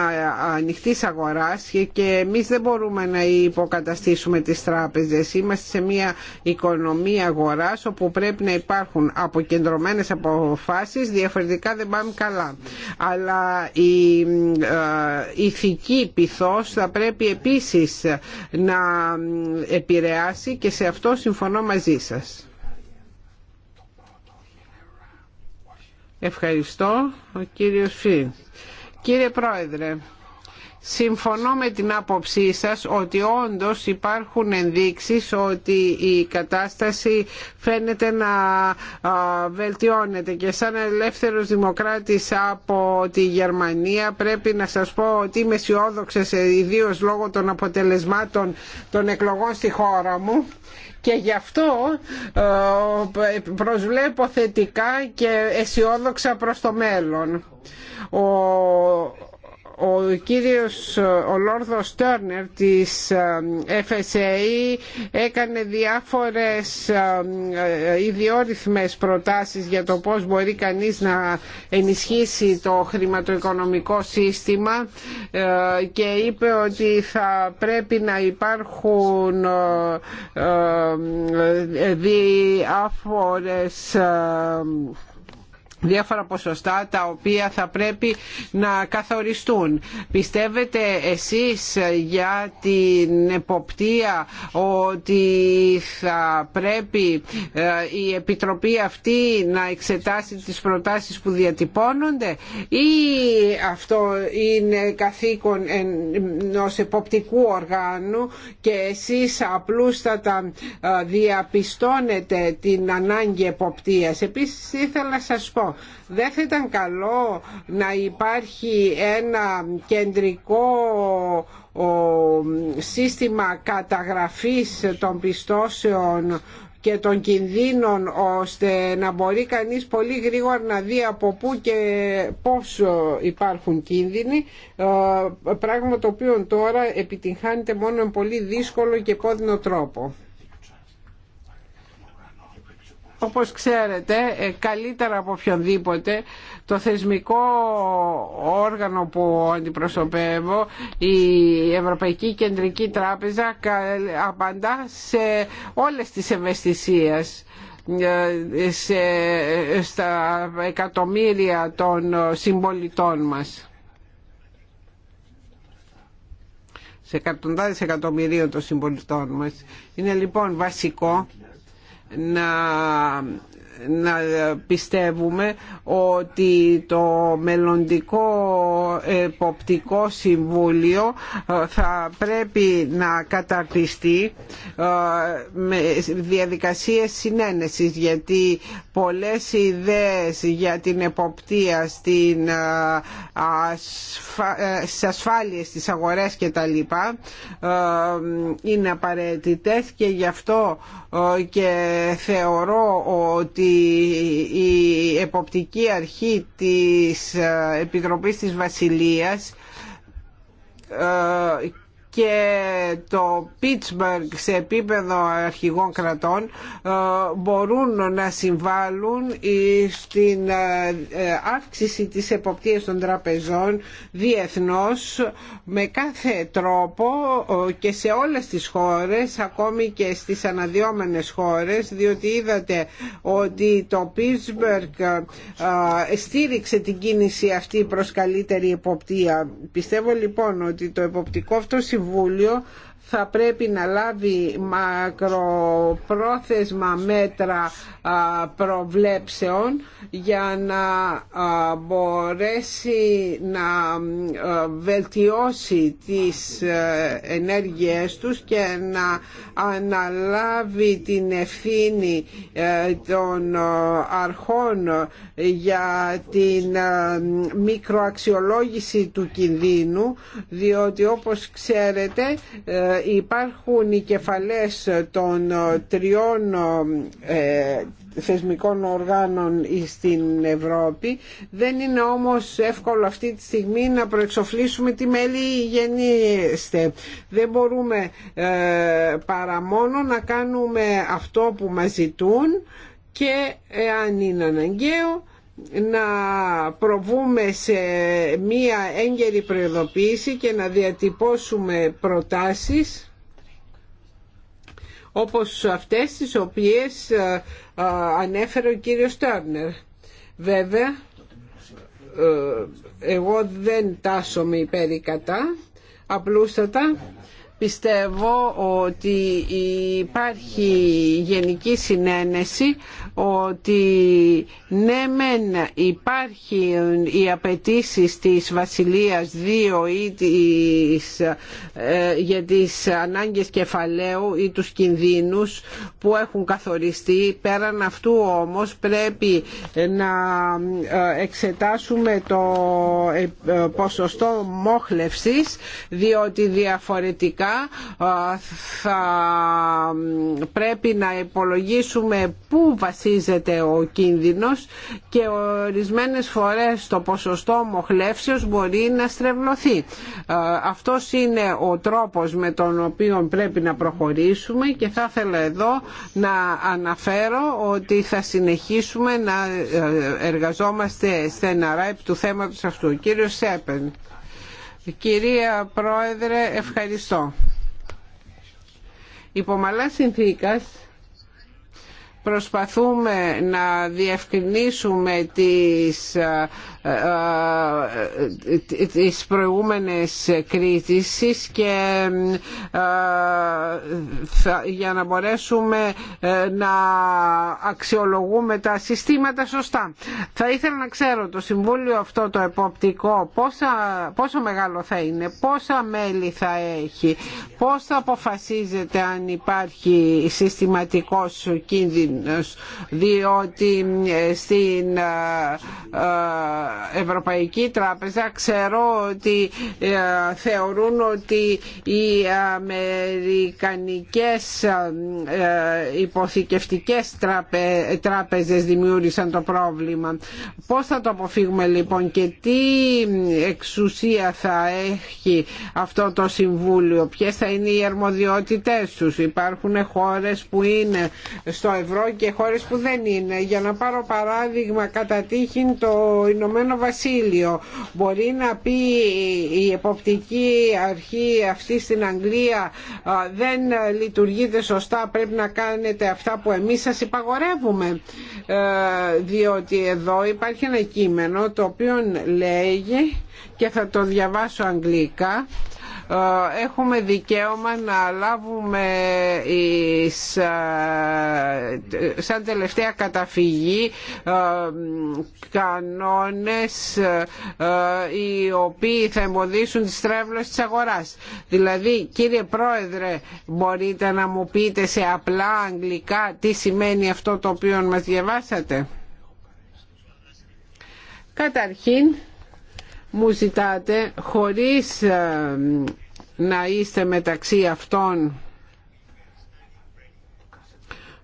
ανοιχτής αγοράς και εμείς δεν μπορούμε να υποκαταστήσουμε τις τράπεζες. Είμαστε σε μια οικονομία αγοράς όπου πρέπει να υπάρχουν αποκεντρωμένες αποφάσεις, διαφορετικά δεν πάμε καλά. Αλλά η ε, ηθική πυθός θα πρέπει επίσης να επηρεάσει και σε αυτό συμφωνώ μαζί σας. Ευχαριστώ, ο κύριος Φιν. Κύριε Πρόεδρε, Συμφωνώ με την άποψή σας ότι όντως υπάρχουν ενδείξεις ότι η κατάσταση φαίνεται να βελτιώνεται και σαν ελεύθερος δημοκράτης από τη Γερμανία πρέπει να σας πω ότι είμαι αισιόδοξη ε, ιδίω λόγω των αποτελεσμάτων των εκλογών στη χώρα μου και γι' αυτό ε, προσβλέπω θετικά και αισιόδοξα προς το μέλλον ο κύριος ο Λόρδος Τέρνερ της ε, FSA έκανε διάφορες ε, ε, ιδιόρυθμες προτάσεις για το πώς μπορεί κανείς να ενισχύσει το χρηματοοικονομικό σύστημα και είπε ότι θα πρέπει να υπάρχουν διάφορες διάφορα ποσοστά τα οποία θα πρέπει να καθοριστούν. Πιστεύετε εσείς για την εποπτεία ότι θα πρέπει ε, η Επιτροπή αυτή να εξετάσει τις προτάσεις που διατυπώνονται ή αυτό είναι καθήκον ενός εποπτικού οργάνου και εσείς απλούστατα ε, διαπιστώνετε την ανάγκη εποπτείας. Επίσης ήθελα να σας πω δεν θα ήταν καλό να υπάρχει ένα κεντρικό σύστημα καταγραφής των πιστώσεων και των κινδύνων ώστε να μπορεί κανείς πολύ γρήγορα να δει από πού και πώς ε, υπάρχουν κίνδυνοι ε, πράγμα το οποίο τώρα επιτυγχάνεται μόνο με πολύ δύσκολο και πόδινο τρόπο όπως ξέρετε ε, καλύτερα από οποιονδήποτε το θεσμικό όργανο που αντιπροσωπεύω η Ευρωπαϊκή Κεντρική Τράπεζα απαντά σε όλες τις ευαισθησίες ε, σε, ε, στα εκατομμύρια των συμπολιτών μας σε εκατοντάδες εκατομμυρίων των συμπολιτών μας είναι λοιπόν βασικό να να πιστεύουμε ότι το μελλοντικό εποπτικό συμβούλιο ε, θα πρέπει να καταρτιστεί ε, με διαδικασίες συνένεσης γιατί πολλές ιδέες για την εποπτεία στην ε, ασφα... στις ασφάλειες στις αγορές και τα λοιπά είναι απαραίτητες και γι' αυτό και θεωρώ ότι η εποπτική αρχή της Επιτροπής της Βασιλείας ε, και το Pittsburgh σε επίπεδο αρχηγών κρατών ε, μπορούν να συμβάλλουν στην ε, ε, αύξηση της εποπτείας των τραπεζών διεθνώς με κάθε τρόπο και σε όλες τις χώρες ακόμη και στις αναδιόμενες χώρες διότι είδατε ότι το Pittsburgh στήριξε την κίνηση αυτή προς καλύτερη εποπτεία. Πιστεύω λοιπόν ότι το εποπτικό αυτό συμβούλιο θα πρέπει να λάβει μακροπρόθεσμα μέτρα προβλέψεων για να μπορέσει να βελτιώσει τις ε, ενέργειές τους και να αναλάβει την ευθύνη ε, των ε, αρχών για την μικροαξιολόγηση του κινδύνου διότι όπως ξέρετε υπάρχουν οι κεφαλές των ε, τριών ε, θεσμικών οργάνων στην Ευρώπη. Δεν είναι όμως εύκολο αυτή τη στιγμή να προεξοφλήσουμε τη μέλη γεννήστε. Δεν μπορούμε ε, παρά μόνο να κάνουμε αυτό που μας ζητούν και αν είναι αναγκαίο να προβούμε σε μία έγκαιρη προειδοποίηση και να διατυπώσουμε προτάσεις όπως αυτές τις οποίες ε, ε, ανέφερε ο κύριος Τέρνερ. Βέβαια, ε, εγώ δεν τάσομαι υπέρ κατά, απλούστατα πιστεύω ότι υπάρχει γενική συνένεση ότι ναι μεν υπάρχουν οι απαιτήσει της Βασιλείας 2 ή ε, για τις ανάγκες κεφαλαίου ή τους κινδύνους που έχουν καθοριστεί πέραν αυτού όμως πρέπει να ε, εξετάσουμε το ε, ποσοστό μόχλευσης διότι διαφορετικά θα πρέπει να υπολογίσουμε πού βασιλεύει ο κίνδυνος και ορισμένες φορές το ποσοστό μοχλεύσεως μπορεί να στρεβλωθεί. Ε, αυτός είναι ο τρόπος με τον οποίο πρέπει να προχωρήσουμε και θα ήθελα εδώ να αναφέρω ότι θα συνεχίσουμε να ε, εργαζόμαστε στεναρά επί του θέματος αυτού. Κύριο Σέπεν. Κυρία Πρόεδρε, ευχαριστώ. Υπό μαλά συνθήκας προσπαθούμε να διευκρινίσουμε τις της προηγούμενης κρίσης και ε, για να μπορέσουμε ε, να αξιολογούμε τα συστήματα σωστά. Θα ήθελα να ξέρω το Συμβούλιο αυτό το εποπτικό πόσα, πόσο μεγάλο θα είναι, πόσα μέλη θα έχει, πώς θα αποφασίζεται αν υπάρχει συστηματικός κίνδυνος διότι ε, στην Ευρωπαϊκή Τράπεζα ξέρω ότι ε, θεωρούν ότι οι αμερικανικές ε, ε, υποθηκευτικές τράπεζες δημιούργησαν το πρόβλημα. Πώς θα το αποφύγουμε λοιπόν και τι εξουσία θα έχει αυτό το Συμβούλιο, ποιες θα είναι οι αρμοδιότητές τους. Υπάρχουν χώρες που είναι στο ευρώ και χώρες που δεν είναι. Για να πάρω παράδειγμα κατά τύχη το Ηνωμένο Βασίλειο μπορεί να πει η εποπτική αρχή αυτή στην Αγγλία δεν λειτουργείτε σωστά πρέπει να κάνετε αυτά που εμείς σας υπαγορεύουμε ε, διότι εδώ υπάρχει ένα κείμενο το οποίο λέγει και θα το διαβάσω αγγλικά ε, έχουμε δικαίωμα να λάβουμε ε, σαν τελευταία καταφυγή ε, κανόνες οι οποίοι θα εμποδίσουν τις τρέβλες της αγοράς. Δηλαδή, κύριε Πρόεδρε, μπορείτε να μου πείτε σε απλά αγγλικά τι σημαίνει αυτό το οποίο μας διαβάσατε. Καταρχήν, μου ζητάτε χωρίς ε, να είστε μεταξύ αυτών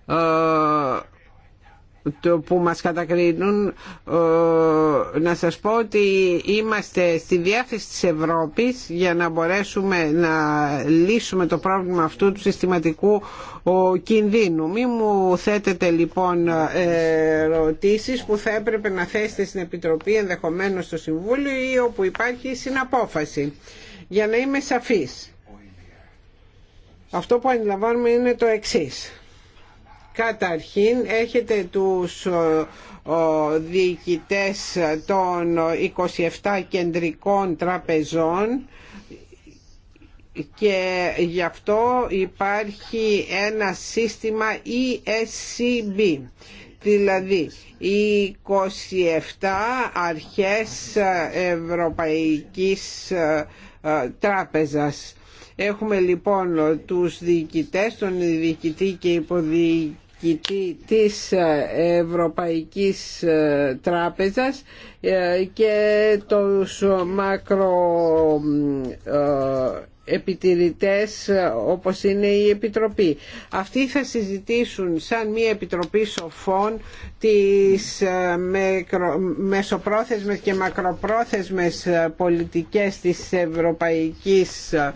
ε, που μας κατακρίνουν να σας πω ότι είμαστε στη διάθεση της Ευρώπης για να μπορέσουμε να λύσουμε το πρόβλημα αυτού του συστηματικού κινδύνου. Μη μου θέτετε λοιπόν ερωτήσεις που θα έπρεπε να θέσετε στην Επιτροπή ενδεχομένως στο Συμβούλιο ή όπου υπάρχει συναπόφαση. Για να είμαι σαφής. Αυτό που αντιλαμβάνουμε είναι το εξής Καταρχήν έχετε τους ε, ε, διοικητές των 27 κεντρικών τραπεζών και γι' αυτό υπάρχει ένα σύστημα ESCB δηλαδή οι 27 αρχές Ευρωπαϊκής ε, Τράπεζας. Έχουμε λοιπόν τους διοικητές, τον διοικητή και υποδιοικητή διοικητή της ε, Ευρωπαϊκής ε, Τράπεζας ε, και τους μακρο επιτηρητές όπως είναι η Επιτροπή. Αυτοί θα συζητήσουν σαν μια Επιτροπή Σοφών τις μεσοπρόθεσμες και μακροπρόθεσμες πολιτικές της Ευρωπαϊκής Τράπεζας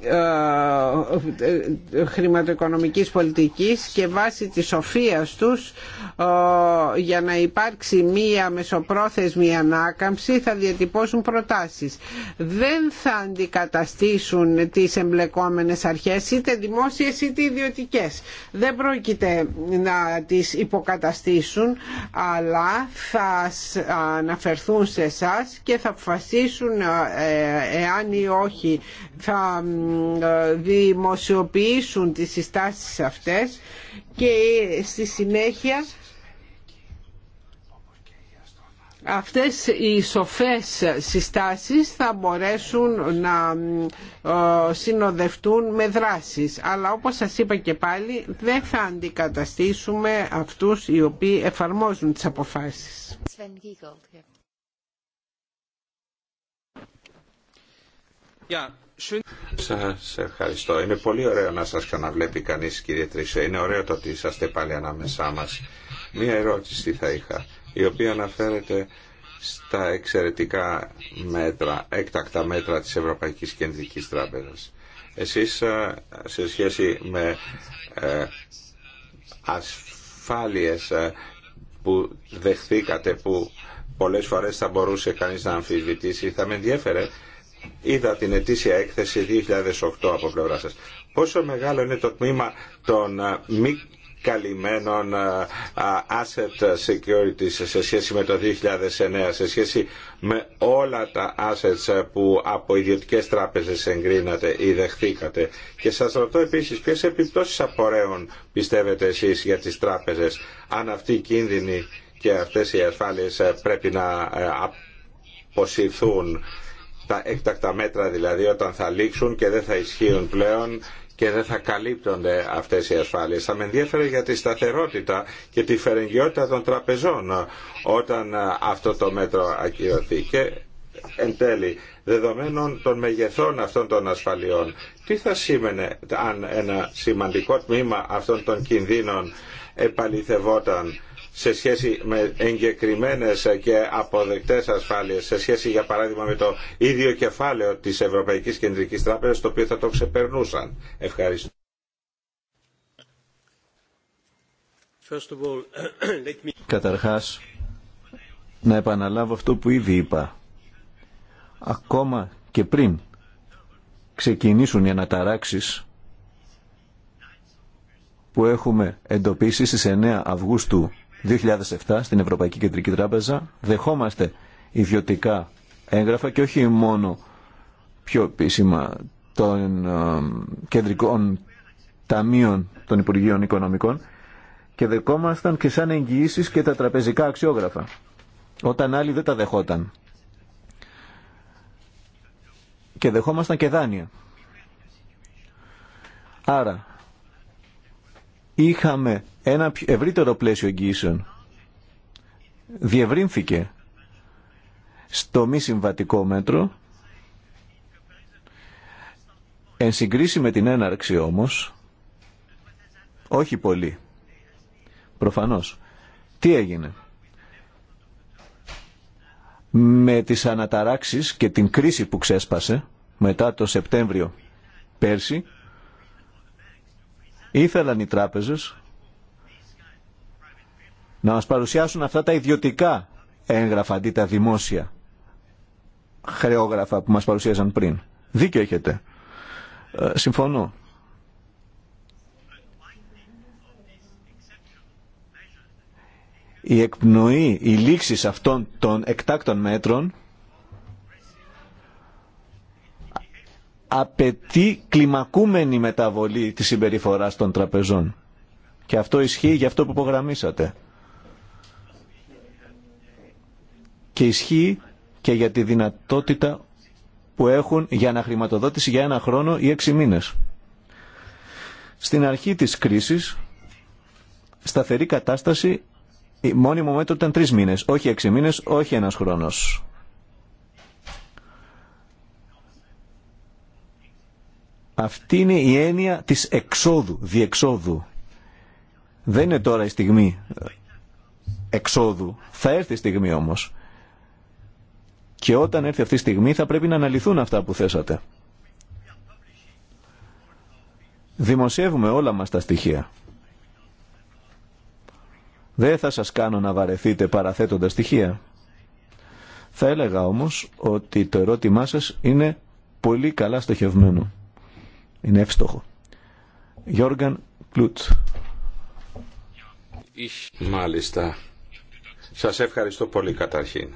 ε, ε, χρηματοοικονομικής πολιτικής και βάσει της σοφίας τους ε, για να υπάρξει μία μεσοπρόθεσμη ανάκαμψη θα διατυπώσουν προτάσεις. Δεν θα αντικαταστήσουν τις εμπλεκόμενες αρχές είτε δημόσιες είτε ιδιωτικές. Δεν πρόκειται να τις υποκαταστήσουν αλλά θα αναφερθούν σε εσά και θα αποφασίσουν εάν ή όχι θα δημοσιοποιήσουν τις συστάσεις αυτές και στη συνέχεια αυτές οι σοφές συστάσεις θα μπορέσουν να ε, συνοδευτούν με δράσεις. Αλλά όπως σας είπα και πάλι δεν θα αντικαταστήσουμε αυτούς οι οποίοι εφαρμόζουν τις αποφάσεις. Σας ευχαριστώ. Είναι πολύ ωραίο να σας ξαναβλέπει κανείς κύριε Τρισέ. Είναι ωραίο το ότι είσαστε πάλι ανάμεσά μας. Μία ερώτηση θα είχα, η οποία αναφέρεται στα εξαιρετικά μέτρα, έκτακτα μέτρα της Ευρωπαϊκής Κεντρικής Τράπεζας. Εσείς σε σχέση με ε, ασφάλειες ε, που δεχθήκατε, που πολλές φορές θα μπορούσε κανείς να αμφισβητήσει, θα με ενδιέφερε είδα την ετήσια έκθεση 2008 από πλευρά σας. Πόσο μεγάλο είναι το τμήμα των μη καλυμμένων asset securities σε σχέση με το 2009, σε σχέση με όλα τα assets που από ιδιωτικές τράπεζες εγκρίνατε ή δεχθήκατε. Και σας ρωτώ επίσης ποιες επιπτώσεις απορρέων πιστεύετε εσείς για τις τράπεζες, αν αυτοί οι κίνδυνοι και αυτές οι ασφάλειες ε, πρέπει να ε, αποσυρθούν τα έκτακτα μέτρα δηλαδή όταν θα λήξουν και δεν θα ισχύουν πλέον και δεν θα καλύπτονται αυτές οι ασφάλειες. Θα με ενδιαφέρει για τη σταθερότητα και τη φερεγγιότητα των τραπεζών όταν αυτό το μέτρο ακυρωθεί. Και εν τέλει, δεδομένων των μεγεθών αυτών των ασφαλιών, τι θα σήμαινε αν ένα σημαντικό τμήμα αυτών των κινδύνων επαληθευόταν σε σχέση με εγκεκριμένε και αποδεκτέ ασφάλειες, σε σχέση για παράδειγμα με το ίδιο κεφάλαιο της Ευρωπαϊκής Κεντρικής Τράπεζας, το οποίο θα το ξεπερνούσαν. Ευχαριστώ. Καταρχάς, να επαναλάβω αυτό που ήδη είπα. Ακόμα και πριν ξεκινήσουν οι αναταράξεις που έχουμε εντοπίσει στις 9 Αυγούστου 2007 στην Ευρωπαϊκή Κεντρική Τράπεζα δεχόμαστε ιδιωτικά έγγραφα και όχι μόνο πιο επίσημα των ε, κεντρικών ταμείων των Υπουργείων Οικονομικών και δεχόμασταν και σαν εγγυήσει και τα τραπεζικά αξιόγραφα όταν άλλοι δεν τα δεχόταν και δεχόμασταν και δάνεια. Άρα είχαμε ένα ευρύτερο πλαίσιο εγγύησεων. Διευρύνθηκε στο μη συμβατικό μέτρο. Εν συγκρίση με την έναρξη όμως, όχι πολύ. Προφανώς. Τι έγινε. Με τις αναταράξεις και την κρίση που ξέσπασε μετά το Σεπτέμβριο πέρσι, Ήθελαν οι τράπεζες να μας παρουσιάσουν αυτά τα ιδιωτικά έγγραφα αντί τα δημόσια χρεόγραφα που μας παρουσίαζαν πριν. Δίκιο έχετε. Ε, συμφωνώ. Η εκπνοή, η λήξη αυτών των εκτάκτων μέτρων απαιτεί κλιμακούμενη μεταβολή της συμπεριφορά των τραπεζών. Και αυτό ισχύει για αυτό που υπογραμμίσατε. Και ισχύει και για τη δυνατότητα που έχουν για να χρηματοδότηση για ένα χρόνο ή έξι μήνες. Στην αρχή της κρίσης, σταθερή κατάσταση, η μόνιμο μέτρο ήταν τρεις μήνες, όχι έξι μήνες, όχι ένας χρόνος. Αυτή είναι η έννοια της εξόδου, διεξόδου. Δεν είναι τώρα η στιγμή ε, εξόδου. Θα έρθει η στιγμή όμως. Και όταν έρθει αυτή η στιγμή θα πρέπει να αναλυθούν αυτά που θέσατε. Δημοσιεύουμε όλα μας τα στοιχεία. Δεν θα σας κάνω να βαρεθείτε παραθέτοντας στοιχεία. Θα έλεγα όμως ότι το ερώτημά σας είναι πολύ καλά στοχευμένο είναι εύστοχο. Γιώργαν Κλούτ. Μάλιστα. Σας ευχαριστώ πολύ καταρχήν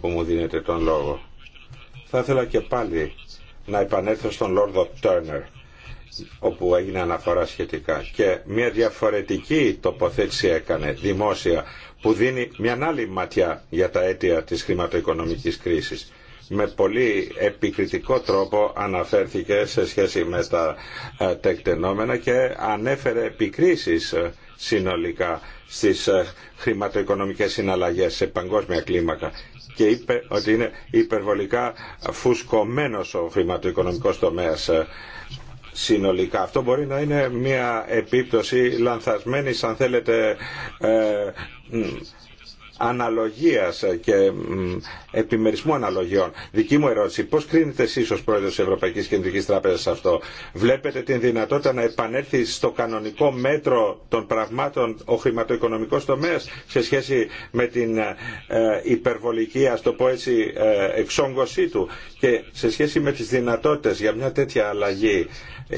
που μου δίνετε τον λόγο. Θα ήθελα και πάλι να επανέλθω στον Λόρδο Τέρνερ όπου έγινε αναφορά σχετικά και μια διαφορετική τοποθέτηση έκανε δημόσια που δίνει μια άλλη ματιά για τα αίτια της χρηματοοικονομικής κρίσης με πολύ επικριτικό τρόπο αναφέρθηκε σε σχέση με τα ε, τεκτενόμενα και ανέφερε επικρίσεις ε, συνολικά στις ε, χρηματοοικονομικές συναλλαγές σε παγκόσμια κλίμακα και είπε ότι είναι υπερβολικά φουσκωμένος ο χρηματοοικονομικός τομέας συνολικά. Αυτό μπορεί να είναι μια επίπτωση λανθασμένης αν θέλετε αναλογίας και επιμερισμού αναλογιών. Δική μου ερώτηση, πώς κρίνετε εσείς ως πρόεδρος της Ευρωπαϊκής Κεντρικής Τράπεζας αυτό. Βλέπετε την δυνατότητα να επανέλθει στο κανονικό μέτρο των πραγμάτων ο χρηματοοικονομικός τομέας σε σχέση με την ε, υπερβολική, ας το πω έτσι, ε, εξόγκωσή του και σε σχέση με τις δυνατότητες για μια τέτοια αλλαγή ε,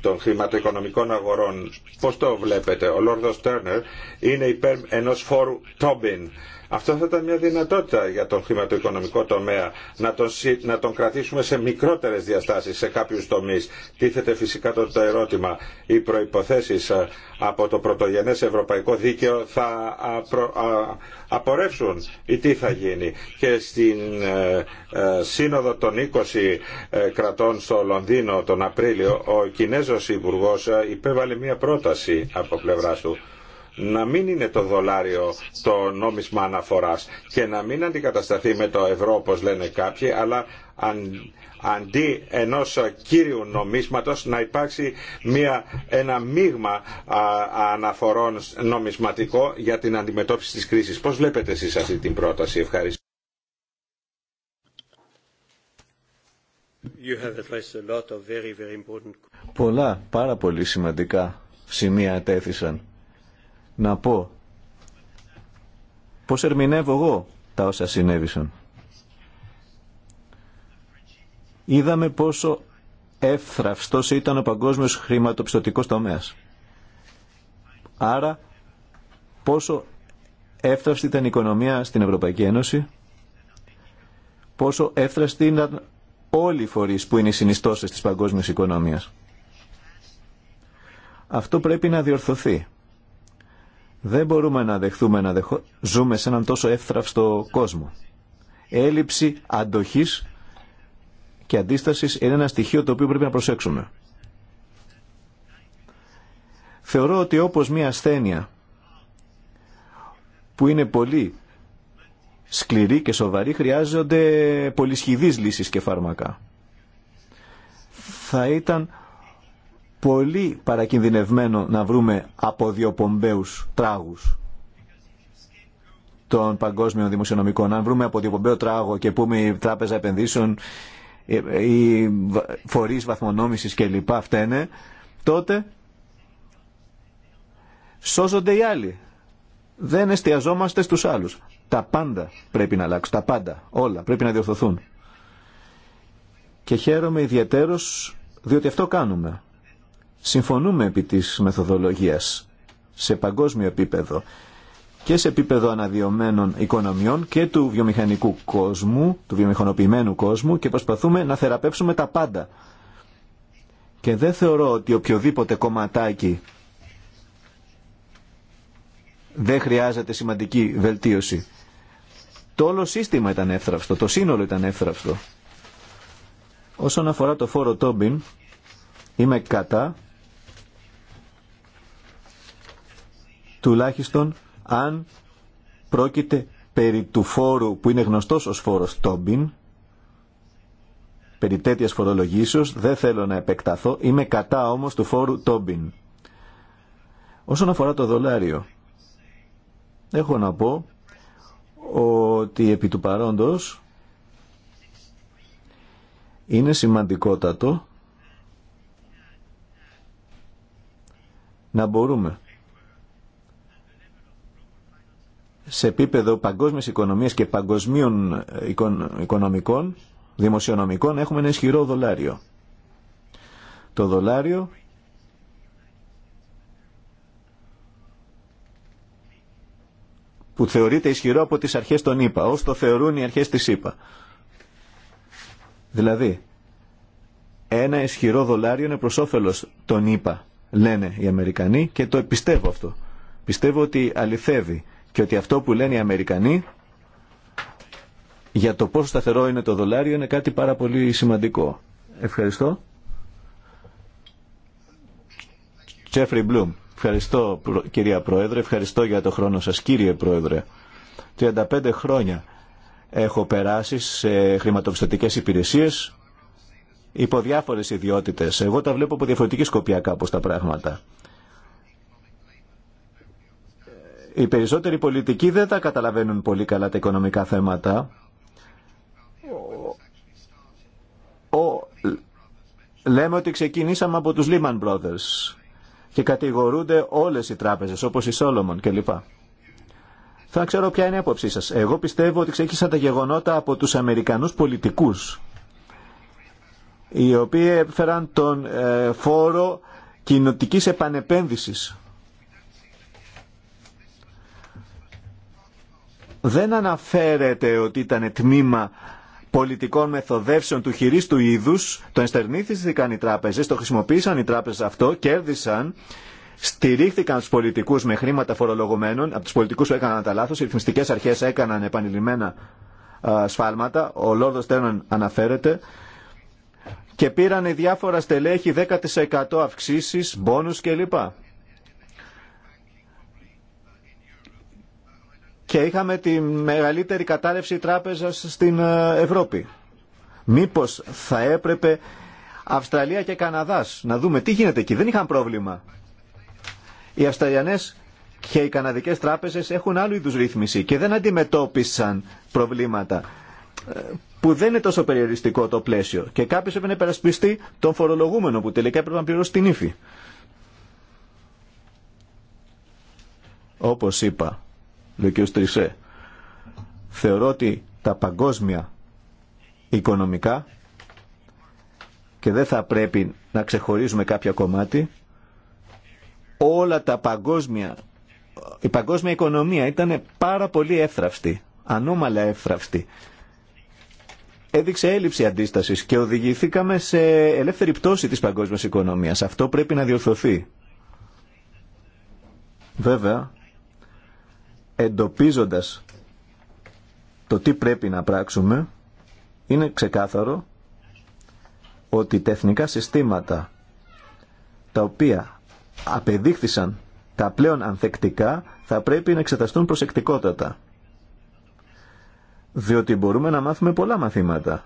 των χρηματοοικονομικών αγορών. Πώς το βλέπετε. Ο Λόρδος Τέρνερ είναι υπέρ ενός φόρου τόμπιν. Αυτό θα ήταν μια δυνατότητα για τον χρηματοοικονομικό τομέα να τον, να τον κρατήσουμε σε μικρότερες διαστάσεις, σε κάποιους τομείς. Τίθεται φυσικά το, ερώτημα, οι προϋποθέσεις ε, από το πρωτογενές ευρωπαϊκό δίκαιο θα απορρεύσουν ή τι θα γίνει. Και στην ε, ε, σύνοδο των 20 κρατών στο Λονδίνο τον Απρίλιο, ο Κινέζος Υπουργό υπέβαλε μια πρόταση από πλευρά του να μην είναι το δολάριο το νόμισμα αναφοράς και να μην αντικατασταθεί με το ευρώ όπως λένε κάποιοι αλλά αν, αντί ενός κύριου νομίσματος να υπάρξει μια, ένα μείγμα αναφορών νομισματικό για την αντιμετώπιση της κρίσης. Πώς βλέπετε εσείς αυτή την πρόταση. Ευχαριστώ. You have a lot of very, very Πολλά, πάρα πολύ σημαντικά σημεία τέθησαν να πω πώς ερμηνεύω εγώ τα όσα συνέβησαν. Είδαμε πόσο εύθραυστος ήταν ο παγκόσμιος χρηματοπιστωτικός τομέας. Άρα πόσο εύθραυστη ήταν η οικονομία στην Ευρωπαϊκή Ένωση, πόσο εύθραυστη ήταν όλοι οι φορείς που είναι οι συνιστώσεις της παγκόσμιας οικονομίας. Αυτό πρέπει να διορθωθεί. Δεν μπορούμε να δεχθούμε να δεχο... ζούμε σε έναν τόσο εύθραυστο κόσμο. Έλλειψη αντοχής και αντίστασης είναι ένα στοιχείο το οποίο πρέπει να προσέξουμε. Θεωρώ ότι όπως μια ασθένεια που είναι πολύ σκληρή και σοβαρή χρειάζονται πολυσχηδείς λύσεις και φάρμακα. Θα ήταν πολύ παρακινδυνευμένο να βρούμε από αποδιοπομπαίους τράγους των παγκόσμιων δημοσιονομικών. Αν βρούμε αποδιοπομπαίο τράγο και πούμε η Τράπεζα Επενδύσεων, ε, οι φορείς βαθμονόμησης κλπ. φταίνε, τότε σώζονται οι άλλοι. Δεν εστιαζόμαστε στους άλλους. Τα πάντα πρέπει να αλλάξουν, τα πάντα, όλα πρέπει να διορθωθούν. Και χαίρομαι ιδιαίτερος διότι αυτό κάνουμε συμφωνούμε επί της μεθοδολογίας σε παγκόσμιο επίπεδο και σε επίπεδο αναδειωμένων οικονομιών και του βιομηχανικού κόσμου, του βιομηχανοποιημένου κόσμου και προσπαθούμε να θεραπεύσουμε τα πάντα. Και δεν θεωρώ ότι οποιοδήποτε κομματάκι δεν χρειάζεται σημαντική βελτίωση. Το όλο σύστημα ήταν εύθραυστο, το σύνολο ήταν εύθραυστο. Όσον αφορά το φόρο Τόμπιν, είμαι κατά τουλάχιστον αν πρόκειται περί του φόρου που είναι γνωστός ως φόρος Τόμπιν, περί τέτοιας φορολογήσεως, δεν θέλω να επεκταθώ, είμαι κατά όμως του φόρου Τόμπιν. Όσον αφορά το δολάριο, έχω να πω ότι επί του παρόντος είναι σημαντικότατο να μπορούμε σε επίπεδο παγκόσμιας οικονομίας και παγκοσμίων ε, οικονομικών, δημοσιονομικών, έχουμε ένα ισχυρό δολάριο. Το δολάριο που θεωρείται ισχυρό από τις αρχές των ΗΠΑ, ως το θεωρούν οι αρχές της ΗΠΑ. Δηλαδή, ένα ισχυρό δολάριο είναι προς όφελος των ΗΠΑ, λένε οι Αμερικανοί και το πιστεύω αυτό. Πιστεύω ότι αληθεύει και ότι αυτό που λένε οι Αμερικανοί για το πόσο σταθερό είναι το δολάριο είναι κάτι πάρα πολύ σημαντικό. Ευχαριστώ. Τζέφρι Μπλουμ. Ευχαριστώ κυρία Πρόεδρε, ευχαριστώ για το χρόνο σας κύριε Πρόεδρε. 35 χρόνια έχω περάσει σε χρηματοπιστωτικές υπηρεσίες υπό διάφορες ιδιότητες. Εγώ τα βλέπω από διαφορετική σκοπιά κάπως τα πράγματα οι περισσότεροι πολιτικοί δεν τα καταλαβαίνουν πολύ καλά τα οικονομικά θέματα. Ο, λέμε ότι ξεκινήσαμε από τους Lehman Brothers και κατηγορούνται όλες οι τράπεζες όπως η Solomon κλπ. Θα ξέρω ποια είναι η άποψή σας. Εγώ πιστεύω ότι ξεκίνησαν τα γεγονότα από τους Αμερικανούς πολιτικούς οι οποίοι έφεραν τον ε, φόρο κοινοτικής επανεπένδυσης δεν αναφέρεται ότι ήταν τμήμα πολιτικών μεθοδεύσεων του χειρίστου είδους, το ενστερνήθηκαν οι τράπεζες, το χρησιμοποίησαν οι τράπεζες αυτό, κέρδισαν, στηρίχθηκαν τους πολιτικούς με χρήματα φορολογωμένων, από τους πολιτικούς που έκαναν τα λάθος, οι ρυθμιστικές αρχές έκαναν επανειλημμένα σφάλματα, ο Λόρδος Τέρνον αναφέρεται, και πήραν διάφορα στελέχη 10% αυξήσεις, μπόνους κλπ. και είχαμε τη μεγαλύτερη κατάρρευση τράπεζας στην ε, Ευρώπη. Μήπως θα έπρεπε Αυστραλία και Καναδάς να δούμε τι γίνεται εκεί. Δεν είχαν πρόβλημα. Οι Αυστραλιανές και οι Καναδικές τράπεζες έχουν άλλου είδους ρύθμιση και δεν αντιμετώπισαν προβλήματα ε, που δεν είναι τόσο περιοριστικό το πλαίσιο και κάποιος έπρεπε να υπερασπιστεί τον φορολογούμενο που τελικά έπρεπε να πληρώσει την ύφη. Όπως είπα, λέει ο Θεωρώ ότι τα παγκόσμια οικονομικά και δεν θα πρέπει να ξεχωρίζουμε κάποια κομμάτι όλα τα παγκόσμια η παγκόσμια οικονομία ήταν πάρα πολύ εύθραυστη ανώμαλα εύθραυστη έδειξε έλλειψη αντίστασης και οδηγηθήκαμε σε ελεύθερη πτώση της παγκόσμιας οικονομίας αυτό πρέπει να διορθωθεί βέβαια εντοπίζοντας το τι πρέπει να πράξουμε, είναι ξεκάθαρο ότι τεχνικά συστήματα τα οποία απεδείχθησαν τα πλέον ανθεκτικά θα πρέπει να εξεταστούν προσεκτικότατα. Διότι μπορούμε να μάθουμε πολλά μαθήματα.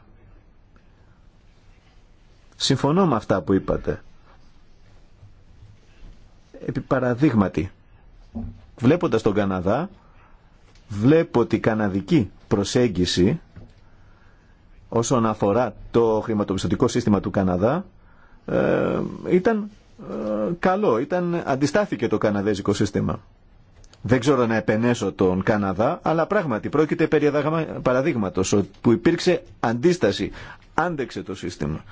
Συμφωνώ με αυτά που είπατε. Επί παραδείγματι, βλέποντας τον Καναδά, βλέπω ότι η καναδική προσέγγιση όσον αφορά το χρηματοπιστωτικό σύστημα του Καναδά ε, ήταν ε, καλό, ήταν, αντιστάθηκε το καναδέζικο σύστημα. Δεν ξέρω να επενέσω τον Καναδά, αλλά πράγματι πρόκειται περί παραδείγματος που υπήρξε αντίσταση, άντεξε το σύστημα.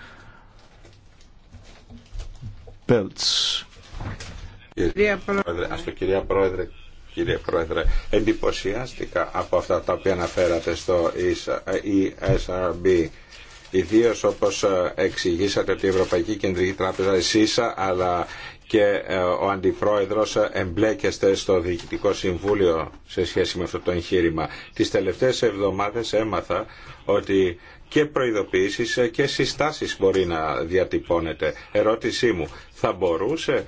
Πέλτς. Κυρία Πρόεδρε, κύριε Πρόεδρε. Εντυπωσιάστηκα από αυτά τα οποία αναφέρατε στο ESRB. Ιδίω όπω ε, εξηγήσατε ότι η Ευρωπαϊκή Κεντρική Τράπεζα εσεί, αλλά και ε, ο Αντιπρόεδρος ε, εμπλέκεστε στο Διοικητικό Συμβούλιο σε σχέση με αυτό το εγχείρημα. Τις τελευταίες εβδομάδες έμαθα ότι και προειδοποιήσεις και συστάσεις μπορεί να διατυπώνεται. Ερώτησή μου, θα μπορούσε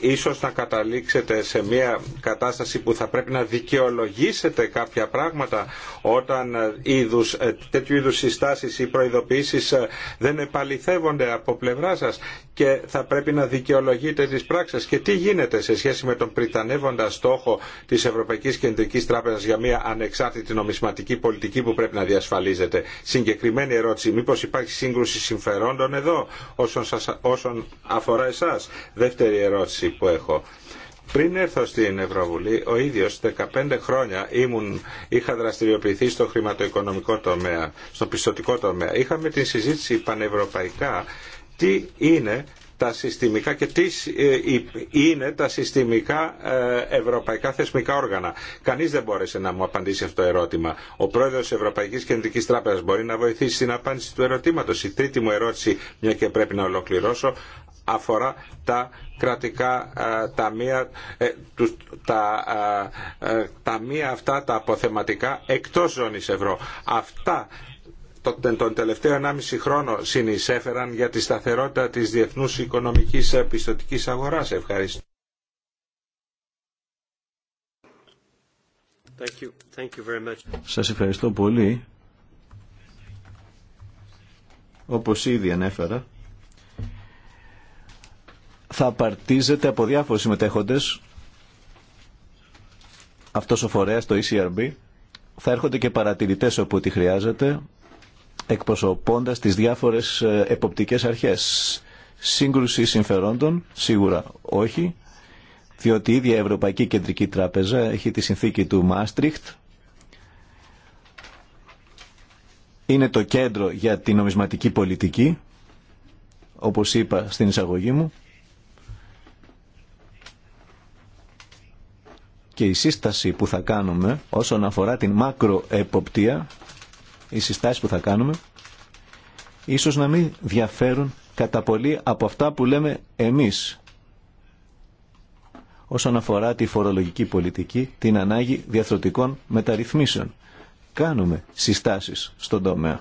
ίσως να καταλήξετε σε μια κατάσταση που θα πρέπει να δικαιολογήσετε κάποια πράγματα όταν ε, είδους, ε, τέτοιου είδους συστάσεις ή προειδοποιήσεις ε, δεν επαληθεύονται από πλευρά σας και θα πρέπει να δικαιολογείται τις πράξεις. Και τι γίνεται σε σχέση με τον πριτανεύοντα στόχο της Ευρωπαϊκής Κεντρικής Τράπεζας για μια ανεξάρτητη νομισματική πολιτική που πρέπει να διασφαλίζεται. Συγκεκριμένη ερώτηση, μήπως υπάρχει σύγκρουση συμφερόντων εδώ όσον, σας, όσον αφορά εσάς. Δεύτερη ερώτηση που έχω. Πριν έρθω στην Ευρωβουλή, ο ίδιος 15 χρόνια ήμουν, είχα δραστηριοποιηθεί στο χρηματοοικονομικό τομέα, στο πιστοτικό τομέα. Είχαμε την συζήτηση πανευρωπαϊκά τι είναι τα συστημικά και τι ε, είναι τα συστημικά ε, ευρωπαϊκά θεσμικά όργανα. Κανεί δεν μπόρεσε να μου απαντήσει αυτό το ερώτημα. Ο πρόεδρο τη Ευρωπαϊκή Κεντρική Τράπεζα μπορεί να βοηθήσει στην απάντηση του ερωτήματο. Η τρίτη μου ερώτηση, μια και πρέπει να ολοκληρώσω, αφορά τα κρατικά ε, ταμεία, τα ταμεία αυτά τα αποθεματικά εκτός ζώνης ευρώ. Αυτά τον τελευταίο 1,5 χρόνο συνεισέφεραν για τη σταθερότητα της διεθνούς οικονομικής επιστοτικής αγοράς. Ευχαριστώ. Thank Σας ευχαριστώ πολύ. Όπως ήδη ανέφερα, θα απαρτίζεται από διάφορους συμμετέχοντες αυτός ο φορέας, το ECRB. Θα έρχονται και παρατηρητές όπου τη χρειάζεται, εκπροσωπώντας τις διάφορες ε, εποπτικές αρχές. Σύγκρουση συμφερόντων, σίγουρα όχι, διότι η ίδια Ευρωπαϊκή Κεντρική Τράπεζα έχει τη συνθήκη του Μάστριχτ, είναι το κέντρο για την νομισματική πολιτική, όπως είπα στην εισαγωγή μου, και η σύσταση που θα κάνουμε όσον αφορά την μακροεποπτεία οι συστάσεις που θα κάνουμε ίσως να μην διαφέρουν κατά πολύ από αυτά που λέμε εμείς όσον αφορά τη φορολογική πολιτική, την ανάγκη διαθροτικών μεταρρυθμίσεων. Κάνουμε συστάσεις στον τομέα.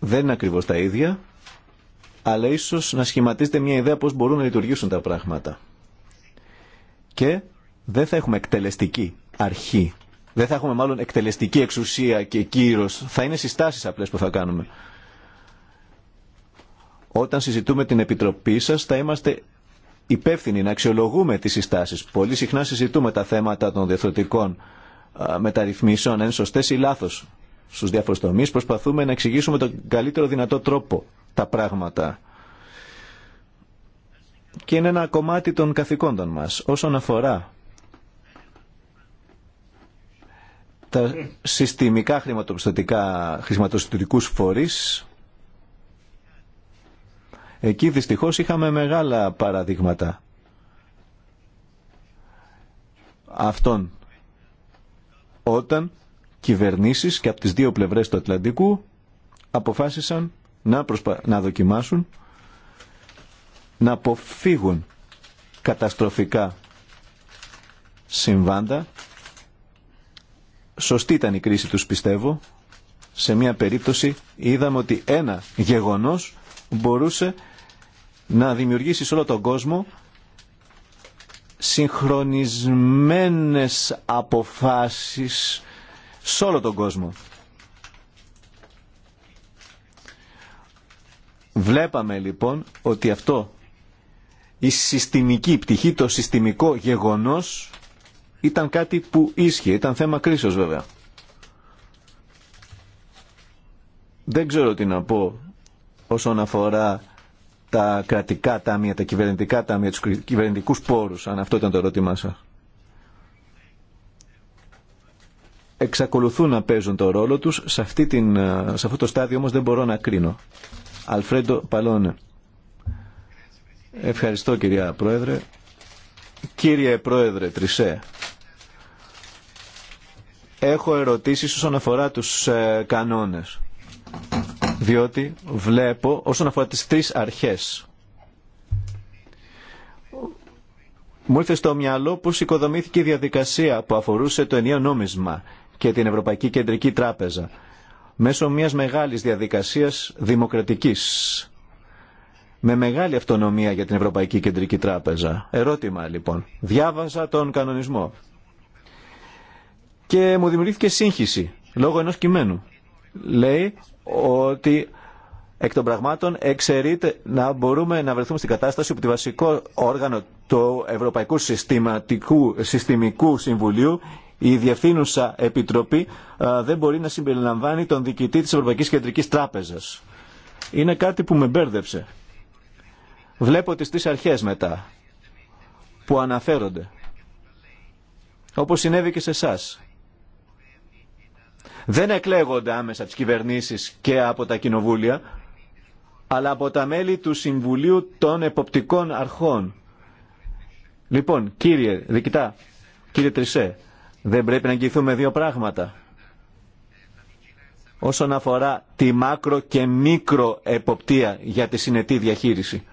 Δεν είναι ακριβώς τα ίδια, αλλά ίσως να σχηματίζεται μια ιδέα πώς μπορούν να λειτουργήσουν τα πράγματα. Και δεν θα έχουμε εκτελεστική αρχή δεν θα έχουμε μάλλον εκτελεστική εξουσία και κύρος. Θα είναι συστάσεις απλές που θα κάνουμε. Όταν συζητούμε την Επιτροπή σας θα είμαστε υπεύθυνοι να αξιολογούμε τις συστάσεις. Πολύ συχνά συζητούμε τα θέματα των διαθροτικών μεταρρυθμίσεων, εν είναι ή λάθος. Στους διάφορους τομείς προσπαθούμε να εξηγήσουμε τον καλύτερο δυνατό τρόπο τα πράγματα. Και είναι ένα κομμάτι των καθηκόντων μας όσον αφορά τα συστημικά χρηματοπιστωτικά χρηματοστηρικούς φορείς. Εκεί δυστυχώς είχαμε μεγάλα παραδείγματα αυτών. Όταν κυβερνήσεις και από τις δύο πλευρές του Ατλαντικού αποφάσισαν να, προσπα... να δοκιμάσουν να αποφύγουν καταστροφικά συμβάντα Σωστή ήταν η κρίση τους πιστεύω. Σε μια περίπτωση είδαμε ότι ένα γεγονός μπορούσε να δημιουργήσει σε όλο τον κόσμο συγχρονισμένες αποφάσεις σε όλο τον κόσμο. Βλέπαμε λοιπόν ότι αυτό η συστημική πτυχή, το συστημικό γεγονός ήταν κάτι που ίσχυε, ήταν θέμα κρίσεως βέβαια. Δεν ξέρω τι να πω όσον αφορά τα κρατικά τάμια, τα κυβερνητικά τάμια, τους κυβερνητικούς πόρους, αν αυτό ήταν το ερώτημά σας. Εξακολουθούν να παίζουν το ρόλο τους, σε, αυτή την, σε αυτό το στάδιο όμως δεν μπορώ να κρίνω. Αλφρέντο Παλώνε. Ευχαριστώ κυρία Πρόεδρε. Κύριε Πρόεδρε Τρισέ, έχω ερωτήσεις όσον αφορά τους ε, κανόνες. Διότι βλέπω όσον αφορά τις τρεις αρχές. Μου ήρθε στο μυαλό πως οικοδομήθηκε η διαδικασία που αφορούσε το ενιαίο νόμισμα και την Ευρωπαϊκή Κεντρική Τράπεζα μέσω μιας μεγάλης διαδικασίας δημοκρατικής με μεγάλη αυτονομία για την Ευρωπαϊκή Κεντρική Τράπεζα. Ερώτημα λοιπόν. Διάβαζα τον κανονισμό και μου δημιουργήθηκε σύγχυση λόγω ενός κειμένου. Λέει ότι εκ των πραγμάτων εξαιρείται να μπορούμε να βρεθούμε στην κατάσταση που το βασικό όργανο του Ευρωπαϊκού Συστηματικού, Συστημικού Συμβουλίου η Διευθύνουσα Επιτροπή δεν μπορεί να συμπεριλαμβάνει τον διοικητή της Ευρωπαϊκής Κεντρικής Τράπεζας. Είναι κάτι που με μπέρδεψε. Βλέπω τις τρεις αρχές μετά που αναφέρονται. Όπως συνέβη και σε εσά δεν εκλέγονται άμεσα τις κυβερνήσεις και από τα κοινοβούλια, αλλά από τα μέλη του Συμβουλίου των Εποπτικών Αρχών. Λοιπόν, κύριε Δικητά, κύριε Τρισέ, δεν πρέπει να εγγυηθούμε δύο πράγματα. Όσον αφορά τη μάκρο και μικρο εποπτεία για τη συνετή διαχείριση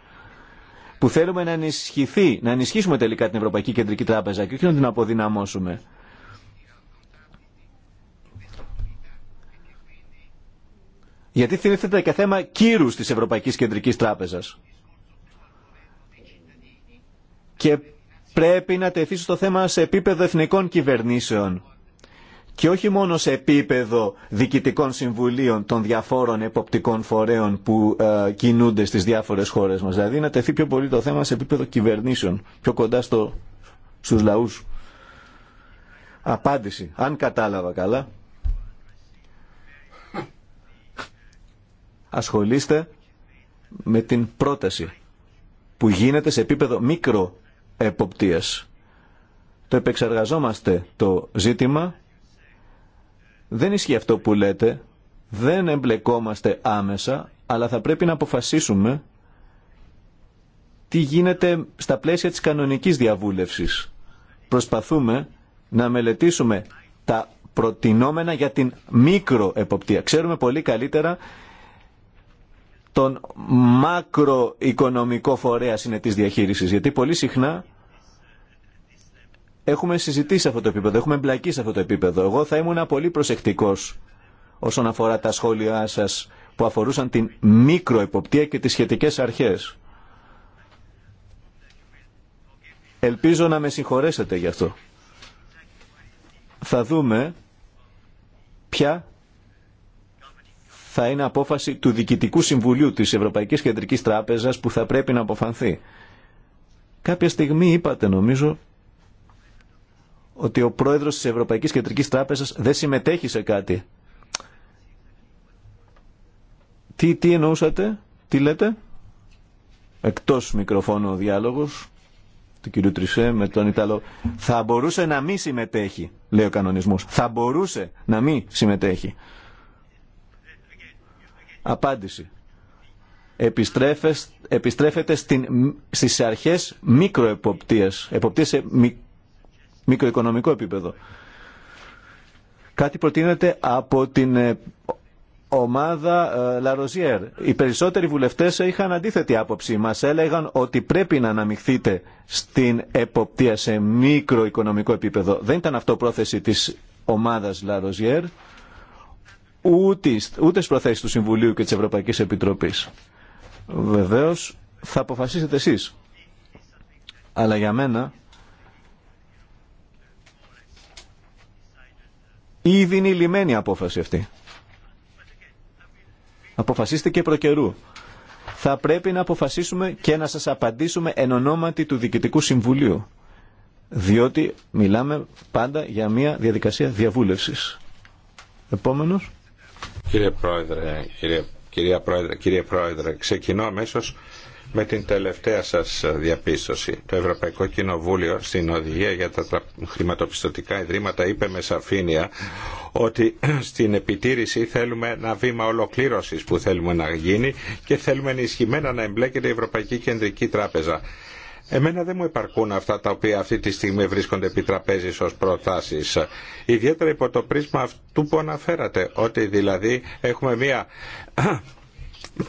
που θέλουμε να ενισχυθεί, να ενισχύσουμε τελικά την Ευρωπαϊκή Κεντρική Τράπεζα και όχι να την αποδυναμώσουμε. Γιατί θυμηθείτε και θέμα κύρους της Ευρωπαϊκής Κεντρικής Τράπεζας. Και πρέπει να τεθεί στο θέμα σε επίπεδο εθνικών κυβερνήσεων και όχι μόνο σε επίπεδο διοικητικών συμβουλίων των διαφόρων εποπτικών φορέων που ε, κινούνται στις διάφορες χώρες μας. Δηλαδή να τεθεί πιο πολύ το θέμα σε επίπεδο κυβερνήσεων, πιο κοντά στο, στους λαούς. Απάντηση, αν κατάλαβα καλά. ασχολείστε με την πρόταση που γίνεται σε επίπεδο μικροεποπτείας. Το επεξεργαζόμαστε το ζήτημα. Δεν ισχύει αυτό που λέτε. Δεν εμπλεκόμαστε άμεσα, αλλά θα πρέπει να αποφασίσουμε τι γίνεται στα πλαίσια της κανονικής διαβούλευσης. Προσπαθούμε να μελετήσουμε τα προτινόμενα για την μικροεποπτεία. Ξέρουμε πολύ καλύτερα τον μακροοικονομικό φορέα της διαχείρισης. Γιατί πολύ συχνά έχουμε συζητήσει σε αυτό το επίπεδο, έχουμε εμπλακεί σε αυτό το επίπεδο. Εγώ θα ήμουν πολύ προσεκτικός όσον αφορά τα σχόλιά σας που αφορούσαν την μικροεποπτεία και τις σχετικές αρχές. Ελπίζω να με συγχωρέσετε γι' αυτό. Θα δούμε ποια θα είναι απόφαση του Διοικητικού Συμβουλίου της Ευρωπαϊκής Κεντρικής Τράπεζας που θα πρέπει να αποφανθεί. Κάποια στιγμή είπατε νομίζω ότι ο πρόεδρος της Ευρωπαϊκής Κεντρικής Τράπεζας δεν συμμετέχει σε κάτι. Τι, τι εννοούσατε, τι λέτε. Εκτός μικροφώνου ο διάλογος του κυρίου Τρισέ με τον Ιταλό. Θα μπορούσε να μην συμμετέχει, λέει ο κανονισμός. Θα μπορούσε να μην συμμετέχει. Απάντηση. Επιστρέφεται στην, στις αρχές μικροεποπτείας, εποπτείας σε μικροοικονομικό επίπεδο. Κάτι προτείνεται από την ε, ομάδα Λαροζιέρ. Ε, Οι περισσότεροι βουλευτές είχαν αντίθετη άποψη. Μας έλεγαν ότι πρέπει να αναμειχθείτε στην εποπτεία σε μικροοικονομικό επίπεδο. Δεν ήταν αυτό πρόθεση της ομάδας Λαροζιέρ ούτε, ούτε προθέσει του Συμβουλίου και της Ευρωπαϊκής Επιτροπής. Βεβαίως θα αποφασίσετε εσείς. Αλλά για μένα ήδη είναι η λιμένη απόφαση αυτή. Αποφασίστε και προκαιρού. Θα πρέπει να αποφασίσουμε και να σας απαντήσουμε εν ονόματι του Διοικητικού Συμβουλίου. Διότι μιλάμε πάντα για μια διαδικασία διαβούλευσης. Επόμενος. Κύριε Πρόεδρε, κυρία Πρόεδρε, κύριε Πρόεδρε, ξεκινώ αμέσω με την τελευταία σας διαπίστωση. Το Ευρωπαϊκό Κοινοβούλιο στην Οδηγία για τα χρηματοπιστωτικά ιδρύματα είπε με σαφήνεια ότι στην επιτήρηση θέλουμε ένα βήμα ολοκλήρωση που θέλουμε να γίνει και θέλουμε ενισχυμένα να εμπλέκεται η Ευρωπαϊκή Κεντρική Τράπεζα. Εμένα δεν μου επαρκούν αυτά τα οποία αυτή τη στιγμή βρίσκονται επί τραπέζης ως προτάσεις. Ιδιαίτερα υπό το πρίσμα αυτού που αναφέρατε, ότι δηλαδή έχουμε μία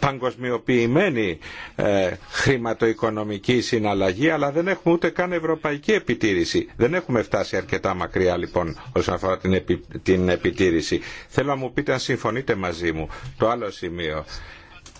παγκοσμιοποιημένη ε, χρηματοοικονομική συναλλαγή αλλά δεν έχουμε ούτε καν ευρωπαϊκή επιτήρηση. Δεν έχουμε φτάσει αρκετά μακριά λοιπόν όσον αφορά την, την επιτήρηση. Θέλω να μου πείτε αν συμφωνείτε μαζί μου. Το άλλο σημείο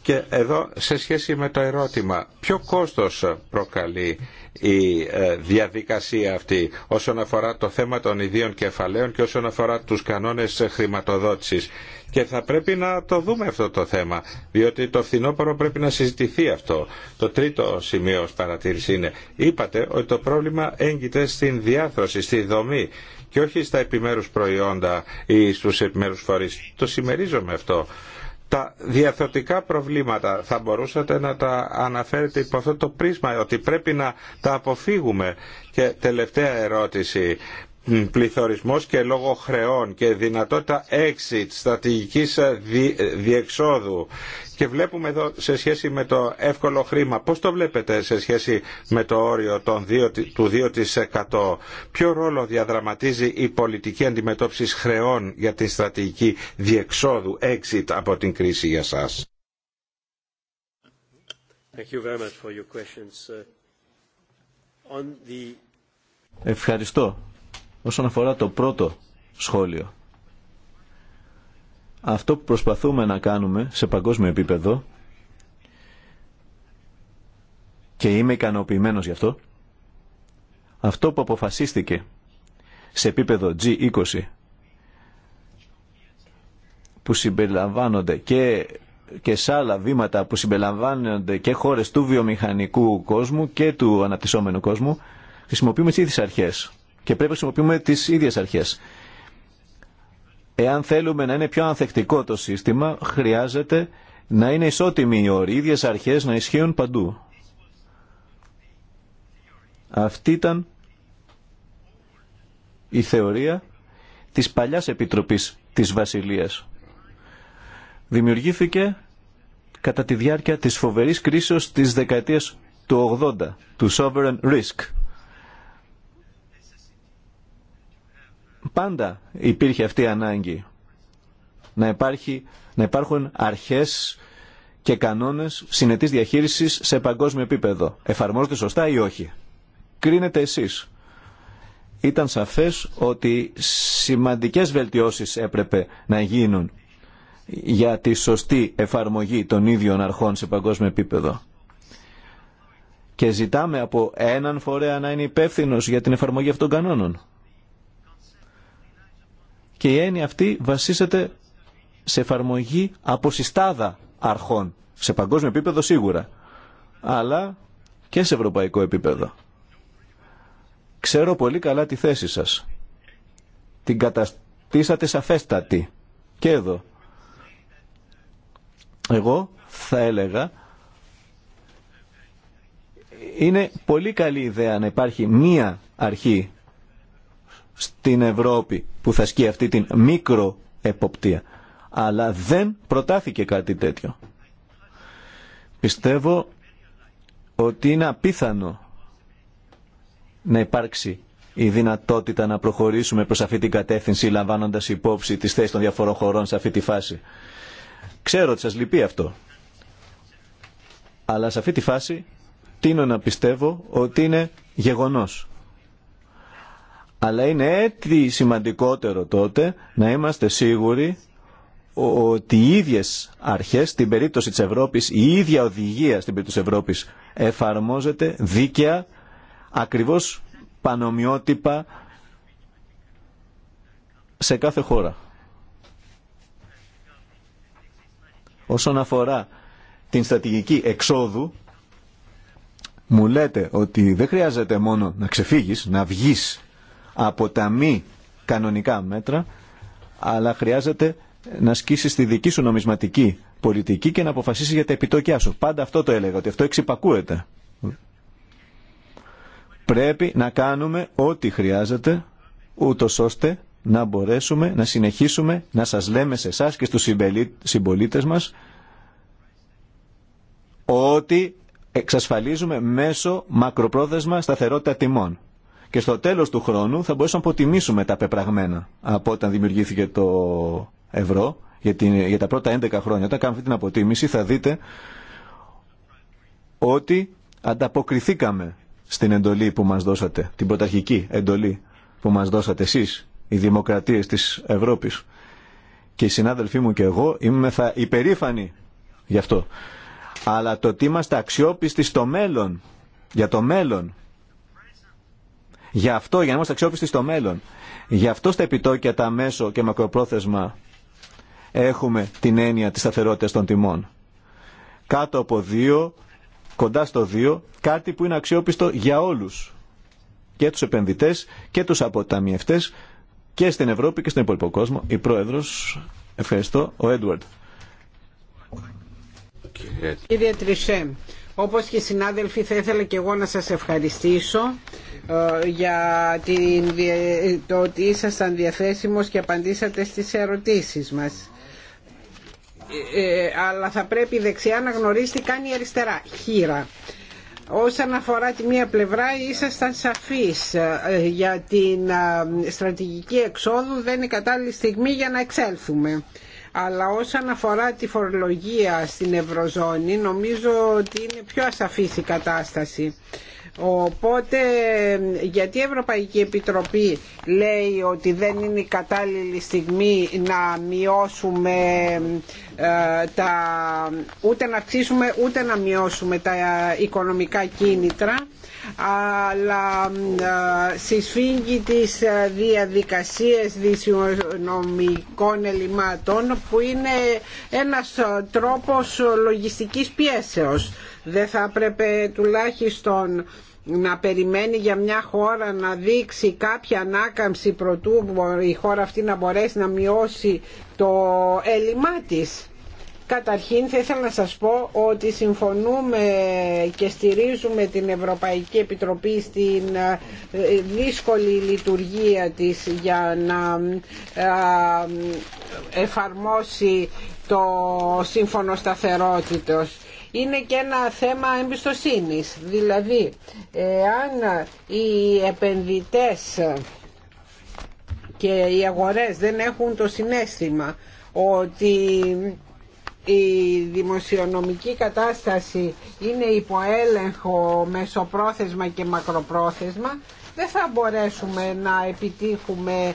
και εδώ σε σχέση με το ερώτημα, ποιο κόστος προκαλεί η ε, διαδικασία αυτή όσον αφορά το θέμα των ιδίων κεφαλαίων και όσον αφορά τους κανόνες χρηματοδότησης. Και θα πρέπει να το δούμε αυτό το θέμα, διότι το φθινόπωρο πρέπει να συζητηθεί αυτό. Το τρίτο σημείο ως παρατήρηση είναι, είπατε ότι το πρόβλημα έγκυται στην διάθρωση, στη δομή και όχι στα επιμέρους προϊόντα ή στους επιμέρους φορείς. Το συμμερίζομαι αυτό τα διαθωτικά προβλήματα θα μπορούσατε να τα αναφέρετε υπό αυτό το πρίσμα ότι πρέπει να τα αποφύγουμε. Και τελευταία ερώτηση πληθωρισμός και λόγω χρεών και δυνατότητα exit στρατηγικής ε, ε, διεξόδου και βλέπουμε εδώ σε σχέση με το εύκολο χρήμα πώς το βλέπετε σε σχέση με το όριο των 2, του 2% ποιο ρόλο διαδραματίζει η πολιτική αντιμετώπιση χρεών για τη στρατηγική διεξόδου exit από την κρίση για σας Thank Ευχαριστώ Όσον αφορά το πρώτο σχόλιο, αυτό που προσπαθούμε να κάνουμε σε παγκόσμιο επίπεδο και είμαι ικανοποιημένος γι' αυτό, αυτό που αποφασίστηκε σε επίπεδο G20 που συμπεριλαμβάνονται και, και σε άλλα βήματα που συμπεριλαμβάνονται και χώρες του βιομηχανικού κόσμου και του αναπτυσσόμενου κόσμου χρησιμοποιούμε τις ίδιες αρχές και πρέπει να χρησιμοποιούμε τις ίδιες αρχές. Εάν θέλουμε να είναι πιο ανθεκτικό το σύστημα, χρειάζεται να είναι ισότιμοι οι όροι, οι ίδιες αρχές να ισχύουν παντού. Αυτή ήταν η θεωρία της παλιάς Επιτροπής της Βασιλείας. Δημιουργήθηκε κατά τη διάρκεια της φοβερής κρίσεως της δεκαετίας του 80, του Sovereign Risk. πάντα υπήρχε αυτή η ανάγκη να, υπάρχει, να υπάρχουν αρχές και κανόνες συνετής διαχείρισης σε παγκόσμιο επίπεδο. Εφαρμόζονται σωστά ή όχι. Κρίνετε εσείς. Ήταν σαφές ότι σημαντικές βελτιώσεις έπρεπε να γίνουν για τη σωστή εφαρμογή των ίδιων αρχών σε παγκόσμιο επίπεδο. Και ζητάμε από έναν φορέα να είναι υπεύθυνο για την εφαρμογή αυτών των κανόνων και η έννοια αυτή βασίζεται σε εφαρμογή από συστάδα αρχών, σε παγκόσμιο επίπεδο σίγουρα, αλλά και σε ευρωπαϊκό επίπεδο. Ξέρω πολύ καλά τη θέση σας. Την καταστήσατε σαφέστατη. Και εδώ. Εγώ θα έλεγα είναι πολύ καλή ιδέα να υπάρχει μία αρχή στην Ευρώπη που θα σκεί αυτή την μικροεποπτεία. Αλλά δεν προτάθηκε κάτι τέτοιο. Πιστεύω ότι είναι απίθανο να υπάρξει η δυνατότητα να προχωρήσουμε προς αυτή την κατεύθυνση λαμβάνοντας υπόψη τις θέσεις των διαφορών χωρών σε αυτή τη φάση. Ξέρω ότι σας λυπεί αυτό. Αλλά σε αυτή τη φάση τίνω να πιστεύω ότι είναι γεγονός. Αλλά είναι έτσι σημαντικότερο τότε να είμαστε σίγουροι ότι οι ίδιες αρχές, στην περίπτωση της Ευρώπης, η ίδια οδηγία στην περίπτωση της Ευρώπης εφαρμόζεται δίκαια, ακριβώς πανομοιότυπα σε κάθε χώρα. Όσον αφορά την στρατηγική εξόδου, μου λέτε ότι δεν χρειάζεται μόνο να ξεφύγεις, να βγεις από τα μη κανονικά μέτρα, αλλά χρειάζεται να σκίσεις τη δική σου νομισματική πολιτική και να αποφασίσεις για τα επιτόκια σου. Πάντα αυτό το έλεγα, ότι αυτό εξυπακούεται. Πρέπει να κάνουμε ό,τι χρειάζεται, ούτω ώστε να μπορέσουμε να συνεχίσουμε να σας λέμε σε εσά και στους συμπολίτε μας ότι εξασφαλίζουμε μέσω μακροπρόθεσμα σταθερότητα τιμών και στο τέλος του χρόνου θα μπορέσουμε να αποτιμήσουμε τα πεπραγμένα από όταν δημιουργήθηκε το ευρώ για, την, για τα πρώτα 11 χρόνια. Όταν κάνουμε αυτή την αποτίμηση θα δείτε ότι ανταποκριθήκαμε στην εντολή που μας δώσατε, την πρωταρχική εντολή που μας δώσατε εσείς, οι δημοκρατίες της Ευρώπης. Και οι συνάδελφοί μου και εγώ είμαι υπερήφανοι γι' αυτό. Αλλά το ότι είμαστε αξιόπιστοι στο μέλλον, για το μέλλον, Γι' αυτό, για να είμαστε αξιόπιστοι στο μέλλον, γι' αυτό στα επιτόκια, τα μέσο και μακροπρόθεσμα έχουμε την έννοια της σταθερότητας των τιμών. Κάτω από δύο, κοντά στο δύο, κάτι που είναι αξιόπιστο για όλους. Και τους επενδυτές και τους αποταμιευτές και στην Ευρώπη και στον υπόλοιπο κόσμο. Η Πρόεδρος, ευχαριστώ, ο Έντουαρντ. Όπως και συνάδελφοι θα ήθελα και εγώ να σας ευχαριστήσω ε, για την, το ότι ήσασταν διαθέσιμος και απαντήσατε στις ερωτήσεις μας. Ε, ε, αλλά θα πρέπει η δεξιά να γνωρίσει τι κάνει η αριστερά. Χείρα. Όσον αφορά τη μία πλευρά ήσασταν σαφείς για την στρατηγική εξόδου δεν είναι κατάλληλη στιγμή για να εξέλθουμε αλλά όσον αφορά τη φορολογία στην Ευρωζώνη νομίζω ότι είναι πιο ασαφής η κατάσταση. Οπότε γιατί η Ευρωπαϊκή Επιτροπή λέει ότι δεν είναι η κατάλληλη στιγμή να μειώσουμε ε, τα, ούτε να αυξήσουμε ούτε να μειώσουμε τα οικονομικά κίνητρα αλλά συσφίγγει τις διαδικασίες δυσιονομικών ελλημάτων που είναι ένας τρόπος λογιστικής πιέσεως. Δεν θα έπρεπε τουλάχιστον να περιμένει για μια χώρα να δείξει κάποια ανάκαμψη προτού η χώρα αυτή να μπορέσει να μειώσει το έλλειμμά της Καταρχήν θα ήθελα να σας πω ότι συμφωνούμε και στηρίζουμε την Ευρωπαϊκή Επιτροπή στην ε, δύσκολη λειτουργία της για να ε, ε, εφαρμόσει το σύμφωνο σταθερότητος είναι και ένα θέμα εμπιστοσύνης. Δηλαδή, αν οι επενδυτές και οι αγορές δεν έχουν το συνέστημα ότι η δημοσιονομική κατάσταση είναι υποέλεγχο μεσοπρόθεσμα και μακροπρόθεσμα δεν θα μπορέσουμε να επιτύχουμε ε,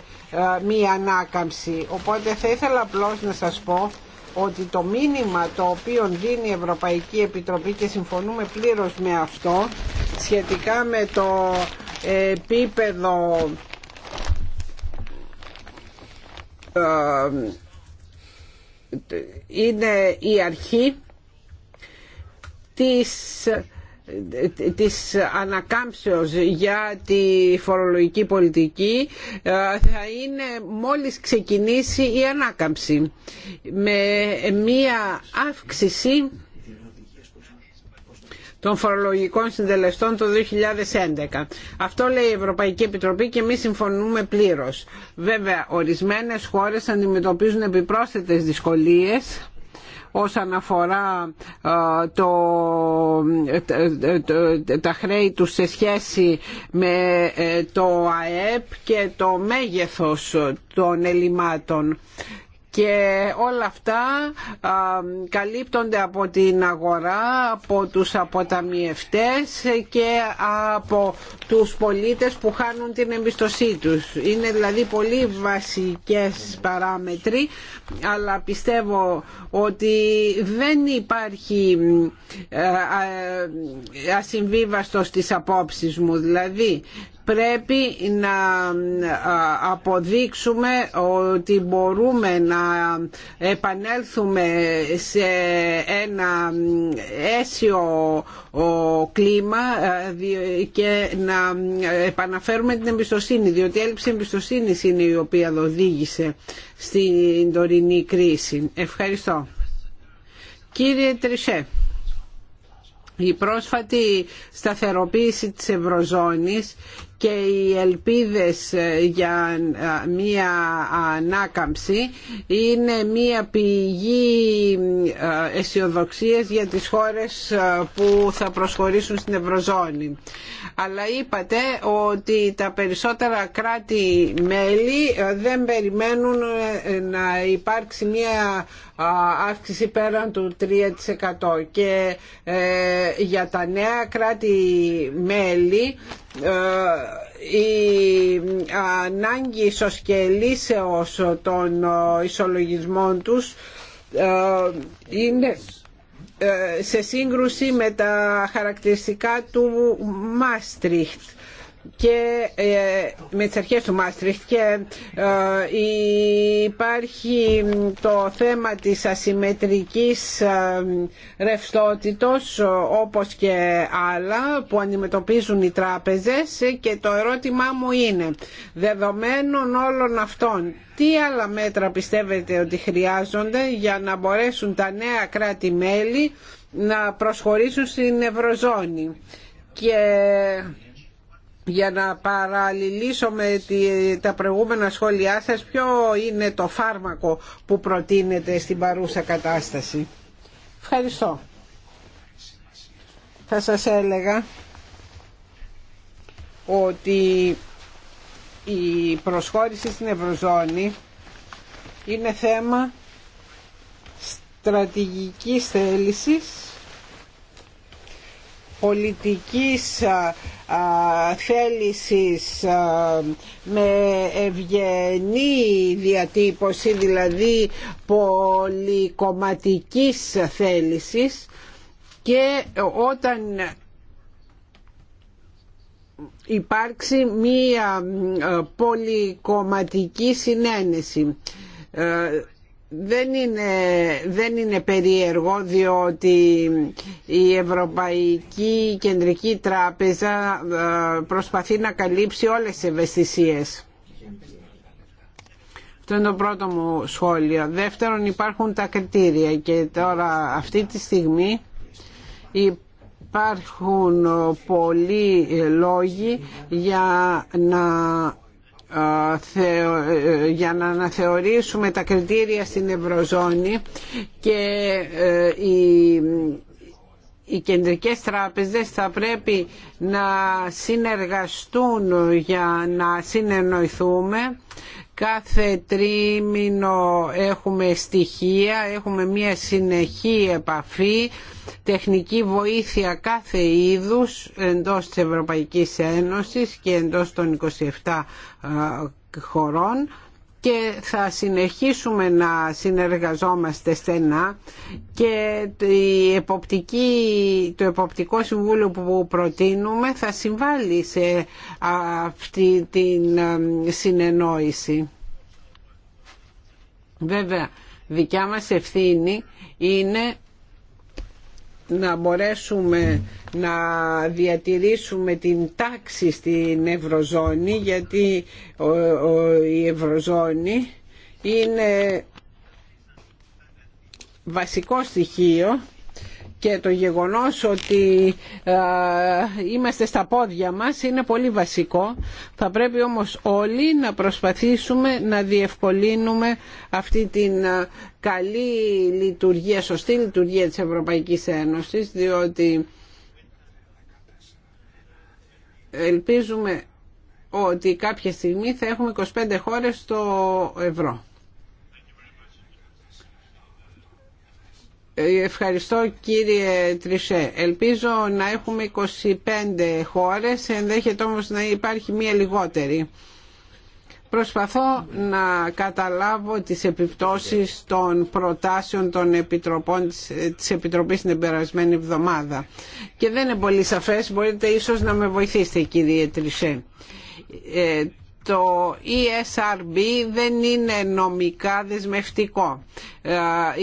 μία ανάκαμψη. Οπότε θα ήθελα απλώς να σας πω ότι το μήνυμα το οποίο δίνει η Ευρωπαϊκή Επιτροπή και συμφωνούμε πλήρως με αυτό σχετικά με το επίπεδο ε, είναι η αρχή της της ανακάμψεως για τη φορολογική πολιτική ε, θα είναι μόλις ξεκινήσει η ανάκαμψη με μία αύξηση των φορολογικών συντελεστών το 2011. Αυτό λέει η Ευρωπαϊκή Επιτροπή και εμεί συμφωνούμε πλήρω. Βέβαια, ορισμένες χώρες αντιμετωπίζουν επιπρόσθετες δυσκολίες όσον αφορά ε, το, ε, τα χρέη τους σε σχέση με ε, το ΑΕΠ και το μέγεθος των ελλημάτων και όλα αυτά καλύπτονται από την αγορά, από τους αποταμιευτές και από τους πολίτες που χάνουν την εμπιστοσύνη τους. Είναι δηλαδή πολύ βασικές παράμετροι, αλλά πιστεύω ότι δεν υπάρχει ε, ε, ασυμβίβαστος στις απόψεις μου. Δηλαδή πρέπει να αποδείξουμε ότι μπορούμε να επανέλθουμε σε ένα αίσιο κλίμα και να επαναφέρουμε την εμπιστοσύνη διότι η έλλειψη εμπιστοσύνης είναι η οποία οδήγησε στην τωρινή κρίση. Ευχαριστώ. Κύριε Τρισέ, η πρόσφατη σταθεροποίηση της Ευρωζώνης και οι ελπίδες ε, για ε, μία ανάκαμψη είναι μία πηγή ε, αισιοδοξία για τις χώρες που θα προσχωρήσουν στην Ευρωζώνη. Αλλά είπατε ότι τα περισσότερα κράτη-μέλη δεν περιμένουν να υπάρξει μία αύξηση πέραν του 3% και για τα νέα κράτη-μέλη ε, η ανάγκη ισοσκελίσεως των ε, ισολογισμών τους ε, είναι σε σύγκρουση με τα χαρακτηριστικά του Μάστριχτ και ε, με τις αρχές του Μάστριχτ και ε, υπάρχει το θέμα της ασυμμετρικής ε, ρευστότητος όπως και άλλα που αντιμετωπίζουν οι τράπεζες και το ερώτημά μου είναι δεδομένων όλων αυτών τι άλλα μέτρα πιστεύετε ότι χρειάζονται για να μπορέσουν τα νέα κράτη-μέλη να προσχωρήσουν στην Ευρωζώνη και για να παραλληλήσω με τα προηγούμενα σχόλιά σας ποιο είναι το φάρμακο που προτείνεται στην παρούσα κατάσταση. Ευχαριστώ. Θα σας έλεγα ότι η προσχώρηση στην Ευρωζώνη είναι θέμα στρατηγικής θέλησης, πολιτικής θέλησης με ευγενή διατύπωση δηλαδή πολυκομματικής θέλησης και όταν υπάρξει μία πολυκομματική συνένεση δεν είναι, δεν είναι περίεργο διότι η Ευρωπαϊκή Κεντρική Τράπεζα ε, προσπαθεί να καλύψει όλες τις ευαισθησίες. Αυτό είναι το πρώτο μου σχόλιο. Δεύτερον υπάρχουν τα κριτήρια και τώρα αυτή τη στιγμή υπάρχουν πολλοί λόγοι για να ε, για να αναθεωρήσουμε τα κριτήρια στην Ευρωζώνη και ε, οι κεντρικές τράπεζες θα πρέπει να συνεργαστούν για να συνεννοηθούμε Κάθε τρίμηνο έχουμε στοιχεία, έχουμε μια συνεχή επαφή, τεχνική βοήθεια κάθε είδους εντός της Ευρωπαϊκής Ένωσης και εντός των 27 ε, χωρών και θα συνεχίσουμε να συνεργαζόμαστε στενά και η εποπτική, το Εποπτικό Συμβούλιο που προτείνουμε θα συμβάλλει σε αυτή την συνεννόηση. Βέβαια, δικιά μας ευθύνη είναι να μπορέσουμε να διατηρήσουμε την τάξη στην Ευρωζώνη γιατί η Ευρωζώνη είναι βασικό στοιχείο και το γεγονός ότι είμαστε στα πόδια μας είναι πολύ βασικό. Θα πρέπει όμως όλοι να προσπαθήσουμε να διευκολύνουμε αυτή την καλή λειτουργία, σωστή λειτουργία της Ευρωπαϊκής Ένωσης διότι ελπίζουμε ότι κάποια στιγμή θα έχουμε 25 χώρες στο ευρώ. Ευχαριστώ κύριε Τρισέ. Ελπίζω να έχουμε 25 χώρες, ενδέχεται όμως να υπάρχει μία λιγότερη. Προσπαθώ να καταλάβω τις επιπτώσεις των προτάσεων των επιτροπών, της Επιτροπής την περασμένη εβδομάδα. Και δεν είναι πολύ σαφές, μπορείτε ίσως να με βοηθήσετε κύριε Τρισέ. Ε, το ESRB δεν είναι νομικά δεσμευτικό. Ε,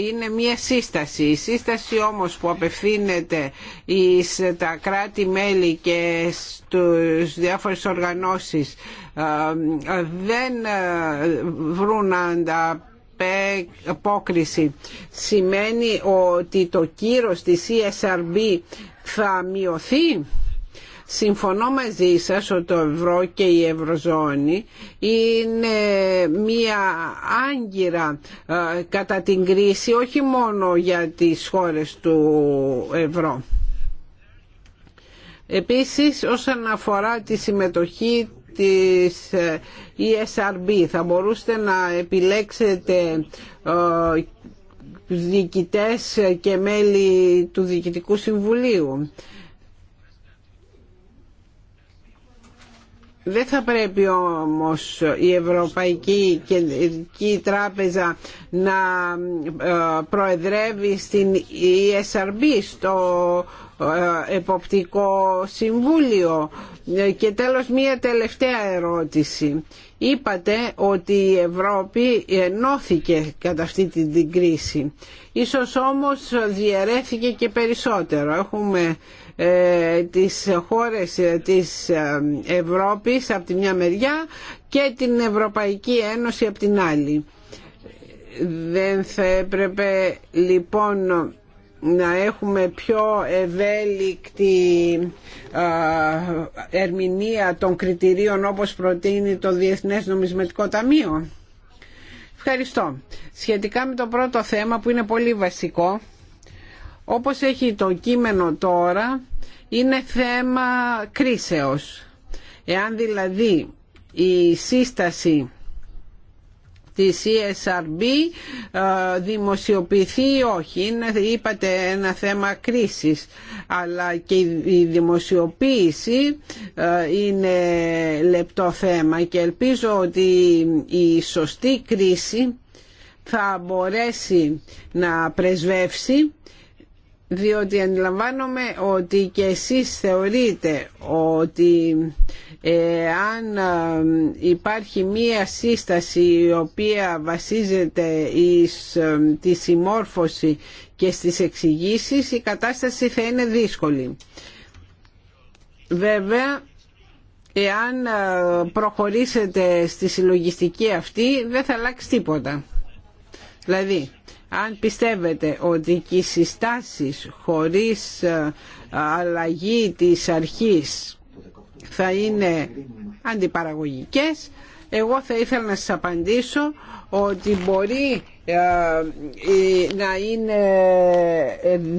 είναι μια σύσταση. Η σύσταση όμως που απευθύνεται στα τα κράτη-μέλη και στους διάφορες οργανώσεις ε, δεν ε, βρουν τα απόκριση σημαίνει ότι το κύρος της ESRB θα μειωθεί Συμφωνώ μαζί σας ότι το ευρώ και η ευρωζώνη είναι μία άγκυρα ε, κατά την κρίση όχι μόνο για τις χώρες του ευρώ. Επίσης όσον αφορά τη συμμετοχή της ε, ESRB θα μπορούσατε να επιλέξετε ε, διοικητές και μέλη του Διοικητικού Συμβουλίου Δεν θα πρέπει όμως η Ευρωπαϊκή Κεντρική Τράπεζα να ε, προεδρεύει στην ESRB, στο ε, Εποπτικό Συμβούλιο. Και τέλος μία τελευταία ερώτηση. Είπατε ότι η Ευρώπη ενώθηκε κατά αυτή την κρίση. Ίσως όμως διαιρέθηκε και περισσότερο. Έχουμε ε, τις χώρες της ε, Ευρώπης από τη μια μεριά και την Ευρωπαϊκή Ένωση από την άλλη. Δεν θα έπρεπε λοιπόν να έχουμε πιο ευέλικτη ε, ερμηνεία των κριτηρίων όπως προτείνει το Διεθνές Νομισματικό Ταμείο. Ευχαριστώ. Σχετικά με το πρώτο θέμα που είναι πολύ βασικό όπως έχει το κείμενο τώρα, είναι θέμα κρίσεως. Εάν δηλαδή η σύσταση της ESRB ε, δημοσιοποιηθεί ή όχι. Είναι, είπατε ένα θέμα κρίσης, αλλά και η δημοσιοποίηση ε, είναι λεπτό θέμα και ελπίζω ότι η σωστή κρίση θα μπορέσει να πρεσβεύσει διότι αντιλαμβάνομαι ότι και εσείς θεωρείτε ότι ε, αν ε, υπάρχει μία σύσταση η οποία βασίζεται στη ε, τη συμμόρφωση και στις εξηγήσεις η κατάσταση θα είναι δύσκολη. Βέβαια εάν προχωρήσετε στη συλλογιστική αυτή δεν θα αλλάξει τίποτα. Δηλαδή αν πιστεύετε ότι και οι συστάσεις χωρίς ε, αλλαγή της αρχής θα είναι αντιπαραγωγικές εγώ θα ήθελα να σας απαντήσω ότι μπορεί ε, να είναι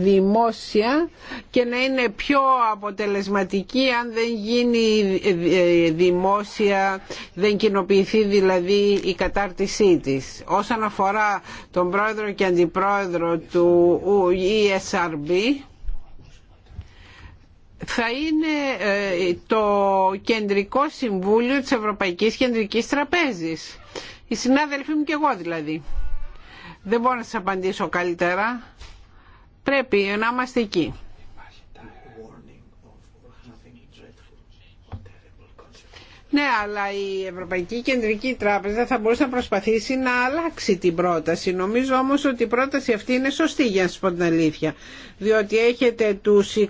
δημόσια και να είναι πιο αποτελεσματική αν δεν γίνει ε, δημόσια, δεν κοινοποιηθεί δηλαδή η κατάρτισή της. Όσον αφορά τον πρόεδρο και αντιπρόεδρο του ESRB, θα είναι ε, το Κεντρικό Συμβούλιο της Ευρωπαϊκής Κεντρικής Τραπέζης. Οι συνάδελφοί μου και εγώ δηλαδή. Δεν μπορώ να σας απαντήσω καλύτερα. Πρέπει να είμαστε εκεί. Ναι, αλλά η Ευρωπαϊκή Κεντρική Τράπεζα θα μπορούσε να προσπαθήσει να αλλάξει την πρόταση. Νομίζω όμως ότι η πρόταση αυτή είναι σωστή για να σας πω την αλήθεια. Διότι έχετε τους 27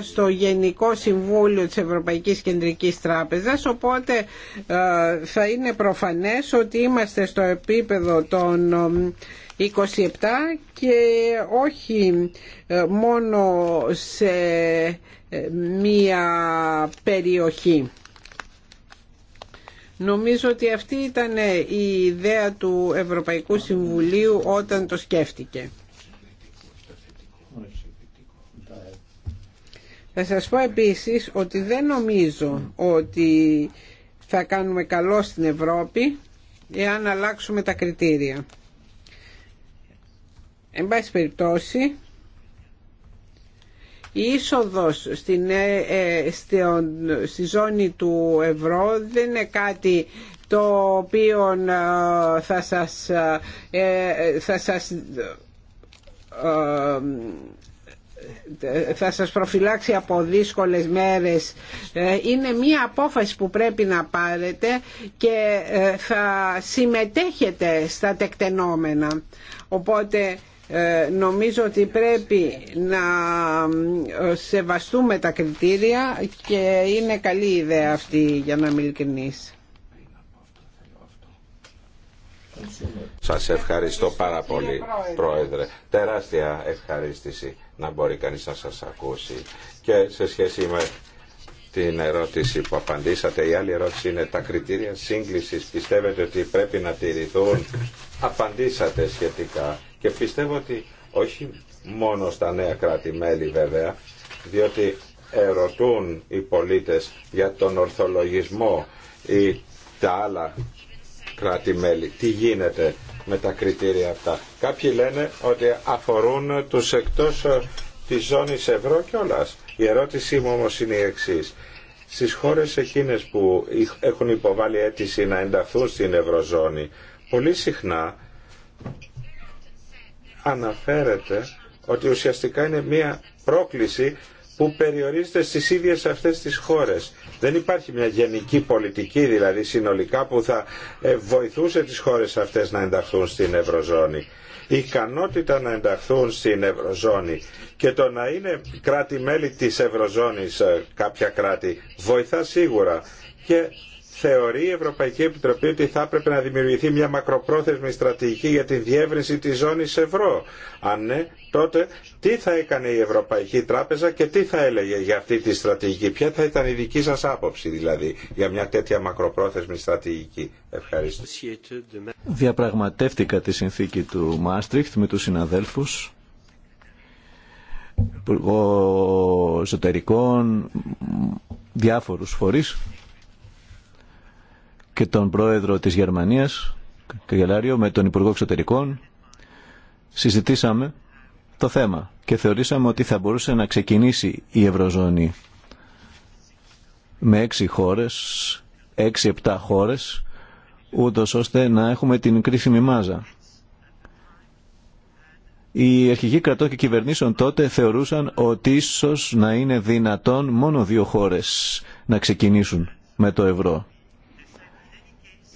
στο Γενικό Συμβούλιο της Ευρωπαϊκής Κεντρικής Τράπεζας, οπότε ε, θα είναι προφανές ότι είμαστε στο επίπεδο των 27 και όχι ε, μόνο σε ε, μία περιοχή. Νομίζω ότι αυτή ήταν η ιδέα του Ευρωπαϊκού Συμβουλίου όταν το σκέφτηκε. Θα σας πω επίσης ότι δεν νομίζω ότι θα κάνουμε καλό στην Ευρώπη εάν αλλάξουμε τα κριτήρια. Εν πάση περιπτώσει, η είσοδος στην, ε, ε, στη ζώνη του ευρώ δεν είναι κάτι το οποίο ε, θα σας, θα σας θα σας προφυλάξει από δύσκολες μέρες είναι μία απόφαση που πρέπει να πάρετε και θα συμμετέχετε στα τεκτενόμενα οπότε ε, νομίζω ότι πρέπει να σεβαστούμε τα κριτήρια και είναι καλή ιδέα αυτή για να είμαι Σας ευχαριστώ πάρα πολύ Πρόεδρε. Τεράστια ευχαρίστηση να μπορεί κανείς να σας ακούσει και σε σχέση με την ερώτηση που απαντήσατε. Η άλλη ερώτηση είναι τα κριτήρια σύγκλησης. Πιστεύετε ότι πρέπει να τηρηθούν. Απαντήσατε σχετικά και πιστεύω ότι όχι μόνο στα νέα κράτη-μέλη βέβαια, διότι ερωτούν οι πολίτες για τον ορθολογισμό ή τα άλλα κράτη-μέλη. Τι γίνεται με τα κριτήρια αυτά. Κάποιοι λένε ότι αφορούν τους εκτός ε, της ζώνης ευρώ κιόλα. Η ερώτησή μου όμως είναι η εξής. Στις χώρες εκείνες που έχουν υποβάλει αίτηση να ενταθούν στην Ευρωζώνη, πολύ συχνά αναφέρεται ότι ουσιαστικά είναι μια πρόκληση που περιορίζεται στις ίδιες αυτές τις χώρες. Δεν υπάρχει μια γενική πολιτική δηλαδή συνολικά που θα ε, βοηθούσε τις χώρες αυτές να ενταχθούν στην Ευρωζώνη. Η ικανότητα να ενταχθούν στην Ευρωζώνη και το να είναι κράτη-μέλη της Ευρωζώνης ε, κάποια κράτη βοηθά σίγουρα θεωρεί η Ευρωπαϊκή Επιτροπή ότι θα έπρεπε να δημιουργηθεί μια μακροπρόθεσμη στρατηγική για τη διεύρυνση της ζώνης ευρώ. Αν ναι, τότε τι θα έκανε η Ευρωπαϊκή Τράπεζα και τι θα έλεγε για αυτή τη στρατηγική. Ποια θα ήταν η δική σας άποψη δηλαδή για μια τέτοια μακροπρόθεσμη στρατηγική. Ευχαριστώ. Διαπραγματεύτηκα τη συνθήκη του Μάστριχτ με τους συναδέλφους υπουργό εσωτερικών, διάφορους φορείς και τον πρόεδρο της Γερμανίας, Καγελάριο, με τον Υπουργό Εξωτερικών, συζητήσαμε το θέμα και θεωρήσαμε ότι θα μπορούσε να ξεκινήσει η Ευρωζώνη με έξι χώρες, έξι-επτά χώρες, ούτως ώστε να έχουμε την κρίσιμη μάζα. Οι αρχηγοί κρατών και κυβερνήσεων τότε θεωρούσαν ότι ίσως να είναι δυνατόν μόνο δύο χώρες να ξεκινήσουν με το ευρώ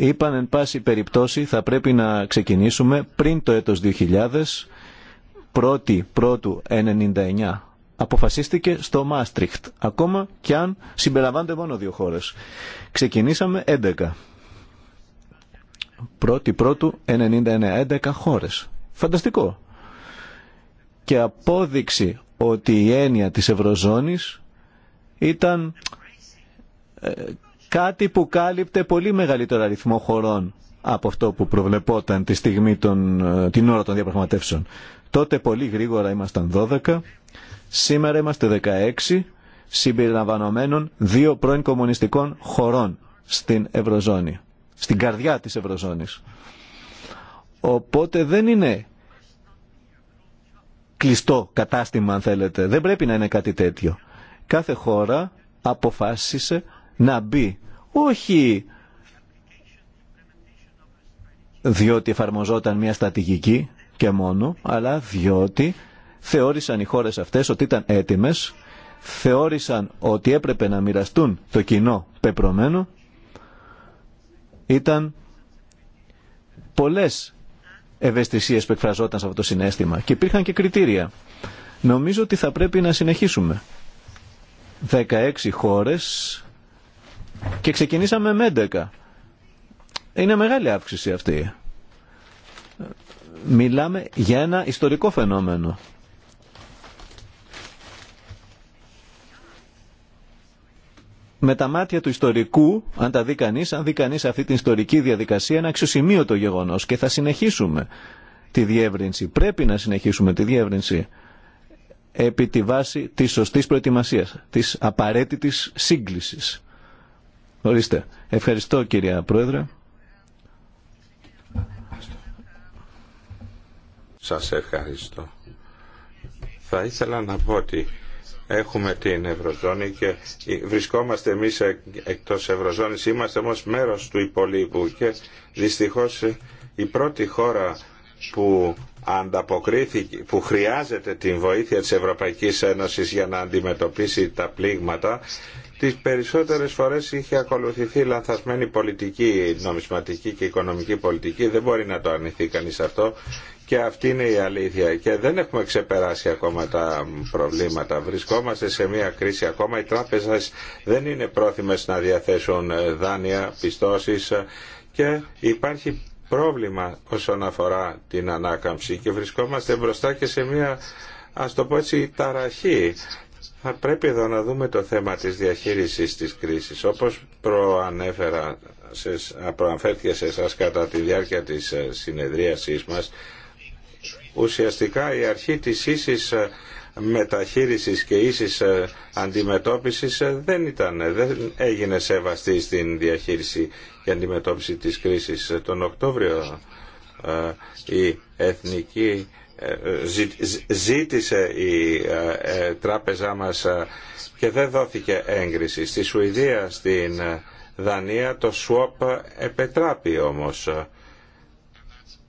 είπαν εν πάση περιπτώσει θα πρέπει να ξεκινήσουμε πριν το έτος 2000, πρώτη πρώτου 99. Αποφασίστηκε στο Μάστριχτ, ακόμα και αν συμπεριλαμβάνονται μόνο δύο χώρες. Ξεκινήσαμε 11. Πρώτη πρώτου 99, 11 χώρες. Φανταστικό. Και απόδειξη ότι η έννοια της Ευρωζώνης ήταν ε, κάτι που κάλυπτε πολύ μεγαλύτερο αριθμό χωρών από αυτό που προβλεπόταν τη στιγμή των, ε, την ώρα των διαπραγματεύσεων. Τότε πολύ γρήγορα ήμασταν 12, σήμερα είμαστε 16 συμπεριλαμβανομένων δύο πρώην κομμουνιστικών χωρών στην Ευρωζώνη, στην καρδιά της Ευρωζώνης. Οπότε δεν είναι κλειστό κατάστημα αν θέλετε, δεν πρέπει να είναι κάτι τέτοιο. Κάθε χώρα αποφάσισε να μπει. Όχι διότι εφαρμοζόταν μια στατηγική και μόνο, αλλά διότι θεώρησαν οι χώρες αυτές ότι ήταν έτοιμες, θεώρησαν ότι έπρεπε να μοιραστούν το κοινό πεπρωμένο, ήταν πολλές ευαισθησίες που εκφραζόταν σε αυτό το συνέστημα και υπήρχαν και κριτήρια. Νομίζω ότι θα πρέπει να συνεχίσουμε. 16 χώρες και ξεκινήσαμε με 11. Είναι μεγάλη αύξηση αυτή. Μιλάμε για ένα ιστορικό φαινόμενο. Με τα μάτια του ιστορικού, αν τα δει κανεί, αν δει κανεί αυτή την ιστορική διαδικασία, είναι αξιοσημείωτο γεγονό και θα συνεχίσουμε τη διεύρυνση. Πρέπει να συνεχίσουμε τη διεύρυνση επί τη βάση της σωστής προετοιμασίας, της απαραίτητης σύγκλησης. Ορίστε. Ευχαριστώ κυρία Πρόεδρε. Σας ευχαριστώ. Θα ήθελα να πω ότι έχουμε την Ευρωζώνη και βρισκόμαστε εμείς εκτός Ευρωζώνης, είμαστε όμως μέρος του υπολείπου και δυστυχώς η πρώτη χώρα που ανταποκρίθηκε, που χρειάζεται την βοήθεια της Ευρωπαϊκής Ένωσης για να αντιμετωπίσει τα πλήγματα τις περισσότερες φορές είχε ακολουθηθεί λανθασμένη πολιτική, νομισματική και οικονομική πολιτική. Δεν μπορεί να το αρνηθεί κανείς αυτό και αυτή είναι η αλήθεια. Και δεν έχουμε ξεπεράσει ακόμα τα προβλήματα. Βρισκόμαστε σε μια κρίση ακόμα. Οι τράπεζες δεν είναι πρόθυμες να διαθέσουν ε, δάνεια, πιστώσεις και υπάρχει πρόβλημα όσον αφορά την ανάκαμψη και βρισκόμαστε μπροστά και σε μια ας το πω έτσι ταραχή θα πρέπει εδώ να δούμε το θέμα της διαχείρισης της κρίσης. Όπως προανέφερα, σε, προανφέρθηκε σε εσάς κατά τη διάρκεια της ε, συνεδρίασής μας, ουσιαστικά η αρχή της ίσης ε, μεταχείρισης και ίσης ε, αντιμετώπισης δεν ήταν, δεν έγινε σεβαστή στην διαχείριση και αντιμετώπιση της κρίσης. Τον Οκτώβριο η Εθνική ζήτησε η ε, ε, τράπεζά μας ε, και δεν δόθηκε έγκριση. Στη Σουηδία, στην Δανία το swap επετράπει όμως.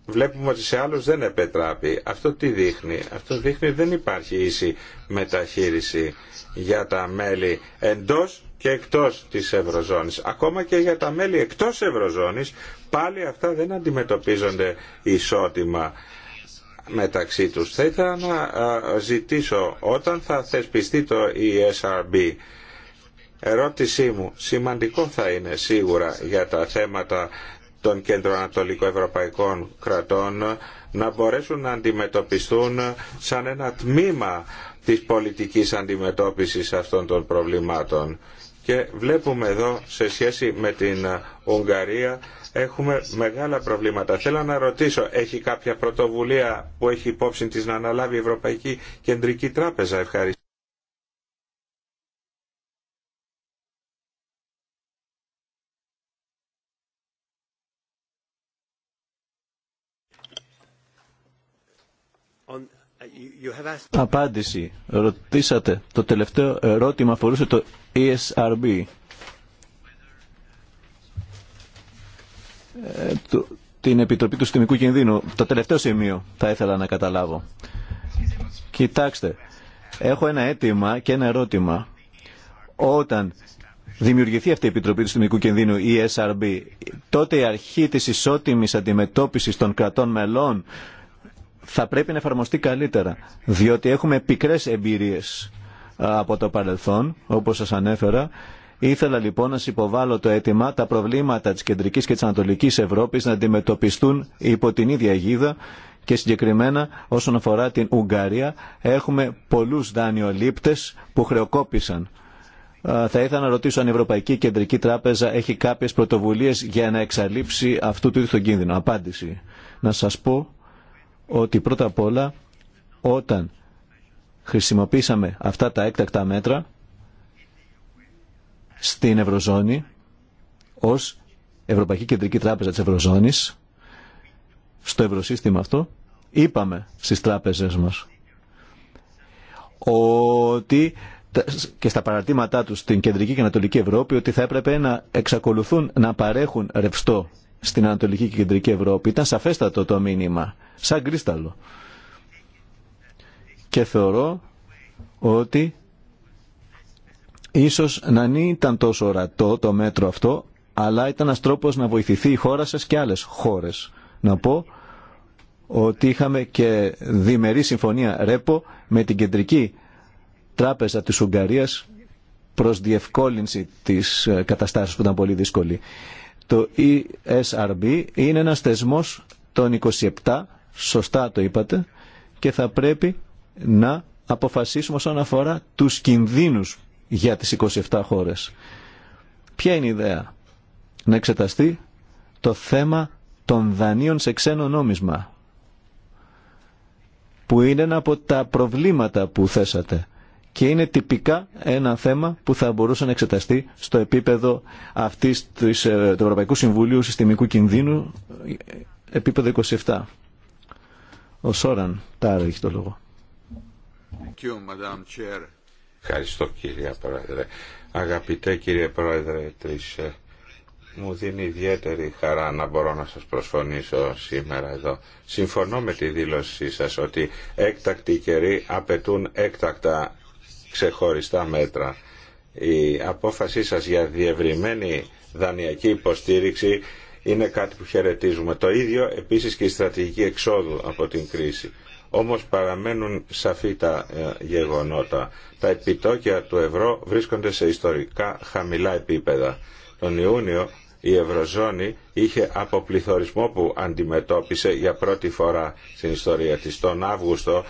Βλέπουμε ότι σε άλλους δεν επετράπει. Αυτό τι δείχνει. Αυτό δείχνει δεν υπάρχει ίση μεταχείριση για τα μέλη εντός και εκτός της Ευρωζώνης. Ακόμα και για τα μέλη εκτός Ευρωζώνης πάλι αυτά δεν αντιμετωπίζονται ισότιμα μεταξύ τους. Θα ήθελα να ζητήσω όταν θα θεσπιστεί το ESRB ερώτησή μου σημαντικό θα είναι σίγουρα για τα θέματα των Ευρωπαϊκών κρατών να μπορέσουν να αντιμετωπιστούν σαν ένα τμήμα της πολιτικής αντιμετώπισης αυτών των προβλημάτων και βλέπουμε εδώ σε σχέση με την ε, Ουγγαρία έχουμε μεγάλα προβλήματα. Θέλω να ρωτήσω, έχει κάποια πρωτοβουλία που έχει υπόψη της να αναλάβει η Ευρωπαϊκή Κεντρική Τράπεζα. Ευχαριστώ. Απάντηση. Ρωτήσατε. Το τελευταίο ερώτημα αφορούσε το ESRB. Ε, την Επιτροπή του Συστημικού Κινδύνου. Το τελευταίο σημείο θα ήθελα να καταλάβω. Κοιτάξτε, έχω ένα αίτημα και ένα ερώτημα. Όταν δημιουργηθεί αυτή η Επιτροπή του Συστημικού Κινδύνου, η e τότε η αρχή της ισότιμης αντιμετώπισης των κρατών μελών θα πρέπει να εφαρμοστεί καλύτερα, διότι έχουμε πικρές εμπειρίες ε, από το παρελθόν, όπως σας ανέφερα. Ήθελα λοιπόν να υποβάλω το αίτημα τα προβλήματα της κεντρικής και της ανατολικής Ευρώπης να αντιμετωπιστούν υπό την ίδια αιγίδα και συγκεκριμένα όσον αφορά την Ουγγαρία έχουμε πολλούς δανειολήπτες που χρεοκόπησαν. Ε, θα ήθελα να ρωτήσω αν η Ευρωπαϊκή Κεντρική Τράπεζα έχει κάποιες πρωτοβουλίες για να εξαλείψει αυτού του ίδιου τον κίνδυνο. Απάντηση. Να σας πω ότι πρώτα απ' όλα όταν χρησιμοποίησαμε αυτά τα έκτακτα μέτρα στην Ευρωζώνη ως Ευρωπαϊκή Κεντρική Τράπεζα της Ευρωζώνης στο ευρωσύστημα αυτό είπαμε στις τράπεζες μας ότι και στα παραρτήματά τους στην Κεντρική και Ανατολική Ευρώπη ότι θα έπρεπε να εξακολουθούν να παρέχουν ρευστό στην Ανατολική και Κεντρική Ευρώπη. Ήταν σαφέστατο το μήνυμα, σαν κρίσταλο. Και θεωρώ ότι ίσως να μην ήταν τόσο ορατό το μέτρο αυτό, αλλά ήταν ένας τρόπος να βοηθηθεί η χώρα σας και άλλες χώρες. Να πω ότι είχαμε και διμερή συμφωνία ρέπο με την Κεντρική Τράπεζα της Ουγγαρίας προς διευκόλυνση της ε, καταστάσεως που ήταν πολύ δύσκολη. Το ESRB είναι ένας θεσμός των 27, σωστά το είπατε, και θα πρέπει να αποφασίσουμε όσον αφορά τους κινδύνους για τις 27 χώρες. Ποια είναι η ιδέα να εξεταστεί το θέμα των δανείων σε ξένο νόμισμα που είναι ένα από τα προβλήματα που θέσατε και είναι τυπικά ένα θέμα που θα μπορούσε να εξεταστεί στο επίπεδο αυτής ε, του Ευρωπαϊκού Συμβουλίου Συστημικού Κινδύνου, ε, επίπεδο 27. Ο Σόραν Τάρα έχει το λόγο. Ευχαριστώ κύριε Πρόεδρε. Αγαπητέ κύριε Πρόεδρε της ε, μου δίνει ιδιαίτερη χαρά να μπορώ να σας προσφωνήσω σήμερα εδώ. Συμφωνώ με τη δήλωσή σας ότι έκτακτοι καιροί απαιτούν έκτακτα ξεχωριστά μέτρα. Η απόφασή σας για διευρυμένη δανειακή υποστήριξη είναι κάτι που χαιρετίζουμε. Το ίδιο επίσης και η στρατηγική εξόδου από την κρίση. Όμως παραμένουν σαφή τα ε, γεγονότα. Τα επιτόκια του ευρώ βρίσκονται σε ιστορικά χαμηλά επίπεδα. Τον Ιούνιο η Ευρωζώνη είχε αποπληθωρισμό που αντιμετώπισε για πρώτη φορά στην ιστορία της. Τον Αύγουστο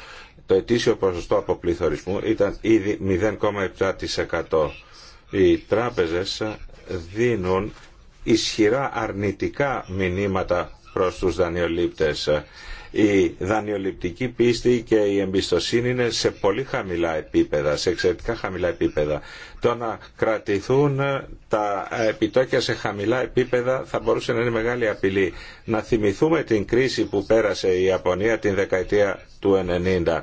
το ετήσιο ποσοστό πληθωρισμού ήταν ήδη 0,7%. Οι τράπεζες δίνουν ισχυρά αρνητικά μηνύματα προς τους δανειολήπτες η δανειοληπτική πίστη και η εμπιστοσύνη είναι σε πολύ χαμηλά επίπεδα, σε εξαιρετικά χαμηλά επίπεδα. Το να κρατηθούν τα επιτόκια σε χαμηλά επίπεδα θα μπορούσε να είναι μεγάλη απειλή. Να θυμηθούμε την κρίση που πέρασε η Ιαπωνία την δεκαετία του 90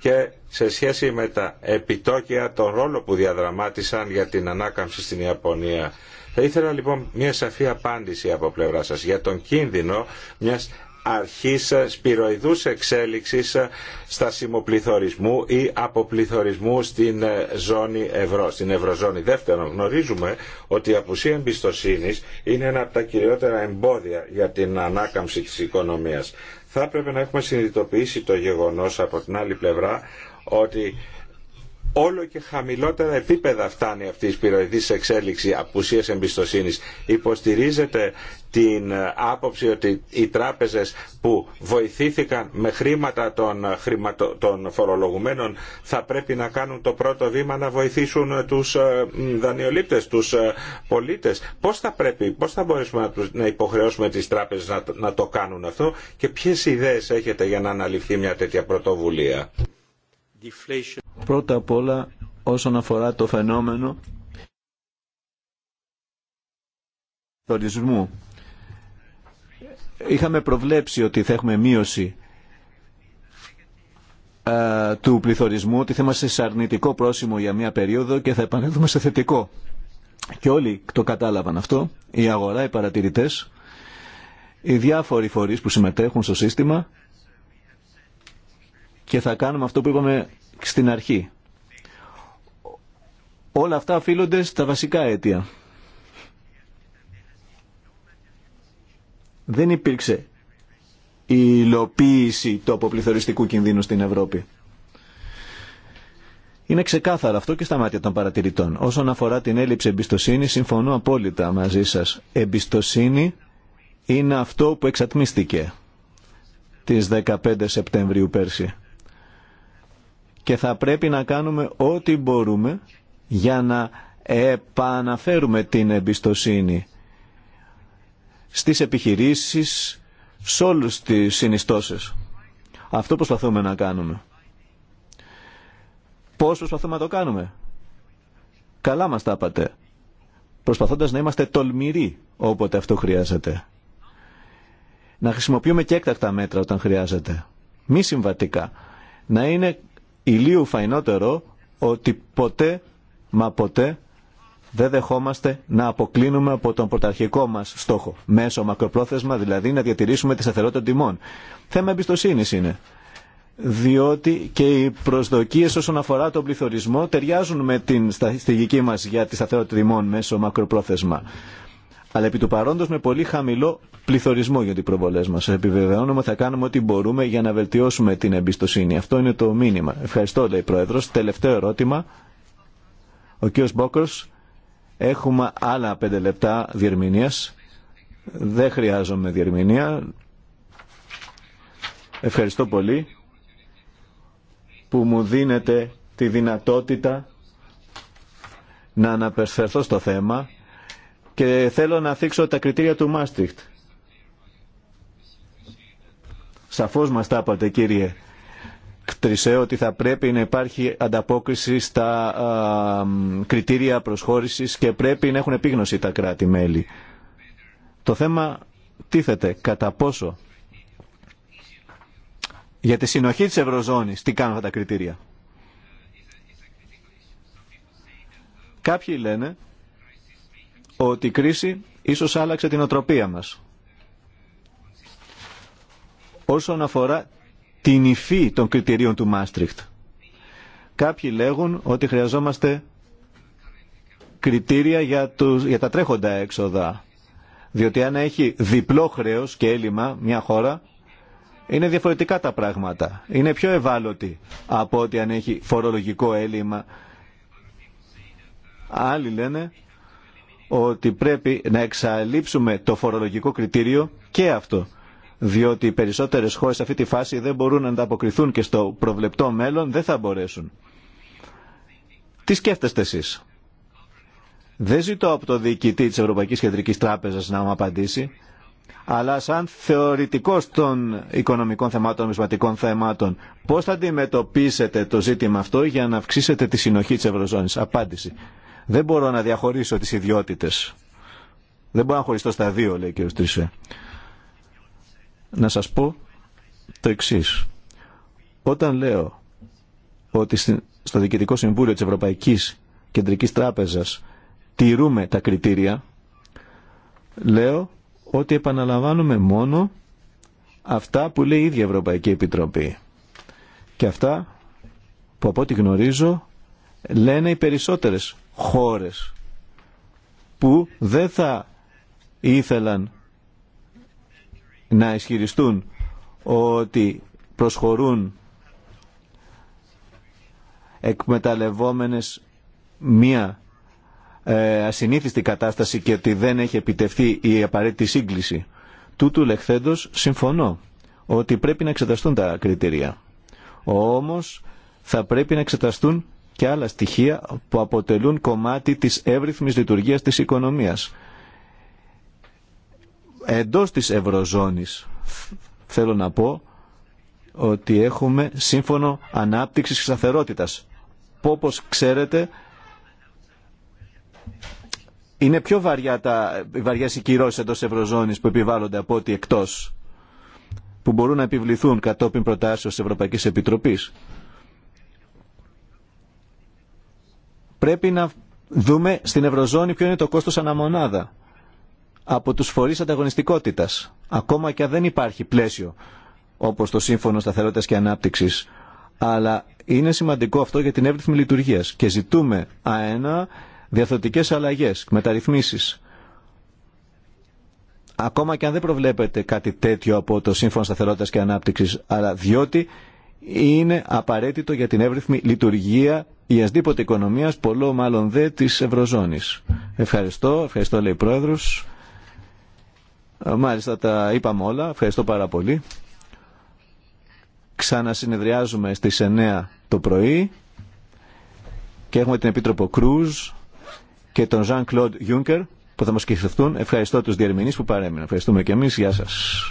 και σε σχέση με τα επιτόκια τον ρόλο που διαδραμάτισαν για την ανάκαμψη στην Ιαπωνία. Θα ήθελα λοιπόν μια σαφή απάντηση από πλευρά σας για τον κίνδυνο μιας αρχής σπυροειδούς εξέλιξης στασιμοπληθωρισμού ή αποπληθωρισμού στην ζώνη ευρώ, στην ευρωζώνη. Δεύτερον, γνωρίζουμε ότι η απουσία εμπιστοσύνη είναι ένα από τα κυριότερα εμπόδια για την ανάκαμψη της οικονομίας. Θα έπρεπε να έχουμε συνειδητοποιήσει το γεγονός από την άλλη πλευρά ότι όλο και χαμηλότερα επίπεδα φτάνει αυτή η σε εξέλιξη απουσίας εμπιστοσύνη, Υποστηρίζεται την άποψη ότι οι τράπεζες που βοηθήθηκαν με χρήματα των, των φορολογουμένων θα πρέπει να κάνουν το πρώτο βήμα να βοηθήσουν τους ε, δανειολήπτες, τους ε, πολίτες. Πώς θα πρέπει, πώς θα μπορέσουμε να υποχρεώσουμε τι τράπεζε να, το κάνουν αυτό και ποιε ιδέε έχετε για να αναλυφθεί μια τέτοια πρωτοβουλία. Πρώτα απ' όλα όσον αφορά το φαινόμενο του τουρισμού. Είχαμε προβλέψει ότι θα έχουμε μείωση του πληθωρισμού, ότι θα είμαστε σε αρνητικό πρόσημο για μια περίοδο και θα επανέλθουμε σε θετικό. Και όλοι το κατάλαβαν αυτό, η αγορά, οι παρατηρητές, οι διάφοροι φορείς που συμμετέχουν στο σύστημα και θα κάνουμε αυτό που είπαμε στην αρχή. Όλα αυτά οφείλονται στα βασικά αίτια. Δεν υπήρξε η υλοποίηση του αποπληθωριστικού κινδύνου στην Ευρώπη. Είναι ξεκάθαρο αυτό και στα μάτια των παρατηρητών. Όσον αφορά την έλλειψη εμπιστοσύνη, συμφωνώ απόλυτα μαζί σας. Εμπιστοσύνη είναι αυτό που εξατμίστηκε τις 15 Σεπτεμβρίου πέρσι και θα πρέπει να κάνουμε ό,τι μπορούμε για να επαναφέρουμε την εμπιστοσύνη στις επιχειρήσεις, σε όλους τις συνιστώσεις. Αυτό προσπαθούμε να κάνουμε. Πώς προσπαθούμε να το κάνουμε. Καλά μας τα είπατε. Προσπαθώντας να είμαστε τολμηροί όποτε αυτό χρειάζεται. Να χρησιμοποιούμε και έκτακτα μέτρα όταν χρειάζεται. Μη συμβατικά. Να είναι ηλίου φαϊνότερο ότι ποτέ μα ποτέ δεν δεχόμαστε να αποκλίνουμε από τον πρωταρχικό μας στόχο. Μέσω μακροπρόθεσμα δηλαδή να διατηρήσουμε τη σταθερότητα τιμών. Θέμα εμπιστοσύνη είναι. Διότι και οι προσδοκίε όσον αφορά τον πληθωρισμό ταιριάζουν με την στρατηγική μας για τη σταθερότητα τιμών μέσω μακροπρόθεσμα αλλά επί του παρόντος με πολύ χαμηλό πληθωρισμό για την προβολέ μας. Επιβεβαιώνουμε θα κάνουμε ό,τι μπορούμε για να βελτιώσουμε την εμπιστοσύνη. Αυτό είναι το μήνυμα. Ευχαριστώ, λέει Πρόεδρο. Τελευταίο ερώτημα. Ο κ. Μπόκρος, έχουμε άλλα πέντε λεπτά διερμηνία. Δεν χρειάζομαι διερμηνία. Ευχαριστώ πολύ που μου δίνετε τη δυνατότητα να αναπερφερθώ στο θέμα και θέλω να θίξω τα κριτήρια του Μάστριχτ. Σαφώς μας τα είπατε κύριε Κτρισέ ότι θα πρέπει να υπάρχει ανταπόκριση στα κριτήρια προσχώρησης και πρέπει να έχουν επίγνωση τα κράτη-μέλη. Το θέμα τίθεται κατά πόσο για τη συνοχή της Ευρωζώνης τι κάνουν αυτά τα κριτήρια. Κάποιοι λένε ότι η κρίση ίσως άλλαξε την οτροπία μας. Όσον αφορά την υφή των κριτηρίων του Μάστριχτ. Κάποιοι λέγουν ότι χρειαζόμαστε κριτήρια για, τους, για τα τρέχοντα έξοδα. Διότι αν έχει διπλό χρέος και έλλειμμα μια χώρα, είναι διαφορετικά τα πράγματα. Είναι πιο ευάλωτη από ότι αν έχει φορολογικό έλλειμμα. Άλλοι λένε ότι πρέπει να εξαλείψουμε το φορολογικό κριτήριο και αυτό. Διότι οι περισσότερες χώρες σε αυτή τη φάση δεν μπορούν να ανταποκριθούν και στο προβλεπτό μέλλον δεν θα μπορέσουν. Τι σκέφτεστε εσείς. Δεν ζητώ από το διοικητή της Ευρωπαϊκής Κεντρικής Τράπεζας να μου απαντήσει, αλλά σαν θεωρητικός των οικονομικών θεμάτων, νομισματικών θεμάτων, πώς θα αντιμετωπίσετε το ζήτημα αυτό για να αυξήσετε τη συνοχή της Ευρωζώνης. Απάντηση. Δεν μπορώ να διαχωρίσω τις ιδιότητες. Δεν μπορώ να χωριστώ στα δύο, λέει ο κ. Τρίσε. Να σας πω το εξή. Όταν λέω ότι στο Διοικητικό Συμβούλιο της Ευρωπαϊκής Κεντρικής Τράπεζας τηρούμε τα κριτήρια, λέω ότι επαναλαμβάνουμε μόνο αυτά που λέει η ίδια Ευρωπαϊκή Επιτροπή. Και αυτά που από ό,τι γνωρίζω λένε οι περισσότερες χώρες που δεν θα ήθελαν να ισχυριστούν ότι προσχωρούν εκμεταλλευόμενες μία ε, ασυνήθιστη κατάσταση και ότι δεν έχει επιτευχθεί η απαραίτητη σύγκληση. Τούτου λεχθέντος συμφωνώ ότι πρέπει να εξεταστούν τα κριτήρια. Όμως θα πρέπει να εξεταστούν και άλλα στοιχεία που αποτελούν κομμάτι της εύρυθμης λειτουργίας της οικονομίας. Εντός της Ευρωζώνης θέλω να πω ότι έχουμε σύμφωνο ανάπτυξης και σταθερότητας που όπως ξέρετε είναι πιο βαριά τα, οι κυρώσεις εντός Ευρωζώνης που επιβάλλονται από ό,τι εκτός που μπορούν να επιβληθούν κατόπιν προτάσεως της Ευρωπαϊκής Επιτροπής. πρέπει να δούμε στην Ευρωζώνη ποιο είναι το κόστος αναμονάδα από τους φορείς ανταγωνιστικότητας, ακόμα και αν δεν υπάρχει πλαίσιο όπως το Σύμφωνο Σταθερότητας και Ανάπτυξης. Αλλά είναι σημαντικό αυτό για την εύρυθμη λειτουργία και ζητούμε αένα διαθωτικές αλλαγές, μεταρρυθμίσεις. Ακόμα και αν δεν προβλέπεται κάτι τέτοιο από το Σύμφωνο Σταθερότητας και Ανάπτυξης, αλλά διότι είναι απαραίτητο για την εύρυθμη λειτουργία ιασδήποτε οικονομία πολλό μάλλον δε τη Ευρωζώνης. Ευχαριστώ, ευχαριστώ λέει Πρόεδρος. Ε, μάλιστα τα είπαμε όλα, ευχαριστώ πάρα πολύ. Ξανασυνεδριάζουμε στις 9 το πρωί και έχουμε την Επίτροπο Κρούζ και τον Ζαν claude Juncker που θα μας κυριευτούν. Ευχαριστώ τους διερμηνείς που παρέμειναν. Ευχαριστούμε και εμείς. Γεια σας.